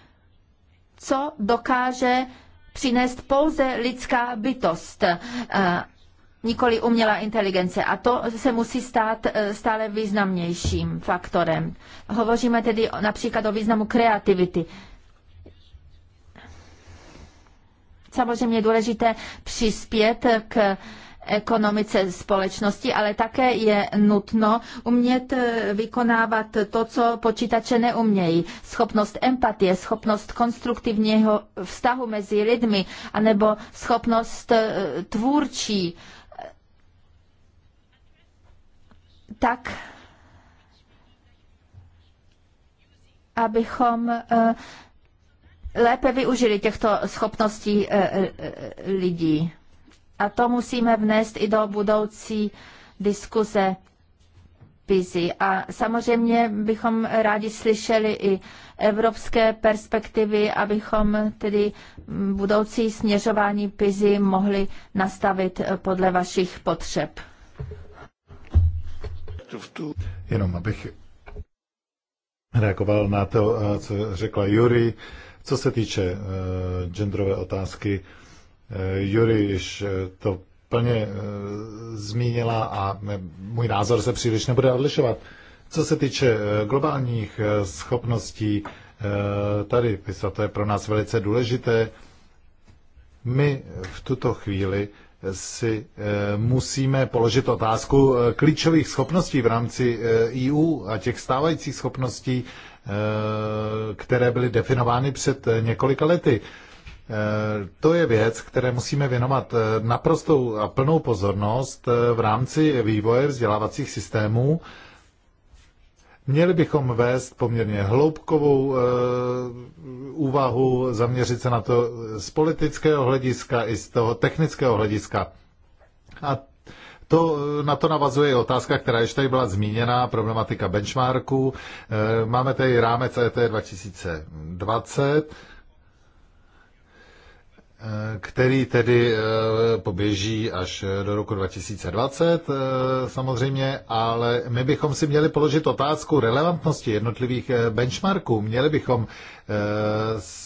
co dokáže přinést pouze lidská bytost, eh, nikoli umělá inteligence. A to se musí stát eh, stále významnějším faktorem. Hovoříme tedy například o významu kreativity. Samozřejmě je důležité přispět k ekonomice společnosti, ale také je nutno umět eh, vykonávat to, co počítače neumějí. Schopnost empatie, schopnost konstruktivního vztahu mezi lidmi, anebo schopnost eh, tvůrčí. Tak abychom eh, lépe využili těchto schopností lidí. A to musíme vnést i do budoucí diskuze vizi. A samozřejmě bychom rádi slyšeli i evropské perspektivy, abychom tedy budoucí směřování PISY mohli nastavit podle vašich potřeb. Jenom abych reagoval na to, co řekla Jury. Co se týče eh, genderové otázky, Eh, Jury již eh, to plně eh, zmínila a můj názor se příliš nebude odlišovat. Co se týče globálních schopností, tady PISA, to je pro nás velice důležité. My v tuto chvíli si musíme položit otázku klíčových schopností v rámci EU e a těch stávajících schopností, které byly definovány před několika lety. Eh, to je věc, které musíme věnovat eh, naprostou a plnou pozornost eh, v rámci vývoje vzdělávacích systémů. Měli bychom vést poměrně hloubkovou úvahu, zaměřit se na to z politického hlediska i z toho technického hlediska. A to, na to navazuje i otázka, která ještě tady byla zmíněna, problematika benchmarku. máme tady rámec e ET 2020 Eh, který tedy eh, poběží až eh, do roku 2020 samozřejmě, ale my bychom si měli položit otázku relevantnosti jednotlivých benchmarků. Měli bychom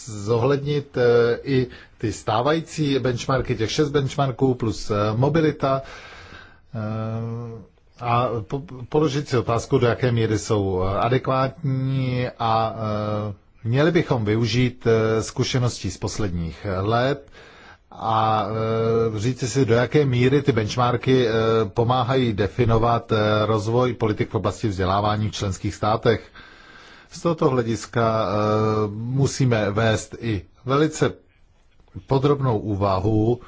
zohlednit i ty stávající benchmarky, těch šest benchmarků plus mobilita a položit si otázku, do jaké míry jsou adekvátní a Měli bychom využít eh, zkušeností z posledních eh, let a eh, říci si, do jaké míry ty benchmarky pomáhají definovat rozvoj politik v oblasti vzdělávání v členských státech. Z tohoto hlediska musíme vést i velice podrobnou úvahu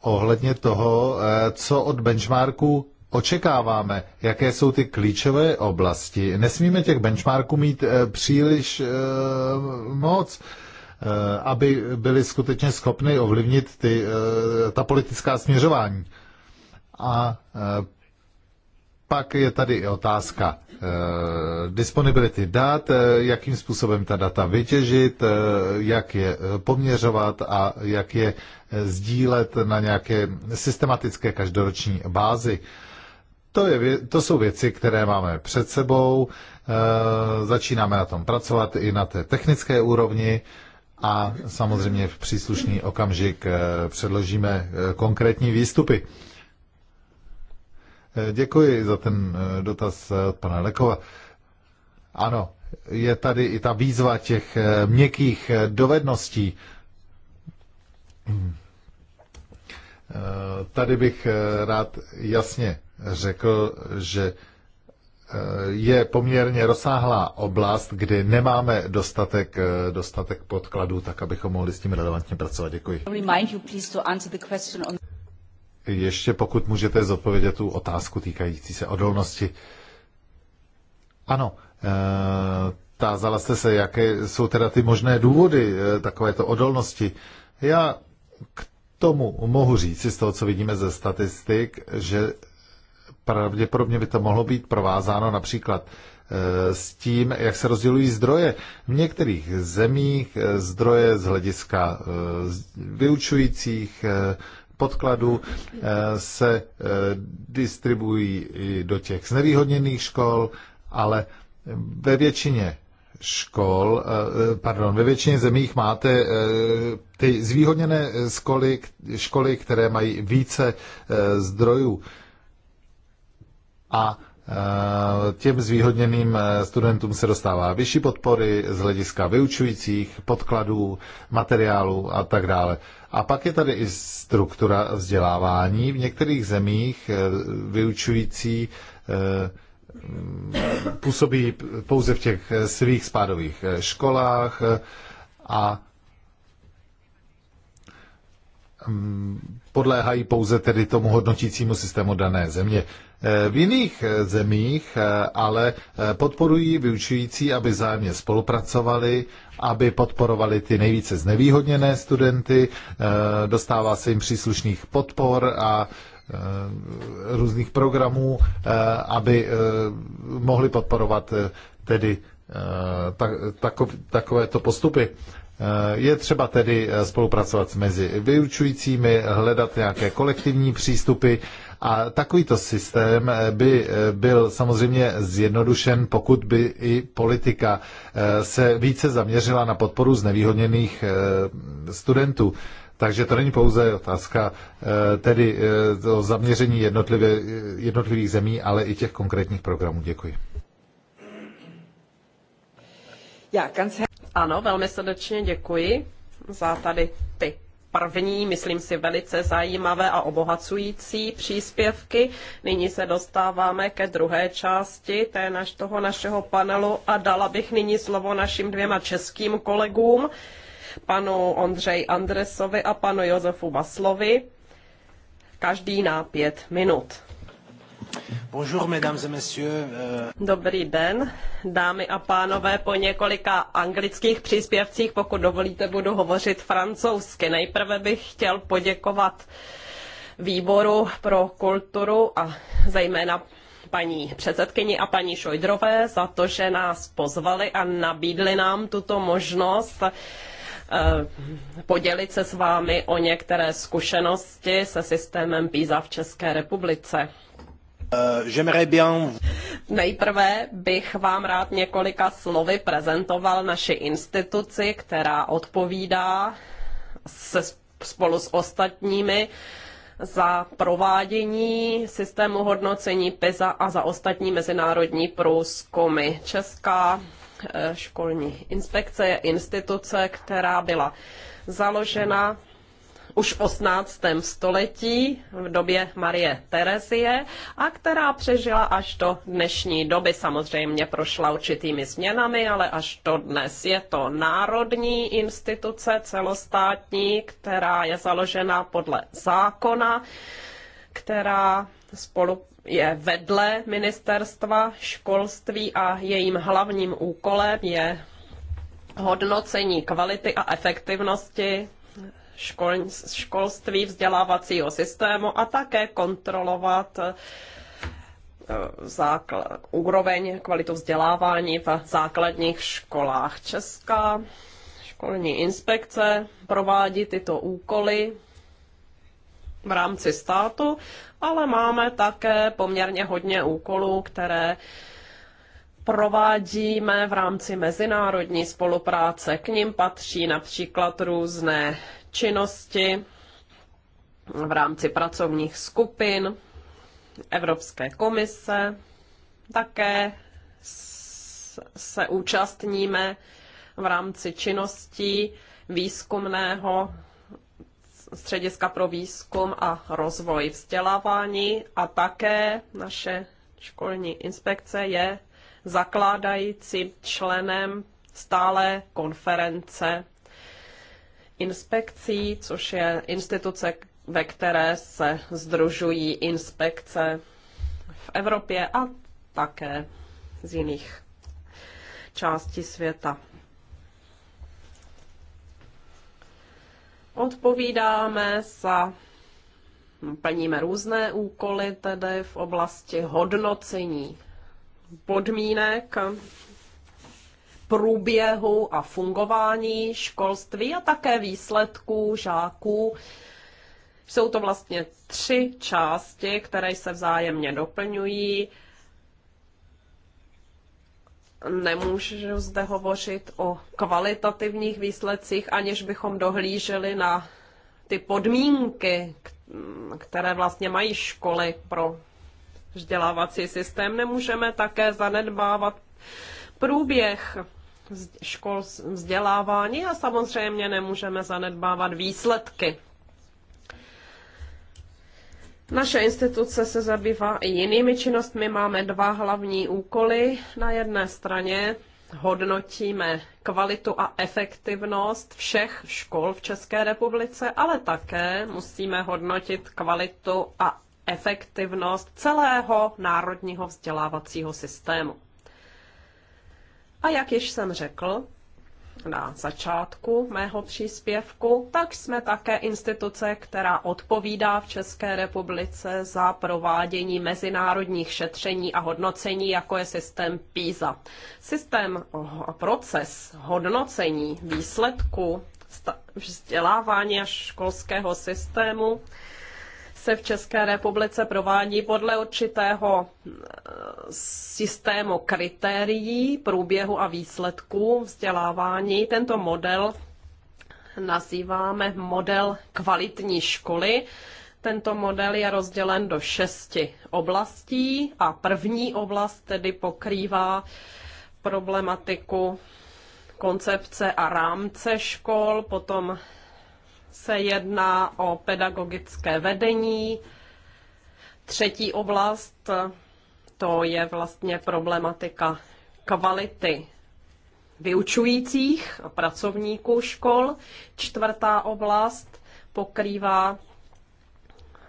ohledně toho, co od benchmarku očekáváme, jaké jsou ty klíčové oblasti. Nesmíme těch benchmarků mít eh, příliš eh, moc, eh, aby byli skutečně schopni ovlivnit ty, ta politická směřování. A pak je tady i otázka disponibility dat, jakým způsobem ta data vytěžit, jak je poměřovat a jak je sdílet na nějaké systematické každoroční bázi. To, je, to jsou věci, které máme před sebou, e, začínáme na tom pracovat i na té technické úrovni a samozřejmě v příslušný okamžik eh, předložíme eh, konkrétní výstupy. Děkuji za ten dotaz od pana Lekova. Ano, je tady i ta výzva těch měkkých dovedností. Hmm. Tady bych rád jasně řekl, že e, je poměrně rozsáhlá oblast, kdy nemáme dostatek, e, dostatek podkladů, tak abychom mohli s tím relevantně pracovat. Děkuji. Ještě pokud můžete zodpovědět tu otázku týkající se odolnosti. Ano, e, tázala jste se, jaké jsou teda ty možné důvody takovéto odolnosti. Já k tomu mohu říct z toho, co vidíme ze statistik, že pravděpodobně by to mohlo být provázáno například e, s tím, jak se rozdělují zdroje. V některých zemích e, zdroje z hlediska e, vyučujících podkladů se distribuují i do těch znevýhodněných škol, ale ve většině škol, pardon, ve většině zemích máte ty zvýhodněné školy, školy které mají více zdrojů a eh, těm zvýhodněným eh, studentům se dostává vyšší podpory z hlediska vyučujících, podkladů, materiálu a tak dále. A pak je tady i struktura vzdělávání. V některých zemích eh, vyučující působí pouze v těch svých spádových školách a mm, podléhají pouze tedy tomu hodnotícímu systému dané země. Eh, v jiných eh, zemích eh, ale podporují vyučující, aby zájemně spolupracovali, aby podporovali ty nejvíce znevýhodněné studenty, dostává se jim příslušných podpor a různých programů, aby mohli podporovat tedy takovéto postupy. Je třeba tedy spolupracovat mezi vyučujícími, hledat nějaké kolektivní přístupy, a takovýto systém eh, by eh, byl samozřejmě zjednodušen, pokud by i politika eh, se více zaměřila na podporu znevýhodněných studentů. Takže to není pouze otázka tedy o zaměření jednotlivých zemí, ale i těch konkrétních programů. Děkuji. Já, Ano, velmi srdečně děkuji za tady ty první, myslím si, velice zajímavé a obohacující příspěvky. Nyní se dostáváme ke druhé části té naš, toho našeho panelu a dala bych nyní slovo našim dvěma českým kolegům, panu Ondřej Andresovi a panu Josefu Maslovi, každý na pět minut. Euh, Dobrý den, dámy a pánové. Po několika anglických příspěvcích, pokud dovolíte, budu hovořit francouzsky. Nejprve bych chtěl poděkovat výboru pro kulturu a zejména paní předsedkyni a paní Šojdrové za to, že nás pozvali a nabídli nám tuto možnost eh, podělit se s vámi o některé zkušenosti se systémem PISA v České republice. Eh, Nejprve bych vám rád několika slovy prezentoval naši instituci, která odpovídá se spolu s ostatními za provádění systému hodnocení PISA a za ostatní mezinárodní průzkumy. Česká eh, školní inspekce je instituce, která byla založena už v 18. století v době Marie Terezie a která přežila až do dnešní doby. Samozřejmě prošla určitými změnami, ale až do dnes je to národní instituce celostátní, která je založena podle zákona, která spolu je vedle ministerstva školství a jejím hlavním úkolem je hodnocení kvality a efektivnosti škol, školství, vzdělávacího systému a také kontrolovat eh, úroveň kvalitu vzdělávání v základních školách. Česká školní inspekce provádí tyto úkoly v rámci státu, ale máme také poměrně hodně úkolů, které provádíme v rámci mezinárodní spolupráce. K ním patří například různé činnosti v rámci pracovních skupin Evropské komise. Také se účastníme v rámci činností výzkumného střediska pro výzkum a rozvoj vzdělávání a také naše školní inspekce je zakládajícím členem stále konference inspekcí, což je instituce, ve které se združují inspekce v Evropě a také z jiných částí světa. Odpovídáme za plníme různé úkoly tedy v oblasti hodnocení podmínek průběhu a fungování školství a také výsledků žáků. Jsou to vlastně tři části, které se vzájemně doplňují. Nemůžu zde hovořit o kvalitativních výsledcích, aniž bychom dohlíželi na ty podmínky, které vlastně mají školy pro vzdělávací systém. Nemůžeme také zanedbávat průběh škol vzdělávání a samozřejmě nemůžeme zanedbávat výsledky. Naše instituce se zabývá i jinými činnostmi. Máme dva hlavní úkoly. Na jedné straně hodnotíme kvalitu a efektivnost všech škol v České republice, ale také musíme hodnotit kvalitu a efektivnost celého národního vzdělávacího systému. A jak již jsem řekl, na začátku mého příspěvku, tak jsme také instituce, která odpovídá v České republice za provádění mezinárodních šetření a hodnocení, jako je systém PISA. Systém a eh, proces hodnocení výsledku vzdělávání a školského systému se v České republice provádí podle určitého eh, systému kritérií, průběhu a výsledků vzdělávání. Tento model nazýváme model kvalitní školy. Tento model je rozdělen do šesti oblastí a první oblast tedy pokrývá problematiku koncepce a rámce škol, potom se jedná o pedagogické vedení. Třetí oblast to je vlastně problematika kvality vyučujících a pracovníků škol. Čtvrtá oblast pokrývá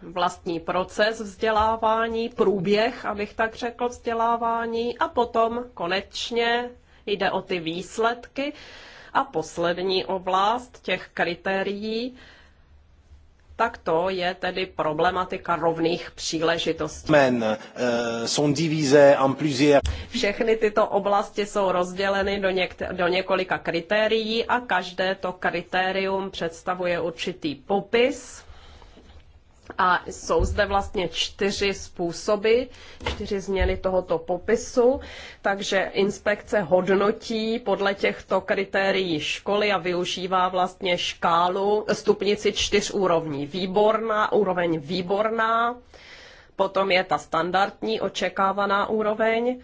vlastní proces vzdělávání, průběh, abych tak řekl, vzdělávání a potom konečně jde o ty výsledky, a poslední oblast těch kritérií, tak to je tedy problematika rovných příležitostí. Men, eh, Všechny tyto oblasti jsou rozděleny do, někte- do několika kritérií a každé to kritérium představuje určitý popis a jsou zde vlastně čtyři způsoby, čtyři změny tohoto popisu, takže inspekce hodnotí podle těchto kritérií školy a využívá vlastně škálu stupnici čtyř úrovní. Výborná, úroveň výborná, potom je ta standardní očekávaná úroveň,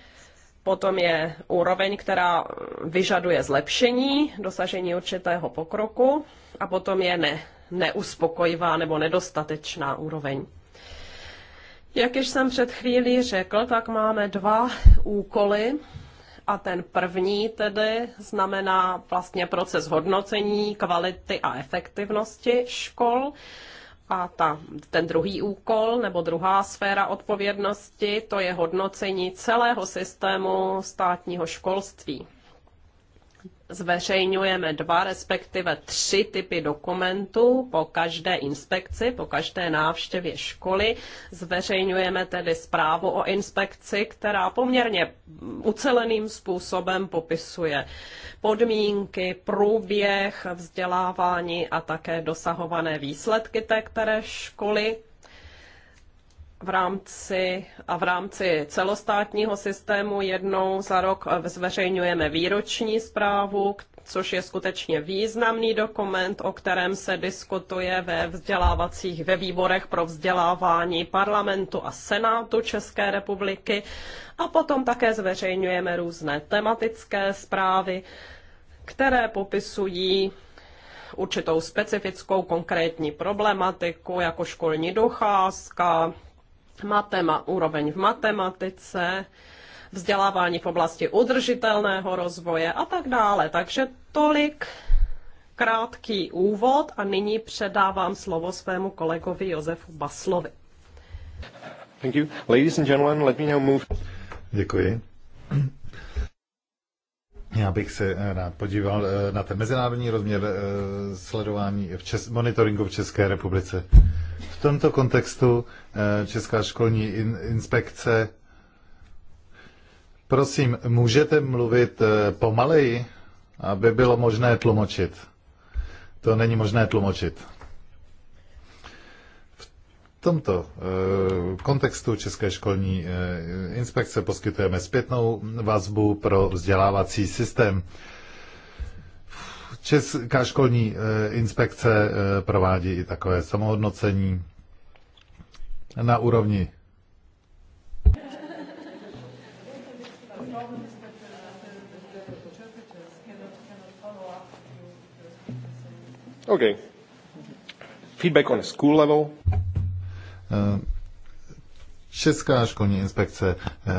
potom je úroveň, která vyžaduje zlepšení, dosažení určitého pokroku a potom je ne, neuspokojivá nebo nedostatečná úroveň. Jak již jsem před chvílí řekl, tak máme dva úkoly a ten první tedy znamená vlastně proces hodnocení kvality a efektivnosti škol. A ta, ten druhý úkol nebo druhá sféra odpovědnosti, to je hodnocení celého systému státního školství zveřejňujeme dva, respektive tři typy dokumentů po každé inspekci, po každé návštěvě školy. Zveřejňujeme tedy zprávu o inspekci, která poměrně uceleným způsobem popisuje podmínky, průběh vzdělávání a také dosahované výsledky té které školy v rámci a v rámci celostátního systému jednou za rok zveřejňujeme výroční zprávu, což je skutečně významný dokument, o kterém se diskutuje ve vzdělávacích ve výborech pro vzdělávání parlamentu a senátu České republiky. A potom také zveřejňujeme různé tematické zprávy, které popisují určitou specifickou konkrétní problematiku, jako školní docházka, matema, úroveň v matematice, vzdělávání v oblasti udržitelného rozvoje a tak dále. Takže tolik krátký úvod a nyní předávám slovo svému kolegovi Josefu Baslovi. Thank you. Ladies and gentlemen, let me now move... Děkuji. Já bych se eh, rád podíval eh, na ten mezinárodní rozměr eh, sledování v čes, monitoringu v České republice. V tomto kontextu Česká školní in, inspekce. Prosím, můžete mluvit pomaleji, aby bylo možné tlumočit. To není možné tlumočit tomto eh, kontextu České školní eh, inspekce poskytujeme zpětnou vazbu pro vzdělávací systém. Česká školní eh, inspekce provádí i takové samohodnocení na úrovni Okay. Feedback on school level. Eh, Česká školní inspekce eh,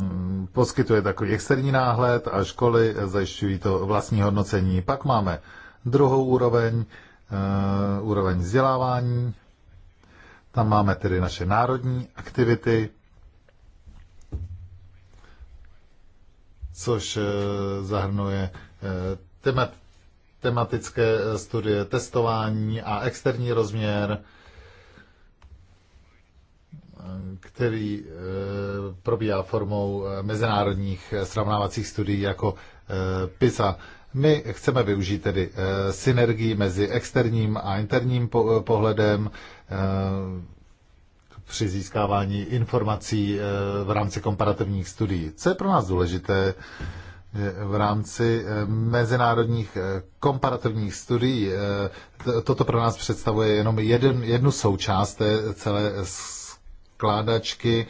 mm, poskytuje takový externí náhled a školy zajišťují to vlastní hodnocení. Pak máme druhou úroveň, eh, úroveň vzdělávání. Tam máme tedy naše národní aktivity, což zahrnuje tematické studie, testování a externí rozměr který eh, probíhá formou eh, mezinárodních eh, srovnávacích studií jako PISA. My chceme využít tedy synergii mezi externím a interním pohledem při získávání informací v rámci komparativních studií. Co je pro nás důležité, v rámci mezinárodních komparativních studií toto pro nás představuje jenom jeden, jednu součást té celé skládačky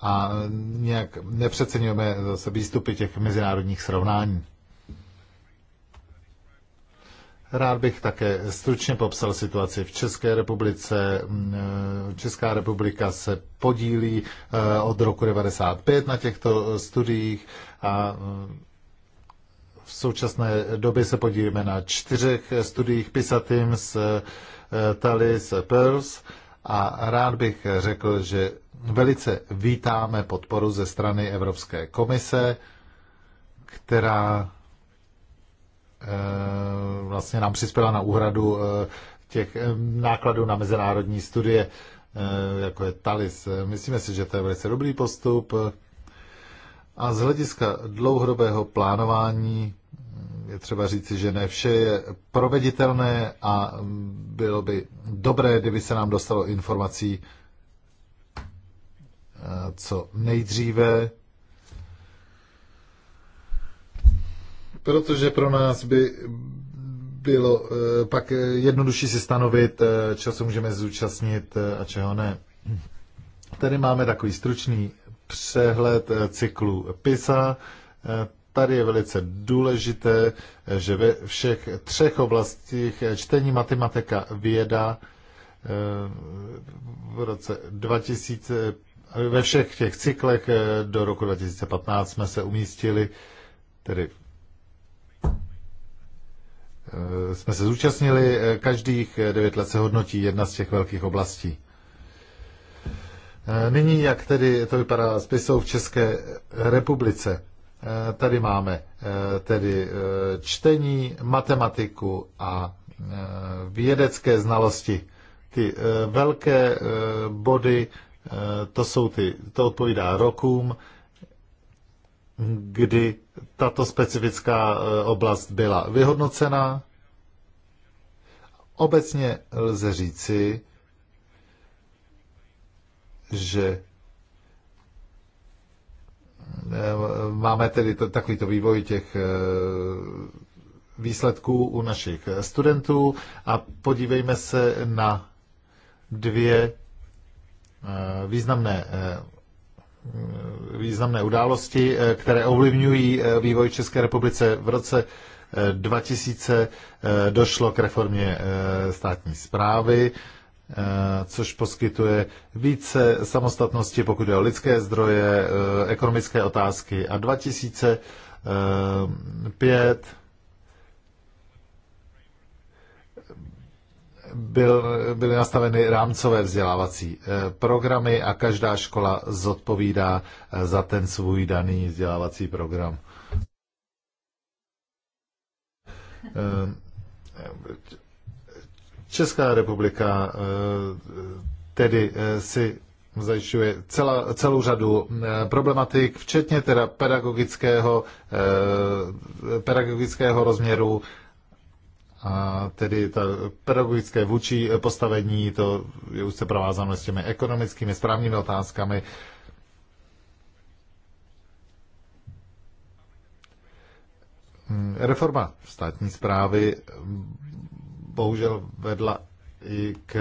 a nějak nepřeceňujeme zase výstupy těch mezinárodních srovnání. Rád bych také stručně popsal situaci v České republice. Česká republika se podílí eh, od roku 1995 na těchto studiích a eh, v současné době se podílíme na čtyřech studiích PISA Teams, eh, TALIS, PERS a rád bych řekl, že velice vítáme podporu ze strany Evropské komise, která eh, vlastně nám přispěla na úhradu eh, těch eh, nákladů na mezinárodní studie, jako je TALIS. Myslíme si, že to je velice dobrý postup a z hlediska dlouhodobého plánování je třeba říci, že ne vše je proveditelné a bylo by dobré, kdyby se nám dostalo informací eh, co nejdříve, protože pro nás by bylo eh, pak jednodušší si stanovit, eh, čeho se můžeme zúčastnit a čeho ne. Tady máme takový stručný přehled cyklu PISA tady je velice důležité, že ve všech třech oblastích čtení, matematika, věda eh, v roce 2000, eh, ve všech těch cyklech eh, do roku 2015 jsme se umístili, tedy jsme se zúčastnili, každých devět let se hodnotí jedna z těch velkých oblastí. Nyní, jak tedy to vypadá s v České republice. Eh, tady máme eh, tedy eh, čtení, matematiku a vědecké znalosti. Ty velké body, to jsou ty, to odpovídá rokům, kdy tato specifická oblast byla vyhodnocena. Obecně lze říci, že Eh, máme tedy takovýto vývoj těch eh, výsledků u našich studentů a podívejme se na dvě eh, významné významné události, které ovlivňují vývoj České republice. V roce 2000 došlo k reformě státní zprávy. Eh, což poskytuje více samostatnosti, pokud je o lidské zdroje, eh, ekonomické otázky. A 2005 eh, byl, byly nastaveny rámcové vzdělávací programy a každá škola zodpovídá za ten svůj daný vzdělávací program Česká republika eh, tedy eh, si zajišťuje celá, celou řadu eh, problematik, včetně teda pedagogického, pedagogického rozměru, a tedy ta pedagogické vůči postavení, to je už se provázáno s těmi ekonomickými, správními otázkami. Hmm, reforma státní zprávy bohužel vedla i k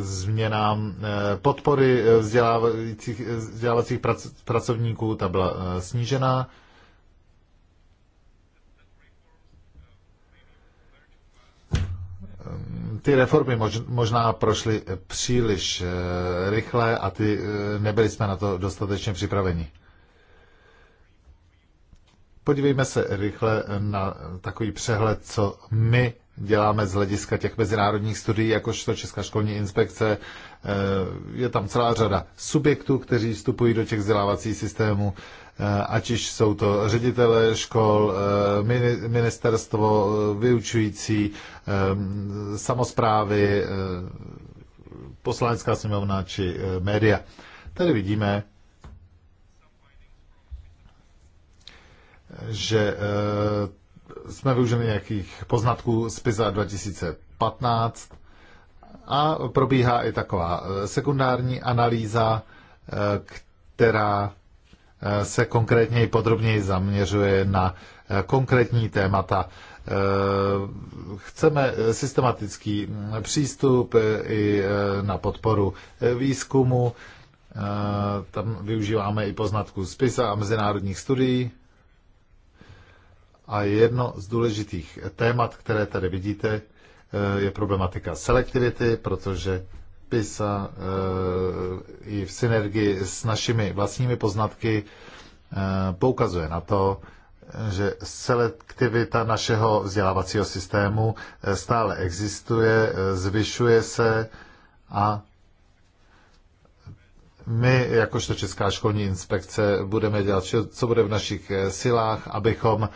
změnám eh, podpory eh, eh, vzdělávacích, vzdělávacích pracovníků, ta byla snížená. Ehm, ty reformy možná prošly příliš rychle a ty, nebyli jsme na to dostatečně připraveni. Podívejme se rychle na takový přehled, co my děláme z hlediska těch mezinárodních studií, jakožto Česká školní inspekce. Eh, je tam celá řada subjektů, kteří vstupují do těch vzdělávacích systémů, eh, ať již jsou to ředitele škol, eh, ministerstvo, vyučující, samozprávy, poslanecká sněmovna či média. Tady vidíme, že jsme využili nějakých poznatků z PISA 2015 a probíhá i taková eh, sekundární analýza, eh, která eh, se konkrétně i podrobněji zaměřuje na konkrétní témata. Chceme systematický mm, přístup i na podporu výzkumu. Tam využíváme i poznatku z PISA a mezinárodních studií a jedno z důležitých témat, které tady vidíte, eh, je problematika selektivity, protože PISA eh, i v synergii s našimi vlastními poznatky eh, poukazuje na to, že selektivita našeho vzdělávacího systému stále existuje, zvyšuje se a my, jakožto Česká školní inspekce, budeme dělat vše, co bude v našich eh, silách, abychom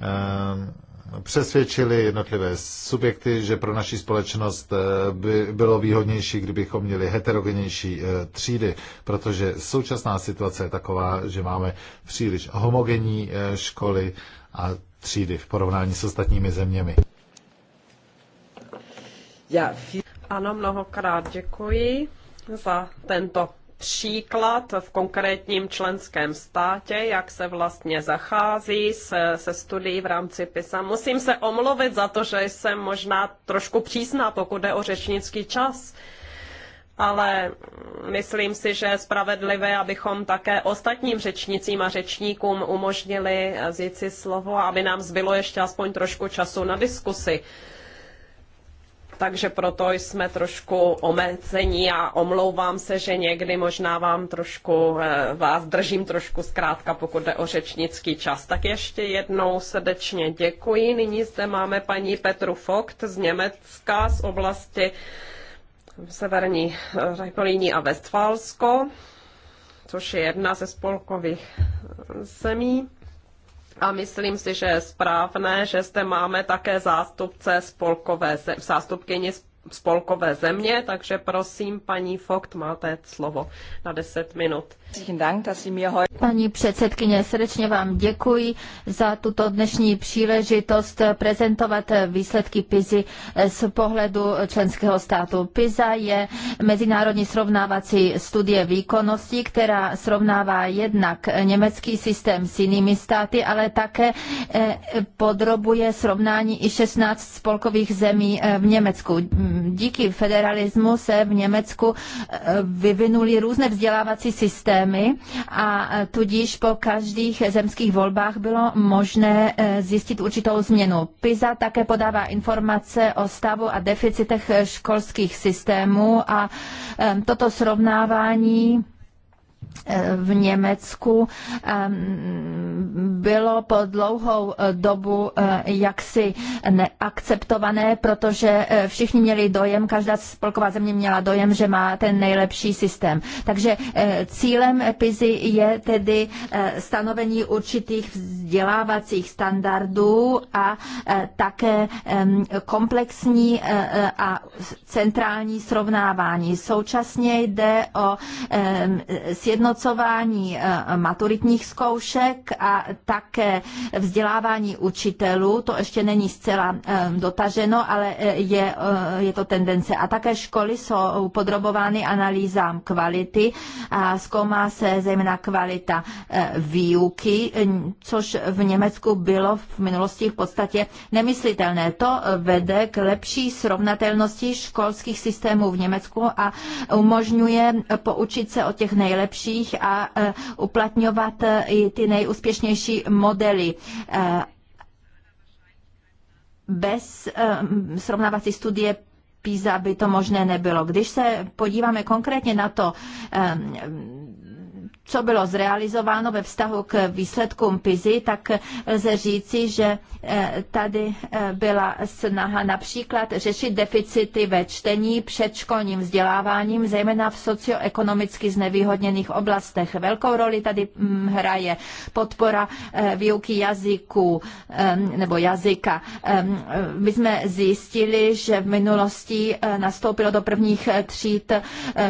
eh, přesvědčili jednotlivé subjekty, že pro naši společnost eh, by bylo výhodnější, kdybychom měli heterogenější třídy, protože současná situace je taková, že máme příliš homogenní školy a třídy v porovnání s ostatními zeměmi. Ano, mnohokrát děkuji za tento příklad v konkrétním členském státě, jak se vlastně zachází se, se studií v rámci PISA. Musím se omluvit za to, že jsem možná trošku přísná, pokud jde o řečnický čas ale myslím si, že je spravedlivé, abychom také ostatním řečnicím a řečníkům umožnili vzít si slovo, aby nám zbylo ještě aspoň trošku času na diskusi takže proto jsme trošku omezení a omlouvám se, že někdy možná vám trošku, eh, vás držím trošku zkrátka, pokud jde o řečnický čas. Tak ještě jednou srdečně děkuji. Nyní zde máme paní Petru Fogt z Německa z oblasti Severní eh, Rajpolíní a Westfálsko, což je jedna ze spolkových eh, zemí. A myslím si, že je správné, že zde máme také zástupce spolkové, zástupkyni spolkové země, takže prosím, paní Fogt, máte slovo na 10 minut. Paní předsedkyně, srdečně vám děkuji za tuto dnešní příležitost prezentovat výsledky PISY z pohledu členského státu. PISA je mezinárodní srovnávací studie výkonnosti, která srovnává jednak německý systém s jinými státy, ale také eh, podrobuje srovnání i 16 spolkových zemí eh, v Německu díky federalismu se v Německu eh, vyvinuly různé vzdělávací systémy a eh, tudíž po každých zemských volbách bylo možné eh, zjistit určitou změnu. PISA také podává informace o stavu a deficitech školských systémů a toto srovnávání v Německu bylo po dlouhou eh, dobu eh, jaksi neakceptované, protože eh, všichni měli dojem, každá spolková země měla dojem, že má ten nejlepší systém. Takže cílem PISY je tedy stanovení určitých vzdělávacích standardů a také komplexní a centrální srovnávání. Současně jde o sjednocení sjednocování eh, maturitních zkoušek a také vzdělávání učitelů. To ještě není zcela eh, dotaženo, ale eh, je, je to tendence. A také školy jsou podrobovány analýzám kvality a zkoumá se zejména kvalita výuky, což v Německu bylo v minulosti v podstatě nemyslitelné. To vede k lepší srovnatelnosti školských systémů v Německu a umožňuje poučit se o těch nejlepších zemích a e, uplatňovat e, i ty nejúspěšnější modely e, bez srovnávací studie PISA by to možné nebylo. Když se podíváme konkrétně na to, co bylo zrealizováno ve vztahu k výsledkům PISY, tak lze říci, že eh, tady eh, byla snaha například řešit deficity ve čtení předškolním vzděláváním, zejména v socioekonomicky znevýhodněných oblastech. Velkou roli tady mm, hraje podpora eh, výuky jazyků nebo jazyka. My jsme zjistili, že v minulosti nastoupilo do prvních tříd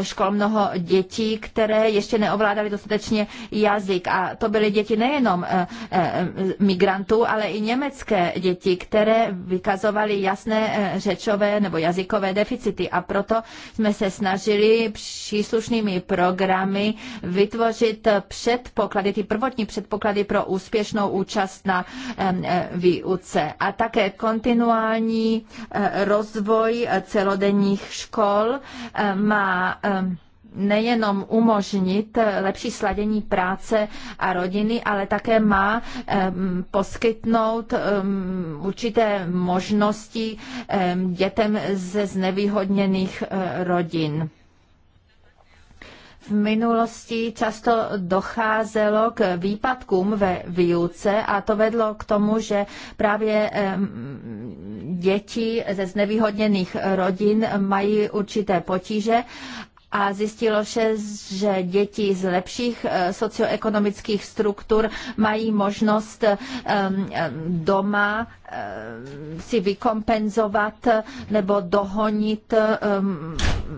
škol mnoho dětí, které ještě neovládaly dost dostatečně jazyk. A to byly děti nejenom eh, eh, migrantů, ale i německé děti, které vykazovaly jasné eh, řečové nebo jazykové deficity. A proto jsme se snažili příslušnými programy vytvořit předpoklady, ty prvotní předpoklady pro úspěšnou účast na výuce. A také kontinuální rozvoj celodenních škol má nejenom umožnit lepší sladění práce a rodiny, ale také má poskytnout určité možnosti dětem ze znevýhodněných eh, rodin. V minulosti často docházelo k výpadkům ve výuce a to vedlo k tomu, že právě děti ze znevýhodněných rodin mají určité potíže a zjistilo se, že děti z lepších eh, socioekonomických struktur mají možnost eh, doma eh, si vykompenzovat nebo dohonit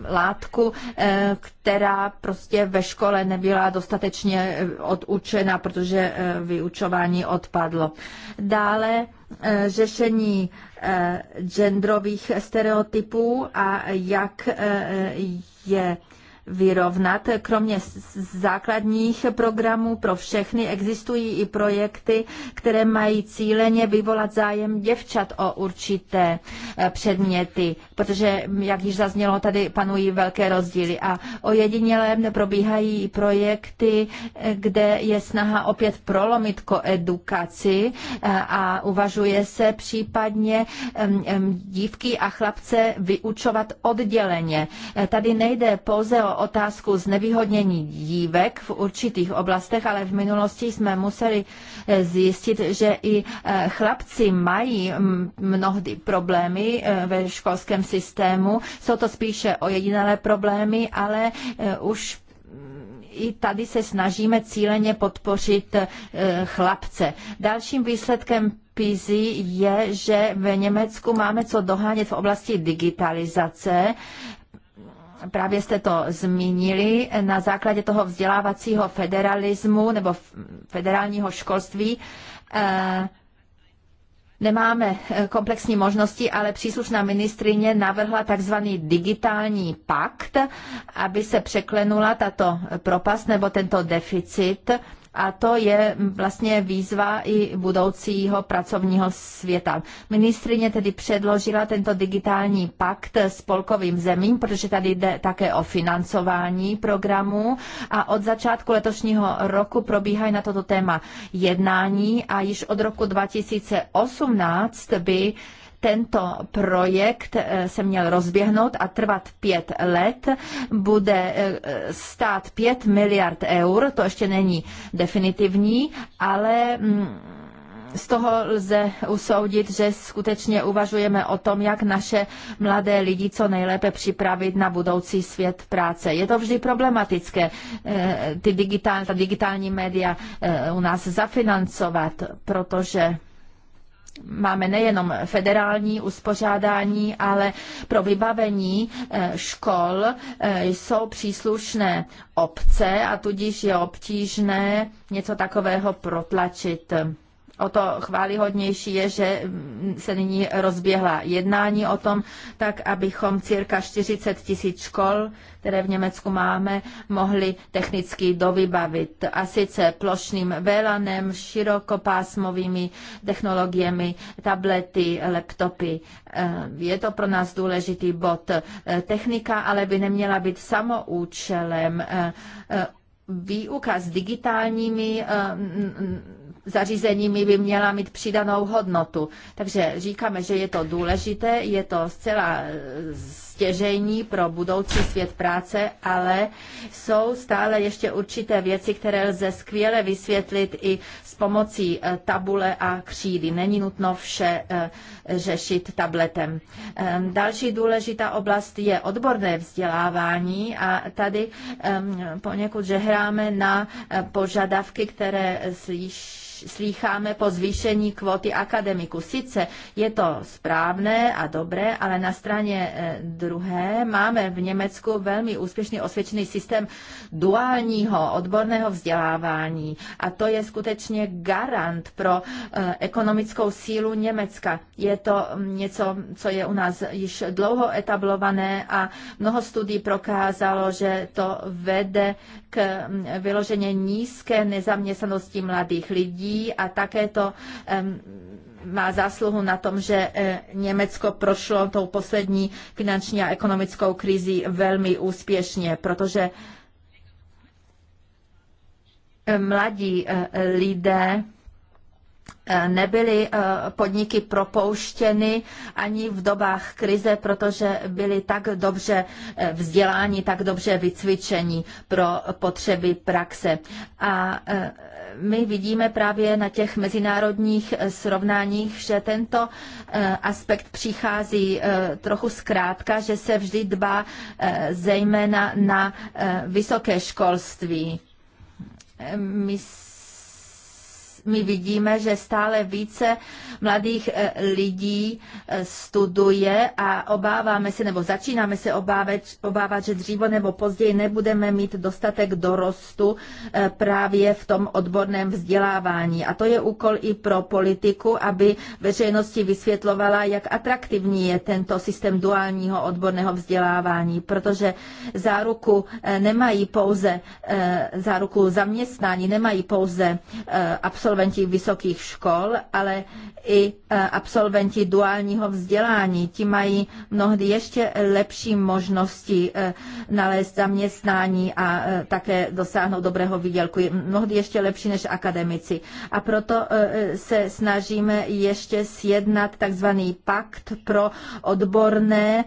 látku, která prostě ve škole nebyla dostatečně odučena, protože vyučování odpadlo. Dále řešení genderových stereotypů a jak je vyrovnat. Kromě základních programů pro všechny existují i projekty, které mají cíleně vyvolat zájem děvčat o určité eh, předměty protože, jak již zaznělo, tady panují velké rozdíly a o jedinělém probíhají projekty, kde je snaha opět prolomit koedukaci eh, a uvažuje se případně dívky a chlapce vyučovat odděleně. Eh, tady nejde pouze o otázku znevýhodnění dívek v určitých oblastech, ale v minulosti jsme museli eh, zjistit, že i chlapci mají mnohdy problémy ve školském systému. Jsou to spíše jediné problémy, ale eh, už mm, i tady se snažíme cíleně podpořit eh, chlapce. Dalším výsledkem PISY je, že v Německu máme co dohánět v oblasti digitalizace. Právě jste to zmínili. Na základě toho vzdělávacího federalismu nebo federálního školství eh, Nemáme eh, komplexní možnosti, ale příslušná ministrině navrhla takzvaný digitální pakt, aby se překlenula tato propast nebo tento deficit a to je vlastně výzva i budoucího pracovního světa. Ministrině tedy předložila tento digitální pakt spolkovým zemím, protože tady jde také o financování programů a od začátku letošního roku probíhají na toto téma jednání a již od roku 2018 by tento projekt eh, se měl rozběhnout a trvat pět let. Bude eh, stát pět miliard eur, to ještě není definitivní, ale mm, z toho lze usoudit, že skutečně uvažujeme o tom, jak naše mladé lidi co nejlépe připravit na budoucí svět práce. Je to vždy problematické, eh, ty digitál, ta digitální média u nás zafinancovat, protože máme nejenom federální uspořádání, ale pro vybavení eh, škol eh, jsou příslušné obce a tudíž je obtížné něco takového protlačit o to chválihodnější je, že se nyní rozběhla jednání o tom, tak abychom cirka 40 tisíc škol, které v Německu máme, mohli technicky dovybavit. A sice plošným VLANem, širokopásmovými technologiemi, tablety, laptopy. Eh, je to pro nás důležitý bod. Eh, technika ale by neměla být samoučelem eh, výuka s digitálními zařízeními by měla mít přidanou hodnotu. Takže říkáme, že je to důležité, je to zcela eh, stěžejní pro budoucí svět práce, ale jsou stále ještě určité věci, které lze skvěle vysvětlit i s pomocí eh, tabule a křídy. Není nutno vše eh, řešit tabletem. Ehm, další důležitá oblast je odborné vzdělávání a tady ehm, poněkud žehráme na požadavky, které slyší slýcháme po zvýšení kvóty akademiku. Sice je to správné a dobré, ale na straně e, druhé máme v Německu velmi úspěšný osvědčený systém duálního odborného vzdělávání a to je skutečně garant pro e, ekonomickou sílu Německa. Je to mm, něco, co je u nás již dlouho etablované a mnoho studií prokázalo, že to vede vyloženě nízké nezaměstnanosti mladých lidí a také to má zásluhu na tom, že e, Německo prošlo tou poslední finanční a ekonomickou krizi velmi úspěšně, protože mladí e, lidé E, nebyly e, podniky propouštěny ani v dobách krize, protože byly tak dobře e, vzděláni, tak dobře vycvičeni pro potřeby praxe. A my vidíme právě na těch mezinárodních srovnáních, že tento aspekt přichází trochu zkrátka, že se vždy dbá zejména na vysoké školství. My my vidíme, že stále více mladých eh, lidí eh, studuje a obáváme se, nebo začínáme se obávat, obávat, že dříve nebo později nebudeme mít dostatek dorostu eh, právě v tom odborném vzdělávání. A to je úkol i pro politiku, aby veřejnosti vysvětlovala, jak atraktivní je tento systém duálního odborného vzdělávání, protože záruku nemají pouze záruku zaměstnání, nemají pouze absolvování absolventi vysokých škol, ale i e, absolventi duálního vzdělání. Ti mají mnohdy ještě lepší možnosti e, nalézt zaměstnání a e, také dosáhnout dobrého výdělku. Mnohdy ještě lepší než akademici. A proto se snažíme ještě sjednat takzvaný pakt pro odborné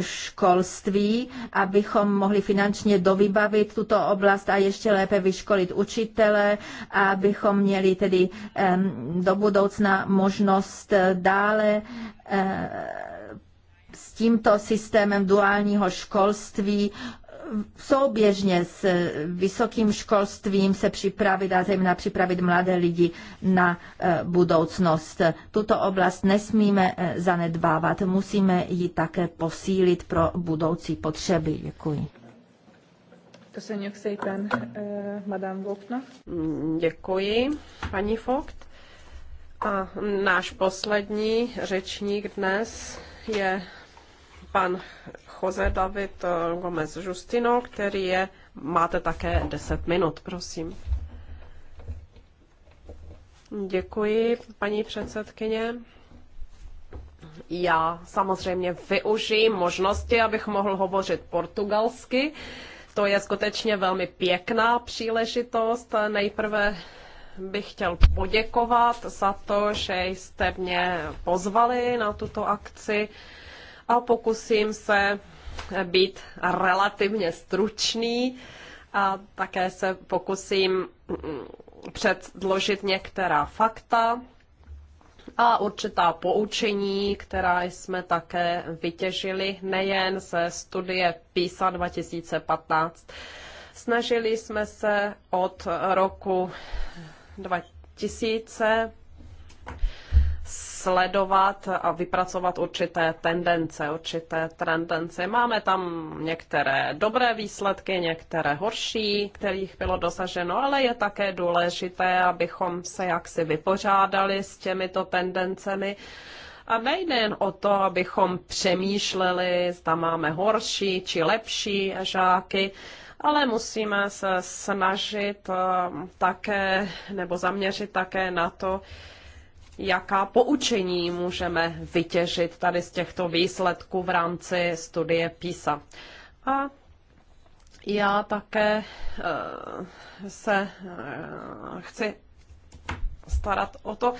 školství, abychom mohli finančně dovybavit tuto oblast a ještě lépe vyškolit učitele, abychom měli měli tedy do budoucna možnost eh, dále eh, s tímto systémem duálního školství eh, souběžně s vysokým školstvím se připravit a zejména připravit mladé lidi na budoucnost. Tuto oblast nesmíme zanedbávat, musíme ji také posílit pro budoucí potřeby. Děkuji. Köszönjük szépen, Madame Děkuji, paní Vogt. A náš poslední řečník dnes je pan Jose David eh, Gomez Justino, který je, máte také 10 minut, prosím. Děkuji, paní předsedkyně. Já samozřejmě využiji možnosti, abych mohl hovořit portugalsky. Uh, to je skutečně velmi pěkná příležitost. Nejprve bych chtěl poděkovat za to, že jste mě pozvali na tuto akci a pokusím se být relativně stručný a také se pokusím předložit některá fakta a určitá poučení, která jsme také vytěžili nejen ze studie PISA 2015. Snažili jsme se od roku 2000 sledovat a vypracovat určité tendence, určité tendence. Máme tam některé dobré výsledky, některé horší, kterých bylo dosaženo, ale je také důležité, abychom se jaksi vypořádali s těmito tendencemi. A nejde jen o to, abychom přemýšleli, zda máme horší či lepší žáky, ale musíme se snažit eh, také nebo zaměřit také na to, jaká poučení můžeme vytěžit tady z těchto výsledků v rámci studie PISA. A já také eh, se eh, chci starat o to,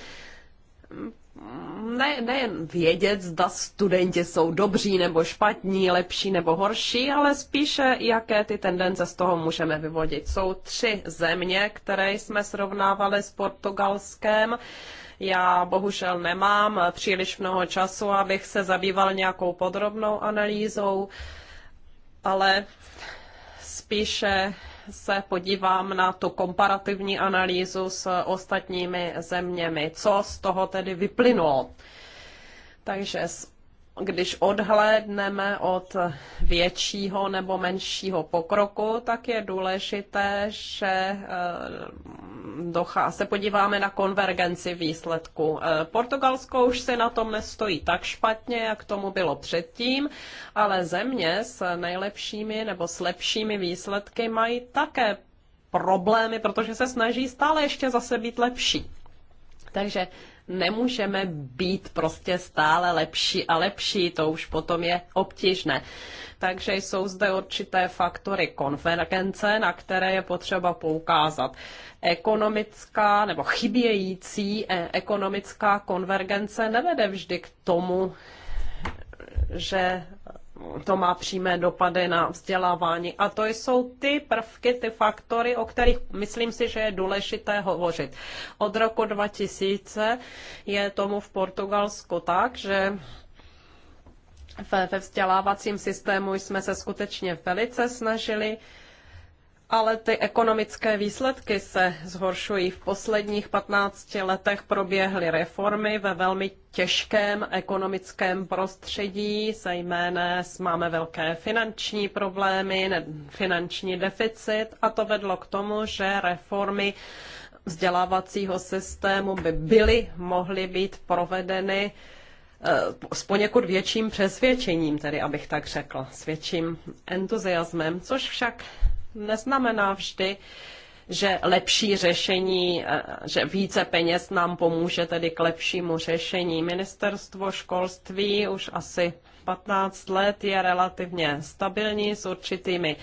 ne, nejen vědět, zda studenti jsou dobří nebo špatní, lepší nebo horší, ale spíše, jaké ty tendence z toho můžeme vyvodit. Jsou tři země, které jsme srovnávali s Portugalskem. Uh, já bohužel nemám příliš mnoho času, abych se zabýval nějakou podrobnou analýzou, ale spíše se podívám na tu komparativní analýzu s ostatními zeměmi. Co z toho tedy vyplynulo? Takže z když odhlédneme od většího nebo menšího pokroku, tak je důležité, že eh, dochá, se podíváme na konvergenci výsledku. Eh, Portugalsko už se na tom nestojí tak špatně, jak tomu bylo předtím, ale země s nejlepšími nebo s lepšími výsledky mají také problémy, protože se snaží stále ještě zase být lepší. Takže nemůžeme být prostě stále lepší a lepší, to už potom je obtížné. Takže jsou zde určité faktory konvergence, na které je potřeba poukázat. Ekonomická nebo chybějící eh, ekonomická konvergence nevede vždy k tomu, že to má přímé dopady na vzdělávání. A to jsou ty prvky, ty faktory, o kterých myslím si, že je důležité hovořit. Od roku 2000 je tomu v Portugalsku tak, že ve vzdělávacím systému jsme se skutečně velice snažili ale ty ekonomické výsledky se zhoršují. V posledních 15 letech proběhly reformy ve velmi těžkém ekonomickém prostředí, zejména máme velké finanční problémy, finanční deficit a to vedlo k tomu, že reformy vzdělávacího systému by byly, mohly být provedeny eh, s poněkud větším přesvědčením, tedy abych tak řekla, s větším entuziasmem, což však neznamená vždy, že lepší řešení, eh, že více peněz nám pomůže tedy k lepšímu řešení. Ministerstvo školství už asi 15 let je relativně stabilní s určitými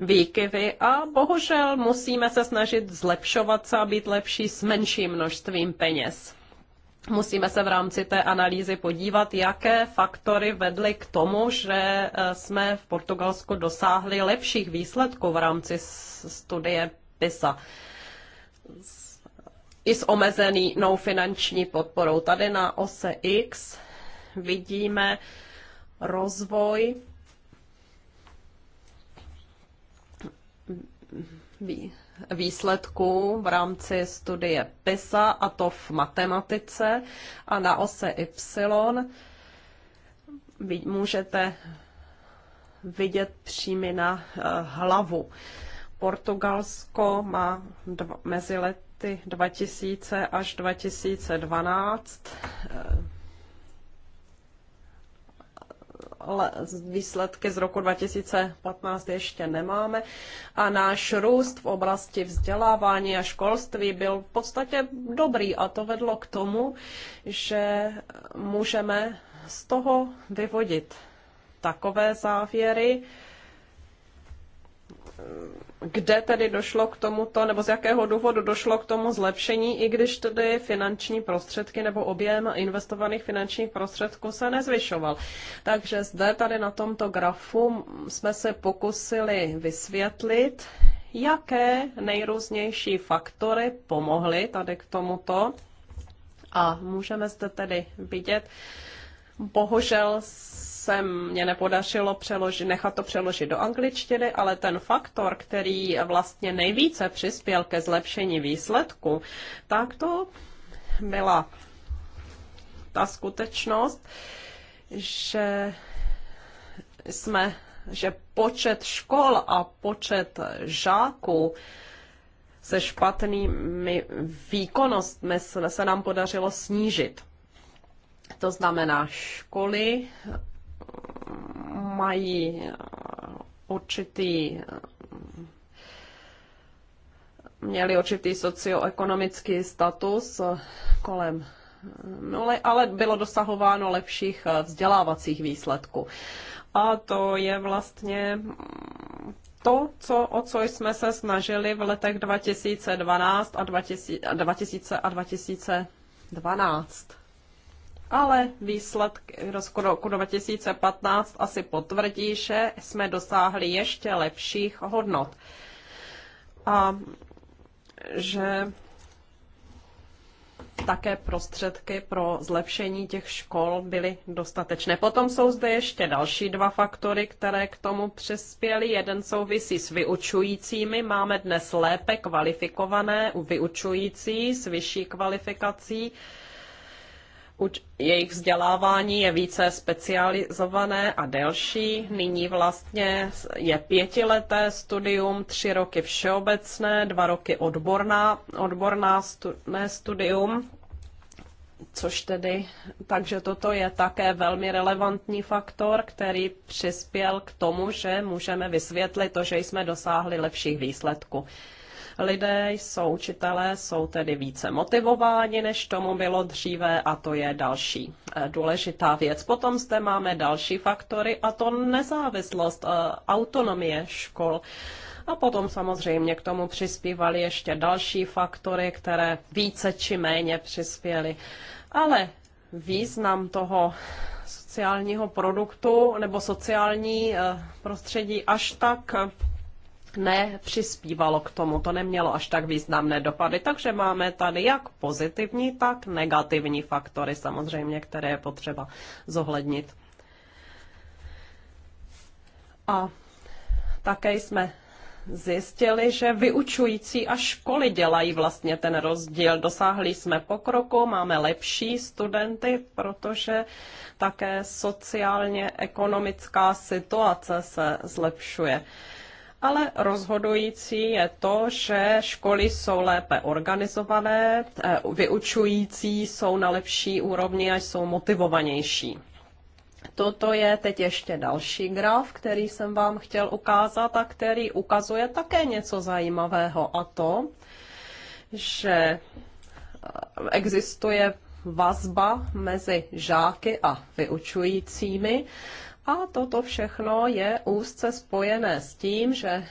výkyvy a bohužel musíme se snažit zlepšovat se a být lepší s menším množstvím peněz. Musíme se v rámci té analýzy podívat, jaké faktory vedly k tomu, že eh, jsme v Portugalsku dosáhli lepších výsledků v rámci studie PISA i s omezenou finanční podporou. Tady na ose X vidíme rozvoj výsledků v rámci studie PISA, a to v matematice a na ose Y. můžete vidět příjmy na eh, hlavu. Portugalsko má dva, mezi lety 2000 až 2012 výsledky z roku 2015 ještě nemáme a náš růst v oblasti vzdělávání a školství byl v podstatě dobrý a to vedlo k tomu, že můžeme z toho vyvodit takové závěry, kde tedy došlo k tomuto, nebo z jakého důvodu došlo k tomu zlepšení, i když tedy finanční prostředky nebo objem investovaných finančních prostředků se nezvyšoval. Takže zde tady na tomto grafu jsme se pokusili vysvětlit, jaké nejrůznější faktory pomohly tady k tomuto. A můžeme zde tedy vidět, bohužel se mě nepodařilo přeložit, nechat to přeložit do angličtiny, ale ten faktor, který vlastně nejvíce přispěl ke zlepšení výsledku, tak to byla ta skutečnost, že jsme, že počet škol a počet žáků se špatnými výkonnostmi se nám podařilo snížit. To znamená, školy mají určitý měli určitý socioekonomický status kolem nule, ale bylo dosahováno lepších vzdělávacích výsledků. A to je vlastně to, co, o co jsme se snažili v letech 2012 a 2000, 2000 a 2012 ale výsledky roku 2015 asi potvrdí, že jsme dosáhli ještě lepších hodnot. A že také prostředky pro zlepšení těch škol byly dostatečné. Potom jsou zde ještě další dva faktory, které k tomu přispěly. Jeden souvisí s vyučujícími. Máme dnes lépe kvalifikované vyučující s vyšší kvalifikací jejich vzdělávání je více specializované a delší. Nyní vlastně je pětileté studium, tři roky všeobecné, dva roky odborná, odborná stu, ne studium, což tedy, takže toto je také velmi relevantní faktor, který přispěl k tomu, že můžeme vysvětlit to, že jsme dosáhli lepších výsledků. Lidé jsou, učitelé jsou tedy více motivováni, než tomu bylo dříve a to je další eh, důležitá věc. Potom zde máme další faktory a to nezávislost, eh, autonomie škol. A potom samozřejmě k tomu přispívaly ještě další faktory, které více či méně přispěly. Ale význam toho sociálního produktu nebo sociální eh, prostředí až tak nepřispívalo k tomu, to nemělo až tak významné dopady, takže máme tady jak pozitivní, tak negativní faktory samozřejmě, které je potřeba zohlednit. A také jsme zjistili, že vyučující a školy dělají vlastně ten rozdíl. Dosáhli jsme pokroku, máme lepší studenty, protože také sociálně ekonomická situace se zlepšuje ale rozhodující je to, že školy jsou lépe organizované, eh, vyučující jsou na lepší úrovni a jsou motivovanější. Toto je teď ještě další graf, který jsem vám chtěl ukázat a který ukazuje také něco zajímavého a to, že eh, existuje vazba mezi žáky a vyučujícími a toto všechno je úzce spojené s tím, že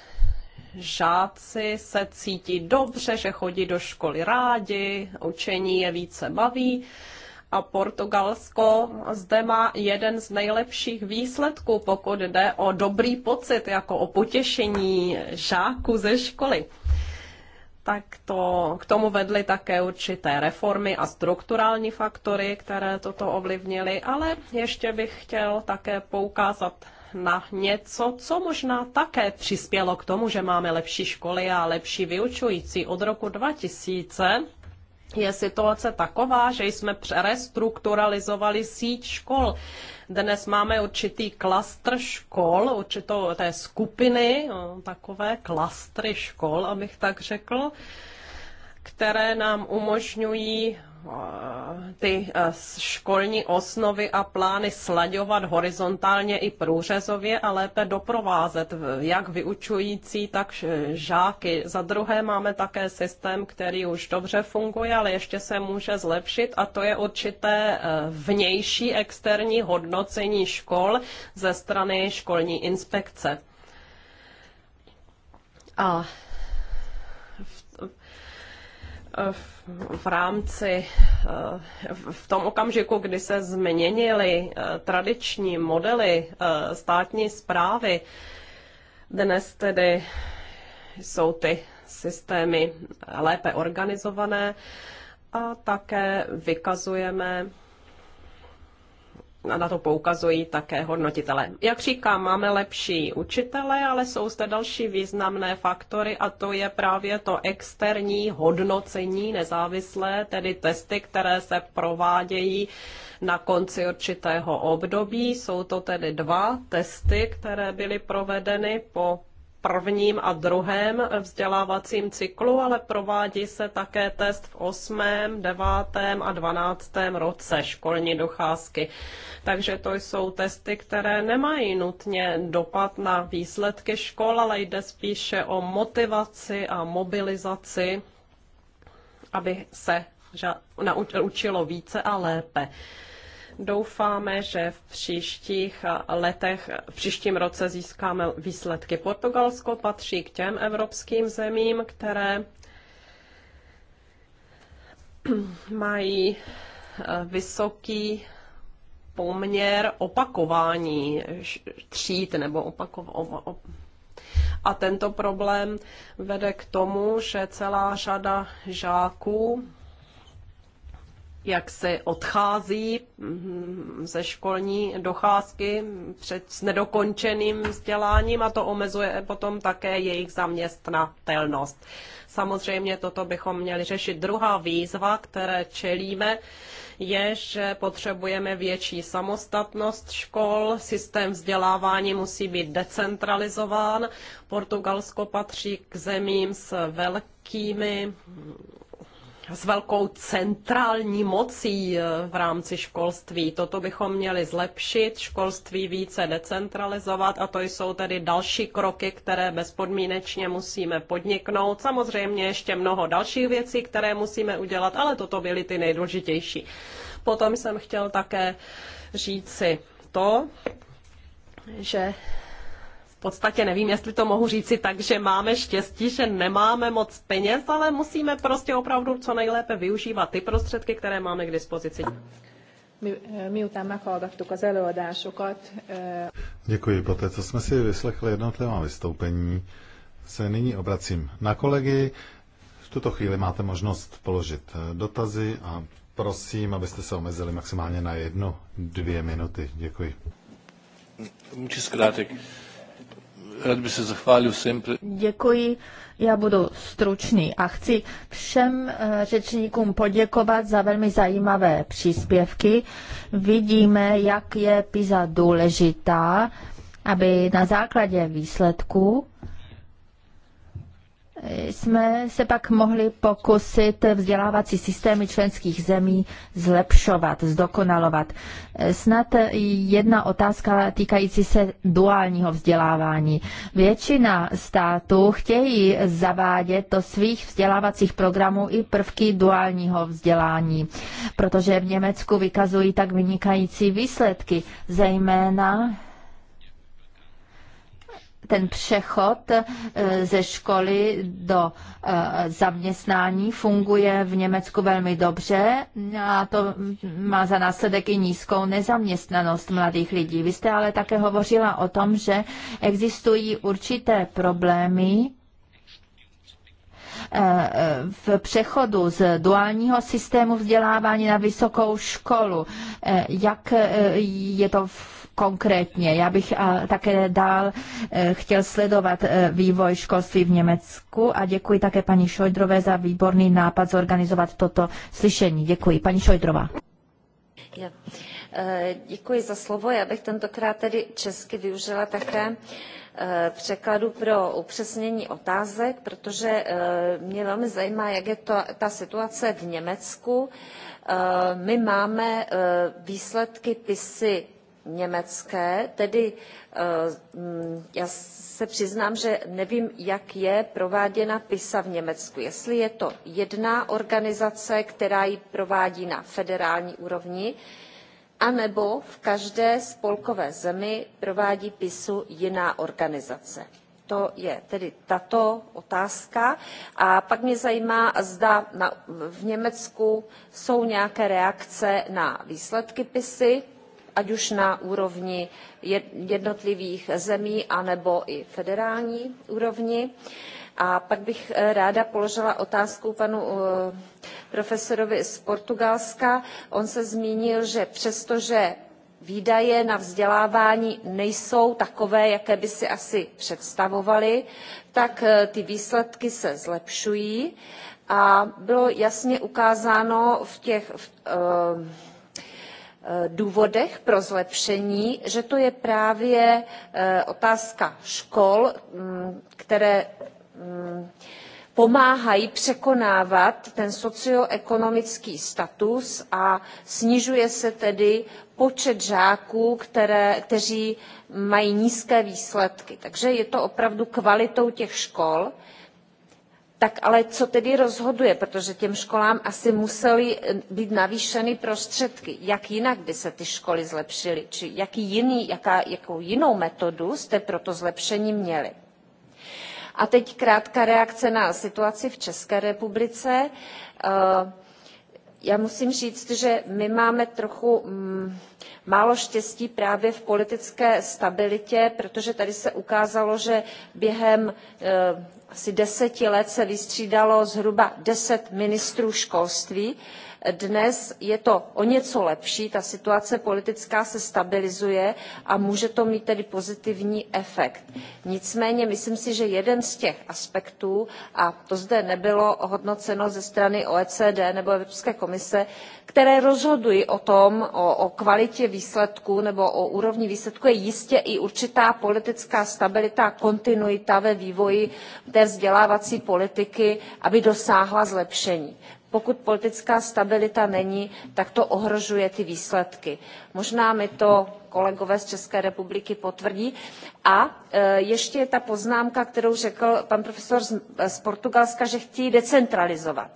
žáci se cítí dobře, že chodí do školy rádi, učení je více baví a Portugalsko zde má jeden z nejlepších výsledků, pokud jde o dobrý pocit, jako o potěšení žáků ze školy tak to, k tomu vedly také určité reformy a strukturální faktory, které toto ovlivnily, ale ještě bych chtěl také poukázat na něco, co možná také přispělo k tomu, že máme lepší školy a lepší vyučující. Od roku 2000 je situace taková, že jsme přerestrukturalizovali síť škol. Dnes máme určitý klastr škol, určitou té skupiny, takové klastry škol, abych tak řekl, které nám umožňují ty eh, školní osnovy a plány slaďovat horizontálně i průřezově a lépe doprovázet jak vyučující, tak žáky. Za druhé máme také systém, který už dobře funguje, ale ještě se může zlepšit a to je určité eh, vnější externí hodnocení škol ze strany školní inspekce. A v rámci, eh, v tom okamžiku, kdy se změnily eh, tradiční modely eh, státní zprávy, dnes tedy jsou ty systémy lépe organizované a také vykazujeme na to poukazují také hodnotitelé. Jak říkám, máme lepší učitele, ale jsou zde další významné faktory a to je právě to externí hodnocení nezávislé, tedy testy, které se provádějí na konci určitého období. Jsou to tedy dva testy, které byly provedeny po prvním a druhém vzdělávacím cyklu, ale provádí se také test v osmém, devátém a dvanáctém roce školní docházky. Takže to jsou testy, které nemají nutně dopad na výsledky škol, ale jde spíše o motivaci a mobilizaci, aby se naučilo více a lépe. Doufáme, že v příštích eh, letech, v příštím roce získáme výsledky. Portugalsko patří k těm evropským zemím, které mají eh, vysoký poměr opakování tříd nebo opakování. A tento problém vede k tomu, že celá řada žáků jak se odchází mm, ze školní docházky před, s nedokončeným vzděláním a to omezuje potom také jejich zaměstnatelnost. Samozřejmě toto bychom měli řešit. Druhá výzva, které čelíme, je, že potřebujeme větší samostatnost škol, systém vzdělávání musí být decentralizován. Portugalsko patří k zemím s velkými s velkou centrální mocí eh, v rámci školství. Toto bychom měli zlepšit, školství více decentralizovat a to jsou tedy další kroky, které bezpodmínečně musíme podniknout. Samozřejmě ještě mnoho dalších věcí, které musíme udělat, ale toto byly ty nejdůležitější. Potom jsem chtěl také říci to, že podstatě nevím, jestli to mohu říci tak, že máme štěstí, že nemáme moc peněz, ale musíme prostě opravdu co nejlépe využívat ty prostředky, které máme k dispozici. Eh, miután meghallgattuk az előadásokat. Eh, Děkuji. Poté, co jsme si vyslechli jednotlivá vystoupení, se nyní obracím na kolegy. V tuto chvíli máte možnost položit eh, dotazy a prosím, abyste se omezili maximálně na jednu, dvě minuty. Děkuji. Můžu zkrátek rád bych se zachválil všem. Děkuji, já budu stručný a chci všem eh, řečníkům poděkovat za velmi zajímavé příspěvky. Vidíme, jak je PISA důležitá, aby na základě výsledků jsme se pak mohli pokusit vzdělávací systémy členských zemí zlepšovat, zdokonalovat. Snad jedna otázka týkající se duálního vzdělávání. Většina států chtějí zavádět do svých vzdělávacích programů i prvky duálního vzdělání, protože v Německu vykazují tak vynikající výsledky, zejména ten přechod eh, ze školy do eh, zaměstnání funguje v Německu velmi dobře a to má za následek i nízkou nezaměstnanost mladých lidí. Vy jste ale také hovořila o tom, že existují určité problémy eh, v přechodu z duálního systému vzdělávání na vysokou školu. Jak je to v konkrétně. Já bych eh, také dál eh, chtěl sledovat eh, vývoj školství v Německu a děkuji také paní Šojdrové za výborný nápad zorganizovat toto slyšení. Děkuji. Paní Šojdrová. Yeah. Děkuji za slovo. Já bych tentokrát tedy česky využila také překladu pro upřesnění otázek, protože mě velmi zajímá, jak je to, ta situace v Německu. My máme výsledky PISy německé, tedy eh, já se přiznám, že nevím, jak je prováděna PISA v Německu. Jestli je to jedna organizace, která ji provádí na federální úrovni, anebo v každé spolkové zemi provádí PISu jiná organizace. To je tedy tato otázka. A pak mě zajímá, zda na, v Německu jsou nějaké reakce na výsledky PISy, ať už na úrovni jednotlivých zemí anebo i federální úrovni. A pak bych eh, ráda položila otázku panu eh, profesorovi z Portugalska. On se zmínil, že přestože výdaje na vzdělávání nejsou takové, jaké by si asi představovali, tak eh, ty výsledky se zlepšují a bylo jasně ukázáno v těch v, Eh, důvodech pro zlepšení, že to je právě eh, otázka škol, mm, které mm, pomáhají překonávat ten socioekonomický status a snižuje se tedy počet žáků, které, kteří mají nízké výsledky. Takže je to opravdu kvalitou těch škol tak ale co tedy rozhoduje, protože těm školám asi musely eh, být navýšeny prostředky. Jak jinak by se ty školy zlepšily? Či jaký jiný, jaká, jakou jinou metodu jste pro to zlepšení měli? A teď krátká reakce na situaci v České republice. Eh, já musím říct, že my máme trochu mm, málo štěstí právě v politické stabilitě, protože tady se ukázalo, že během eh, asi deseti let se vystřídalo zhruba deset ministrů školství dnes je to o něco lepší, ta situace politická se stabilizuje a může to mít tedy pozitivní efekt. Nicméně myslím si, že jeden z těch aspektů, a to zde nebylo hodnoceno ze strany OECD nebo Evropské komise, které rozhodují o tom, o, kvalitě výsledků nebo o úrovni výsledku, je jistě i určitá politická stabilita a kontinuita ve vývoji té vzdělávací politiky, aby dosáhla zlepšení pokud politická stabilita není, tak to ohrožuje ty výsledky. Možná mi to kolegové z České republiky potvrdí. A e, ještě je ta poznámka, kterou řekl pan profesor z Portugalska, že chtějí decentralizovat.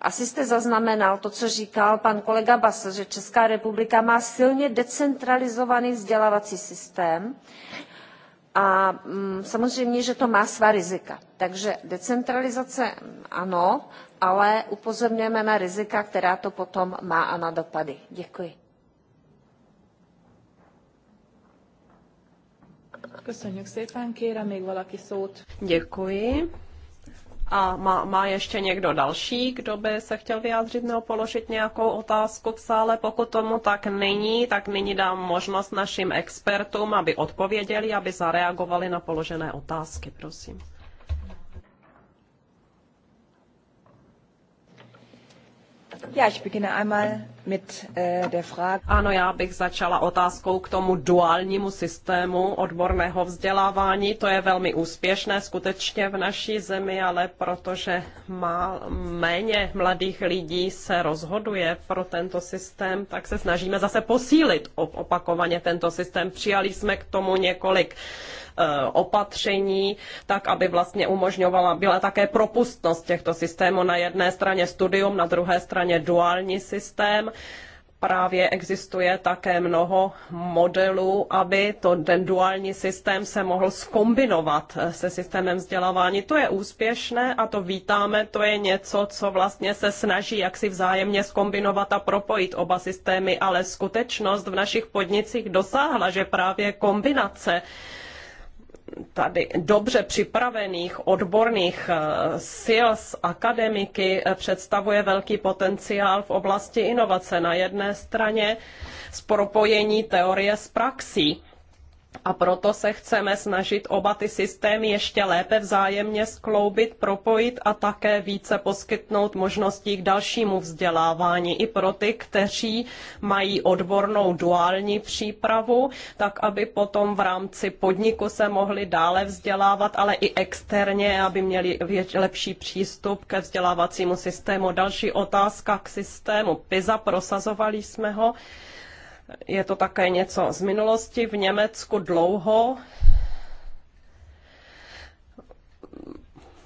Asi jste zaznamenal to, co říkal pan kolega Basl, že Česká republika má silně decentralizovaný vzdělávací systém a mm, samozřejmě, že to má svá rizika. Takže decentralizace ano, ale upozorňujeme na rizika, která to potom má a na dopady. Děkuji. Köszönjük szépen, kérem még valaki szót. Děkuji. A má, má ještě někdo další, kdo by se chtěl vyjádřit nebo položit nějakou otázku v sále? Pokud tomu tak není, tak nyní dám možnost našim expertům, aby odpověděli, aby zareagovali na položené otázky, prosím. Äh, ano, já bych začala otázkou k tomu duálnímu systému odborného vzdělávání. To je velmi úspěšné skutečně v naší zemi, ale protože má méně mladých lidí se rozhoduje pro tento systém, tak se snažíme zase posílit opakovaně tento systém. Přijali jsme k tomu několik E, opatření, tak aby vlastně umožňovala, byla také propustnost těchto systémů na jedné straně studium, na druhé straně duální systém právě existuje také mnoho modelů, aby to, ten duální systém se mohl skombinovat se systémem vzdělávání. To je úspěšné a to vítáme, to je něco, co vlastně se snaží jaksi vzájemně skombinovat a propojit oba systémy, ale skutečnost v našich podnicích dosáhla, že právě kombinace tady dobře připravených odborných eh, sil z akademiky eh, představuje velký potenciál v oblasti inovace. Na jedné straně z propojení teorie s praxí a proto se chceme snažit oba ty systémy ještě lépe vzájemně skloubit, propojit a také více poskytnout možností k dalšímu vzdělávání i pro ty, kteří mají odbornou duální přípravu, tak aby potom v rámci podniku se mohli dále vzdělávat, ale i externě, aby měli lepší přístup ke vzdělávacímu systému. Další otázka k systému PISA, prosazovali jsme ho. Je to také něco z minulosti. V Německu dlouho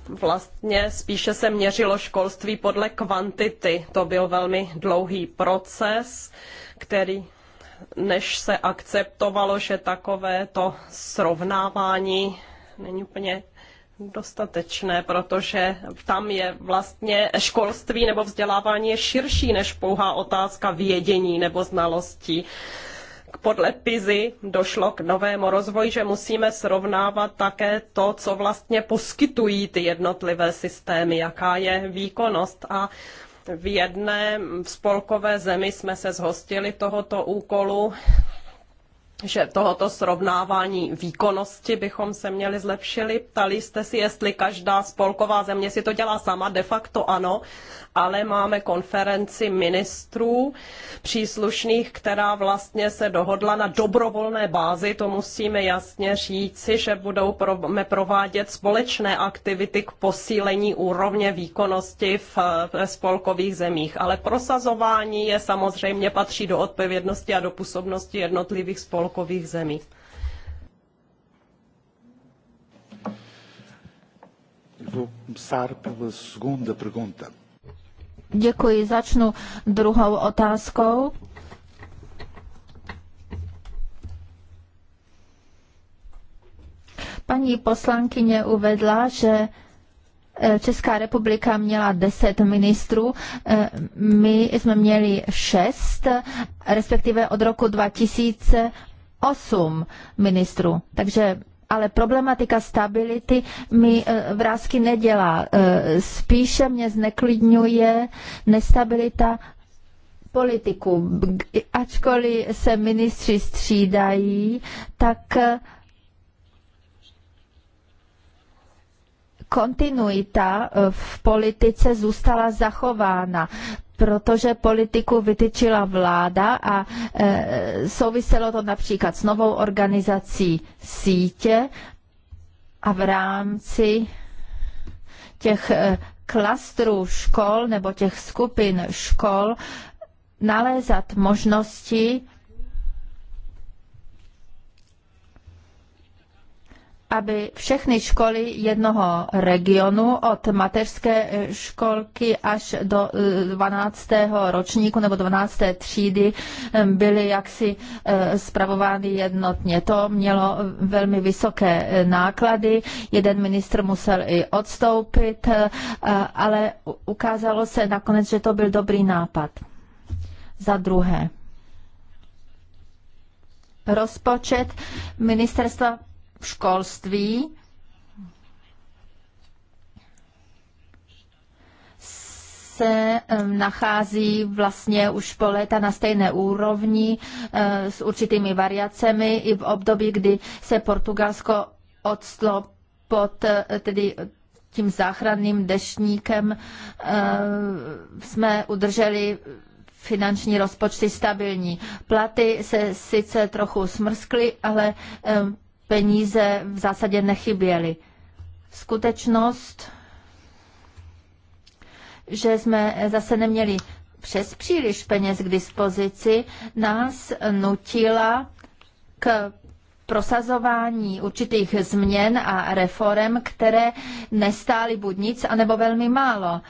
vlastně spíše se měřilo školství podle kvantity. To byl velmi dlouhý proces, který než se akceptovalo, že takové to srovnávání není úplně dostatečné, protože tam je vlastně školství nebo vzdělávání je širší než pouhá otázka vědění nebo znalostí podle PISY došlo k novému rozvoji, že musíme srovnávat také to, co vlastně poskytují ty jednotlivé systémy, jaká je výkonnost. A v jedné spolkové zemi jsme se zhostili tohoto úkolu že tohoto srovnávání výkonnosti bychom se měli zlepšili. Ptali jste si, jestli každá spolková země si to dělá sama, de facto ano, ale máme konferenci ministrů příslušných, která vlastně se dohodla na dobrovolné bázi, to musíme jasně říci, že budou provádět společné aktivity k posílení úrovně výkonnosti v spolkových zemích. Ale prosazování je samozřejmě patří do odpovědnosti a do působnosti jednotlivých spolkových zemí. Vou começar pela segunda pergunta. Děkuji. Začnu druhou otázkou. Paní poslankyně uvedla, že eh, Česká republika měla deset ministrů, eh, my jsme měli šest, respektive od roku 2008 ministrů. Takže ale problematika stability mi e, vrázky nedělá. E, spíše mě zneklidňuje nestabilita politiku. Ačkoliv se ministři střídají, tak e, kontinuita v politice zůstala zachována protože politiku vytyčila vláda a e, souviselo to například s novou organizací sítě a v rámci těch e, klastrů škol nebo těch skupin škol nalézat možnosti aby všechny školy jednoho regionu od mateřské školky až do 12. Eh, ročníku nebo 12. třídy eh, byly jaksi eh, spravovány jednotně. To mělo velmi vysoké náklady, jeden ministr musel i odstoupit, ale ukázalo se nakonec, že to byl dobrý nápad. Za druhé, rozpočet ministerstva školství se nachází vlastně už po léta na stejné úrovni s určitými variacemi i v období, kdy se Portugalsko odstlo pod e, tedy tím záchranným dešníkem jsme udrželi finanční rozpočty stabilní. Platy se sice trochu smrskly, ale peníze v zásadě nechyběly. Skutečnost, že jsme zase neměli přes příliš peněz k dispozici, nás nutila k prosazování určitých změn a reform, které nestály buď nic, anebo velmi málo.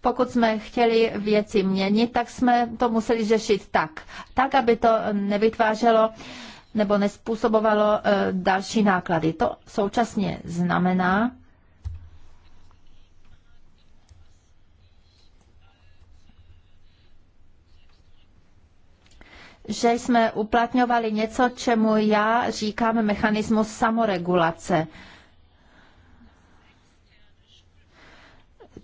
Pokud jsme chtěli věci měnit, tak jsme to museli řešit tak. Tak, aby to nevytvářelo uh, nebo nespůsobovalo eh, další náklady. To současně znamená, že jsme uplatňovali něco, čemu já říkám mechanismus samoregulace.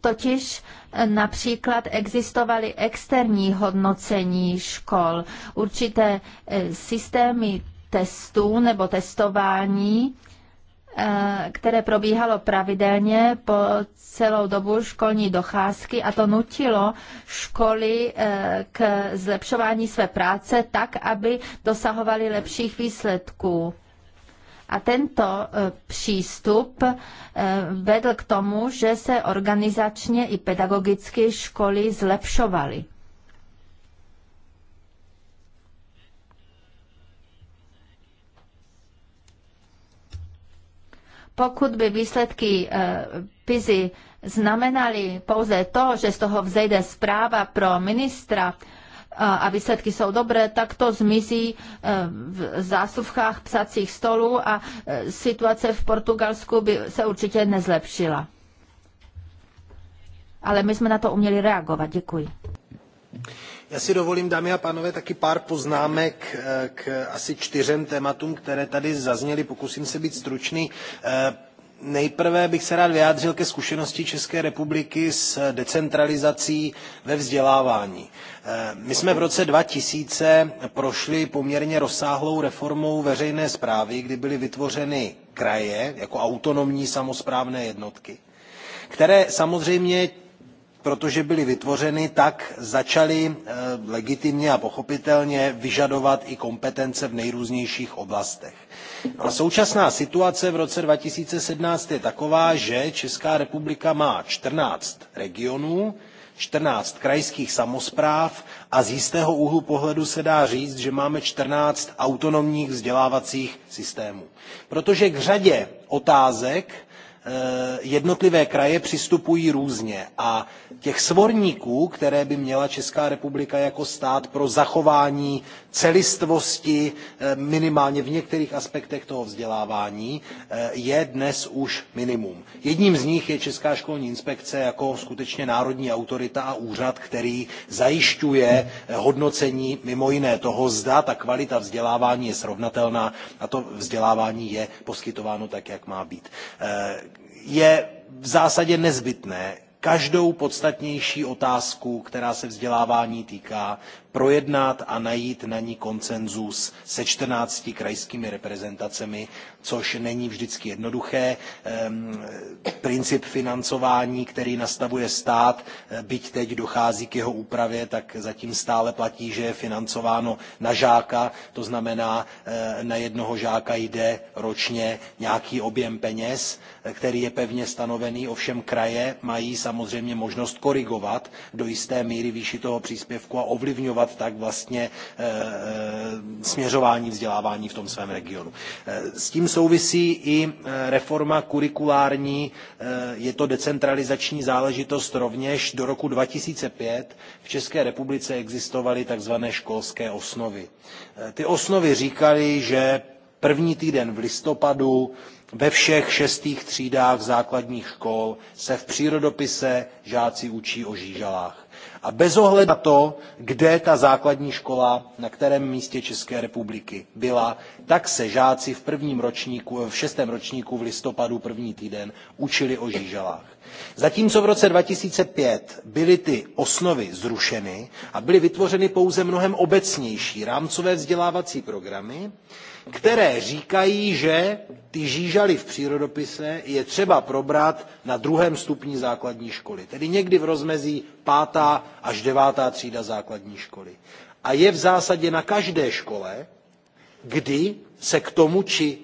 Totiž eh, například existovaly externí hodnocení škol, určité eh, systémy testů nebo testování, eh, které probíhalo pravidelně po celou dobu školní docházky a to nutilo školy eh, k zlepšování své práce tak, aby dosahovali lepších výsledků. A tento eh, přístup vedl k tomu, že se organizačně i pedagogicky školy zlepšovaly. Pokud by výsledky eh, PISY znamenaly pouze to, že z toho vzejde zpráva pro ministra, eh, a výsledky jsou dobré, tak to zmizí eh, v zásuvkách psacích stolů a situace v Portugalsku by se určitě nezlepšila. Ale my jsme na to uměli reagovat. Děkuji. Já si dovolím, dámy a pánové, taky pár poznámek eh, k asi čtyřem tématům, které tady zazněly. Pokusím se být stručný. Eh, nejprve bych se rád vyjádřil ke zkušenosti České republiky s decentralizací ve vzdělávání. Eh, my jsme v roce 2000 prošli poměrně rozsáhlou reformou veřejné zprávy, kdy byly vytvořeny kraje jako autonomní samosprávné jednotky, které samozřejmě protože byly vytvořeny, tak začaly eh, legitimně a pochopitelně vyžadovat i kompetence v nejrůznějších oblastech. A současná situace v roce 2017 je taková, že Česká republika má 14 regionů, 14 krajských samospráv a z jistého úhlu pohledu se dá říct, že máme 14 autonomních vzdělávacích systémů. Protože k řadě otázek Eh, jednotlivé kraje přistupují různě a těch svorníků, které by měla Česká republika jako stát pro zachování celistvosti eh, minimálně v některých aspektech toho vzdělávání, eh, je dnes už minimum. Jedním z nich je Česká školní inspekce jako skutečně národní autorita a úřad, který zajišťuje hodnocení mimo jiné toho, zda ta kvalita vzdělávání je srovnatelná a to vzdělávání je poskytováno tak, jak má být je v zásadě nezbytné každou podstatnější otázku která se vzdělávání týká projednat a najít na ní konsenzus se 14 krajskými reprezentacemi, což není vždycky jednoduché. Ehm, princip financování, který nastavuje stát, byť teď dochází k jeho úpravě, tak zatím stále platí, že je financováno na žáka, to znamená, eh, na jednoho žáka jde ročně nějaký objem peněz, který je pevně stanovený, ovšem kraje mají samozřejmě možnost korigovat do jisté míry výši toho příspěvku a ovlivňovat definovat tak vlastně eh, eh, směřování vzdělávání v tom svém regionu. Eh, s tím souvisí i reforma kurikulární, je to decentralizační záležitost rovněž. Do roku 2005 v České republice existovaly tzv. školské osnovy. Ty osnovy říkaly, že první týden v listopadu ve všech šestých třídách základních škol se v přírodopise žáci učí o žížalách a bez ohledu na to, kde ta základní škola, na kterém místě České republiky byla, tak se žáci v prvním ročníku, v šestém ročníku v listopadu první týden učili o žíželách. Zatímco v roce 2005 byly ty osnovy zrušeny a byly vytvořeny pouze mnohem obecnější rámcové vzdělávací programy, které říkají, že ty žížaly v přírodopise je třeba probrat na druhém stupni základní školy, tedy někdy v rozmezí pátá až devátá třída základní školy. A je v zásadě na každé škole, kdy se k tomu či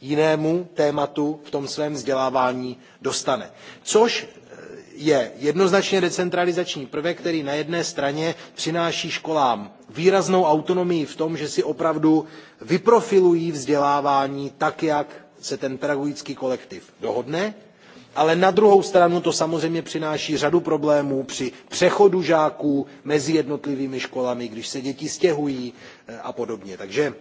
jinému tématu v tom svém vzdělávání dostane. Což je jednoznačně decentralizační prvek, který na jedné straně přináší školám výraznou autonomii v tom, že si opravdu vyprofilují vzdělávání tak, jak se ten pedagogický kolektiv dohodne, ale na druhou stranu to samozřejmě přináší řadu problémů při přechodu žáků mezi jednotlivými školami, když se děti stěhují eh, a podobně. Takže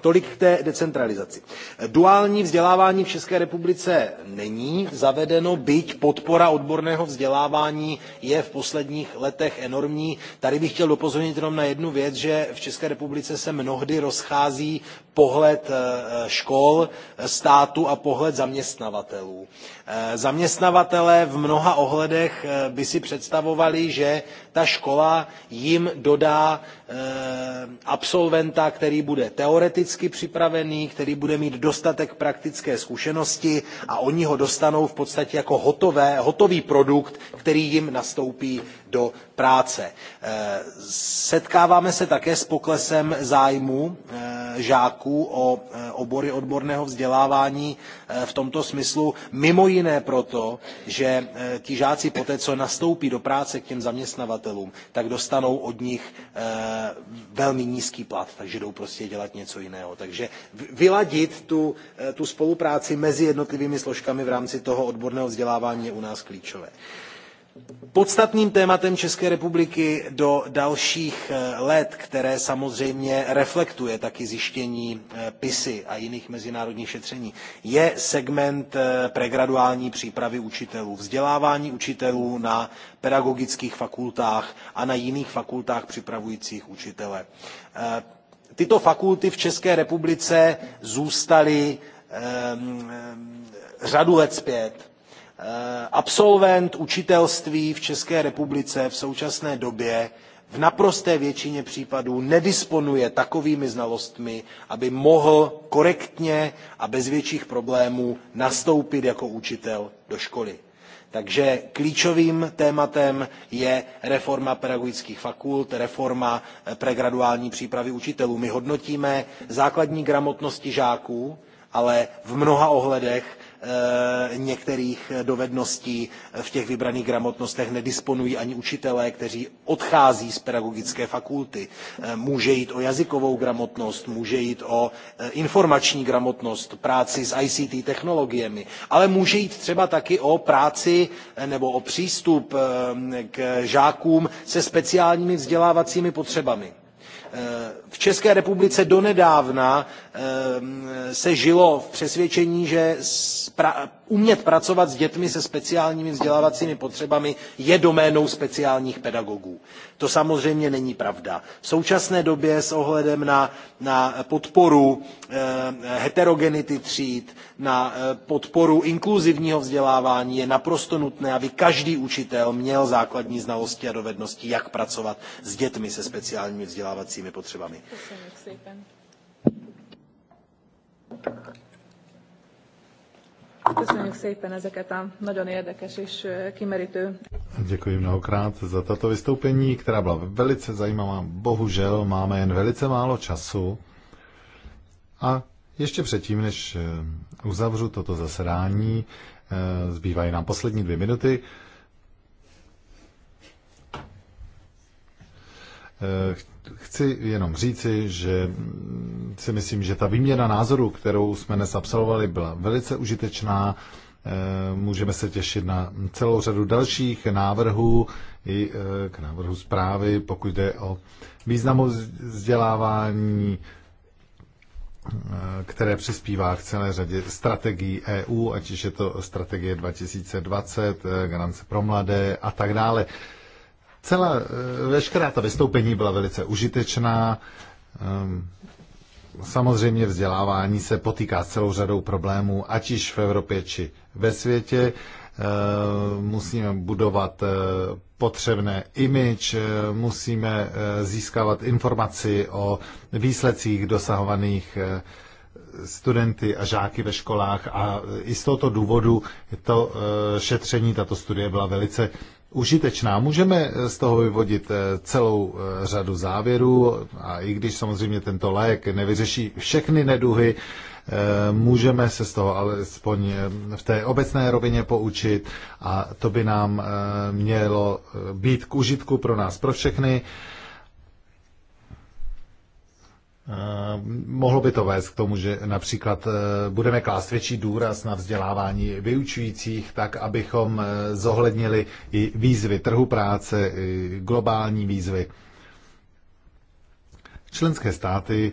Tolik k té decentralizaci. Duální vzdělávání v České republice není zavedeno, byť podpora odborného vzdělávání je v posledních letech enormní. Tady bych chtěl dopozornit jenom na jednu věc, že v České republice se mnohdy rozchází pohled eh, škol, státu a pohled zaměstnavatelů. Eh, zaměstnavatelé v mnoha ohledech eh, by si představovali, že ta škola jim dodá Eh, absolventa, který bude teoreticky připravený, který bude mít dostatek praktické zkušenosti a oni ho dostanou v podstatě jako hotové, hotový produkt, který jim nastoupí do práce. Eh, setkáváme se také s poklesem zájmu eh, žáků o eh, obory odborného vzdělávání v tomto smyslu, mimo jiné proto, že ti žáci poté, co nastoupí do práce k těm zaměstnavatelům, tak dostanou od nich velmi nízký plat, takže jdou prostě dělat něco jiného. Takže vyladit tu, tu spolupráci mezi jednotlivými složkami v rámci toho odborného vzdělávání je u nás klíčové. Podstatným tématem České republiky do dalších eh, let, které samozřejmě reflektuje taky zjištění eh, PISy a jiných mezinárodních šetření, je segment eh, pregraduální přípravy učitelů, vzdělávání učitelů na pedagogických fakultách a na jiných fakultách připravujících učitele. Tyto fakulty v České republice zůstaly ehm, ehm, řadu let zpět Eh, absolvent učitelství v České republice v současné době v naprosté většině případů nedisponuje takovými znalostmi, aby mohl korektně a bez větších problémů nastoupit jako učitel do školy. Takže klíčovým tématem je reforma pedagogických fakult, reforma eh, pregraduální přípravy učitelů. My hodnotíme základní gramotnosti žáků, ale v mnoha ohledech Eh, některých eh, dovedností eh, v těch vybraných gramotnostech nedisponují ani učitelé, kteří odchází z pedagogické fakulty. Může jít o jazykovou gramotnost, může jít o informační gramotnost, práci s ICT technologiemi, ale může jít třeba taky o práci nebo o přístup k žákům se speciálními vzdělávacími potřebami v České republice donedávna ehm, se žilo v přesvědčení, že umět pracovat s dětmi se speciálními vzdělávacími potřebami je doménou speciálních pedagogů. To samozřejmě není pravda. V současné době s ohledem na, na podporu ehm, heterogenity tříd, na eh, podporu inkluzivního vzdělávání je naprosto nutné, aby každý učitel měl základní znalosti a dovednosti, jak pracovat s dětmi se speciálními vzdělávacími potřebami. Köszönjük szépen. Köszönjük szépen ezeket a nagyon érdekes és kimerítő. Děkuji mnohokrát za tato vystoupení, která byla velice zajímavá. Bohužel máme jen velice málo času. A ještě předtím, než eh, uzavřu toto zasedání, eh, zbývají nám poslední dvě minuty. Eh, chci jenom říci, že si myslím, že ta výměna názorů, kterou jsme dnes absolvovali, byla velice užitečná. Eh, můžeme se těšit na celou řadu dalších návrhů i eh, k návrhu zprávy, pokud jde o významu vzdělávání, které přispívá k celé řadě strategií EU, ať už je to strategie 2020, garance pro mladé a tak dále. Celá, eh, veškerá ta vystoupení byla velice užitečná. Ehm, samozřejmě vzdělávání se potýká s celou řadou problémů, ať již v Evropě, či ve světě. Ehm, musíme budovat eh, potřebné image, eh, musíme získávat informaci o výsledcích dosahovaných studenty a žáky ve školách a i z tohoto důvodu to šetření, tato studie byla velice užitečná. Můžeme z toho vyvodit eh, celou eh, řadu závěrů a i když samozřejmě tento lék nevyřeší všechny neduhy, eh, můžeme se z toho alespoň v té obecné rovině poučit a to by nám mělo být k užitku pro nás, pro všechny. Eh, mohlo by to vést k tomu, že například eh, budeme klást větší důraz na vzdělávání vyučujících, tak abychom eh, zohlednili i výzvy trhu práce, i globální výzvy. Členské státy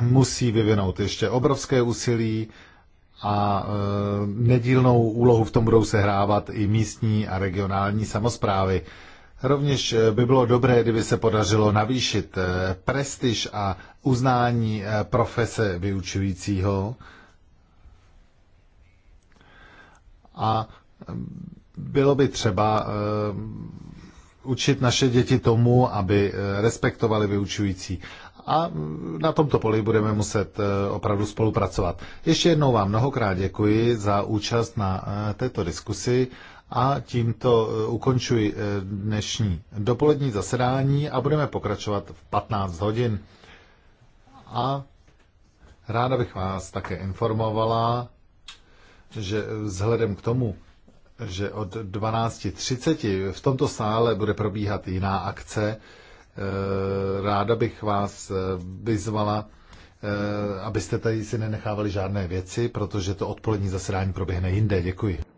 musí vyvinout ještě obrovské úsilí a nedílnou úlohu v tom budou sehrávat i místní a regionální samozprávy. Rovněž eh, by bylo dobré, kdyby se podařilo navýšit eh, prestiž a uznání eh, profese vyučujícího. A mm, bylo by třeba učit naše děti tomu, aby respektovali vyučující. A mm, na tomto poli budeme muset opravdu spolupracovat. Ještě jednou vám mnohokrát děkuji za účast na této diskusi a tímto eh, ukončuji eh, dnešní dopolední zasedání a budeme pokračovat v 15 hodin. A ráda bych vás také informovala, že eh, vzhledem k tomu, že od 12.30 v tomto sále bude probíhat jiná akce, ráda bych vás vyzvala, abyste tady si nenechávali žádné věci, protože to odpolední zasedání proběhne jinde. Děkuji.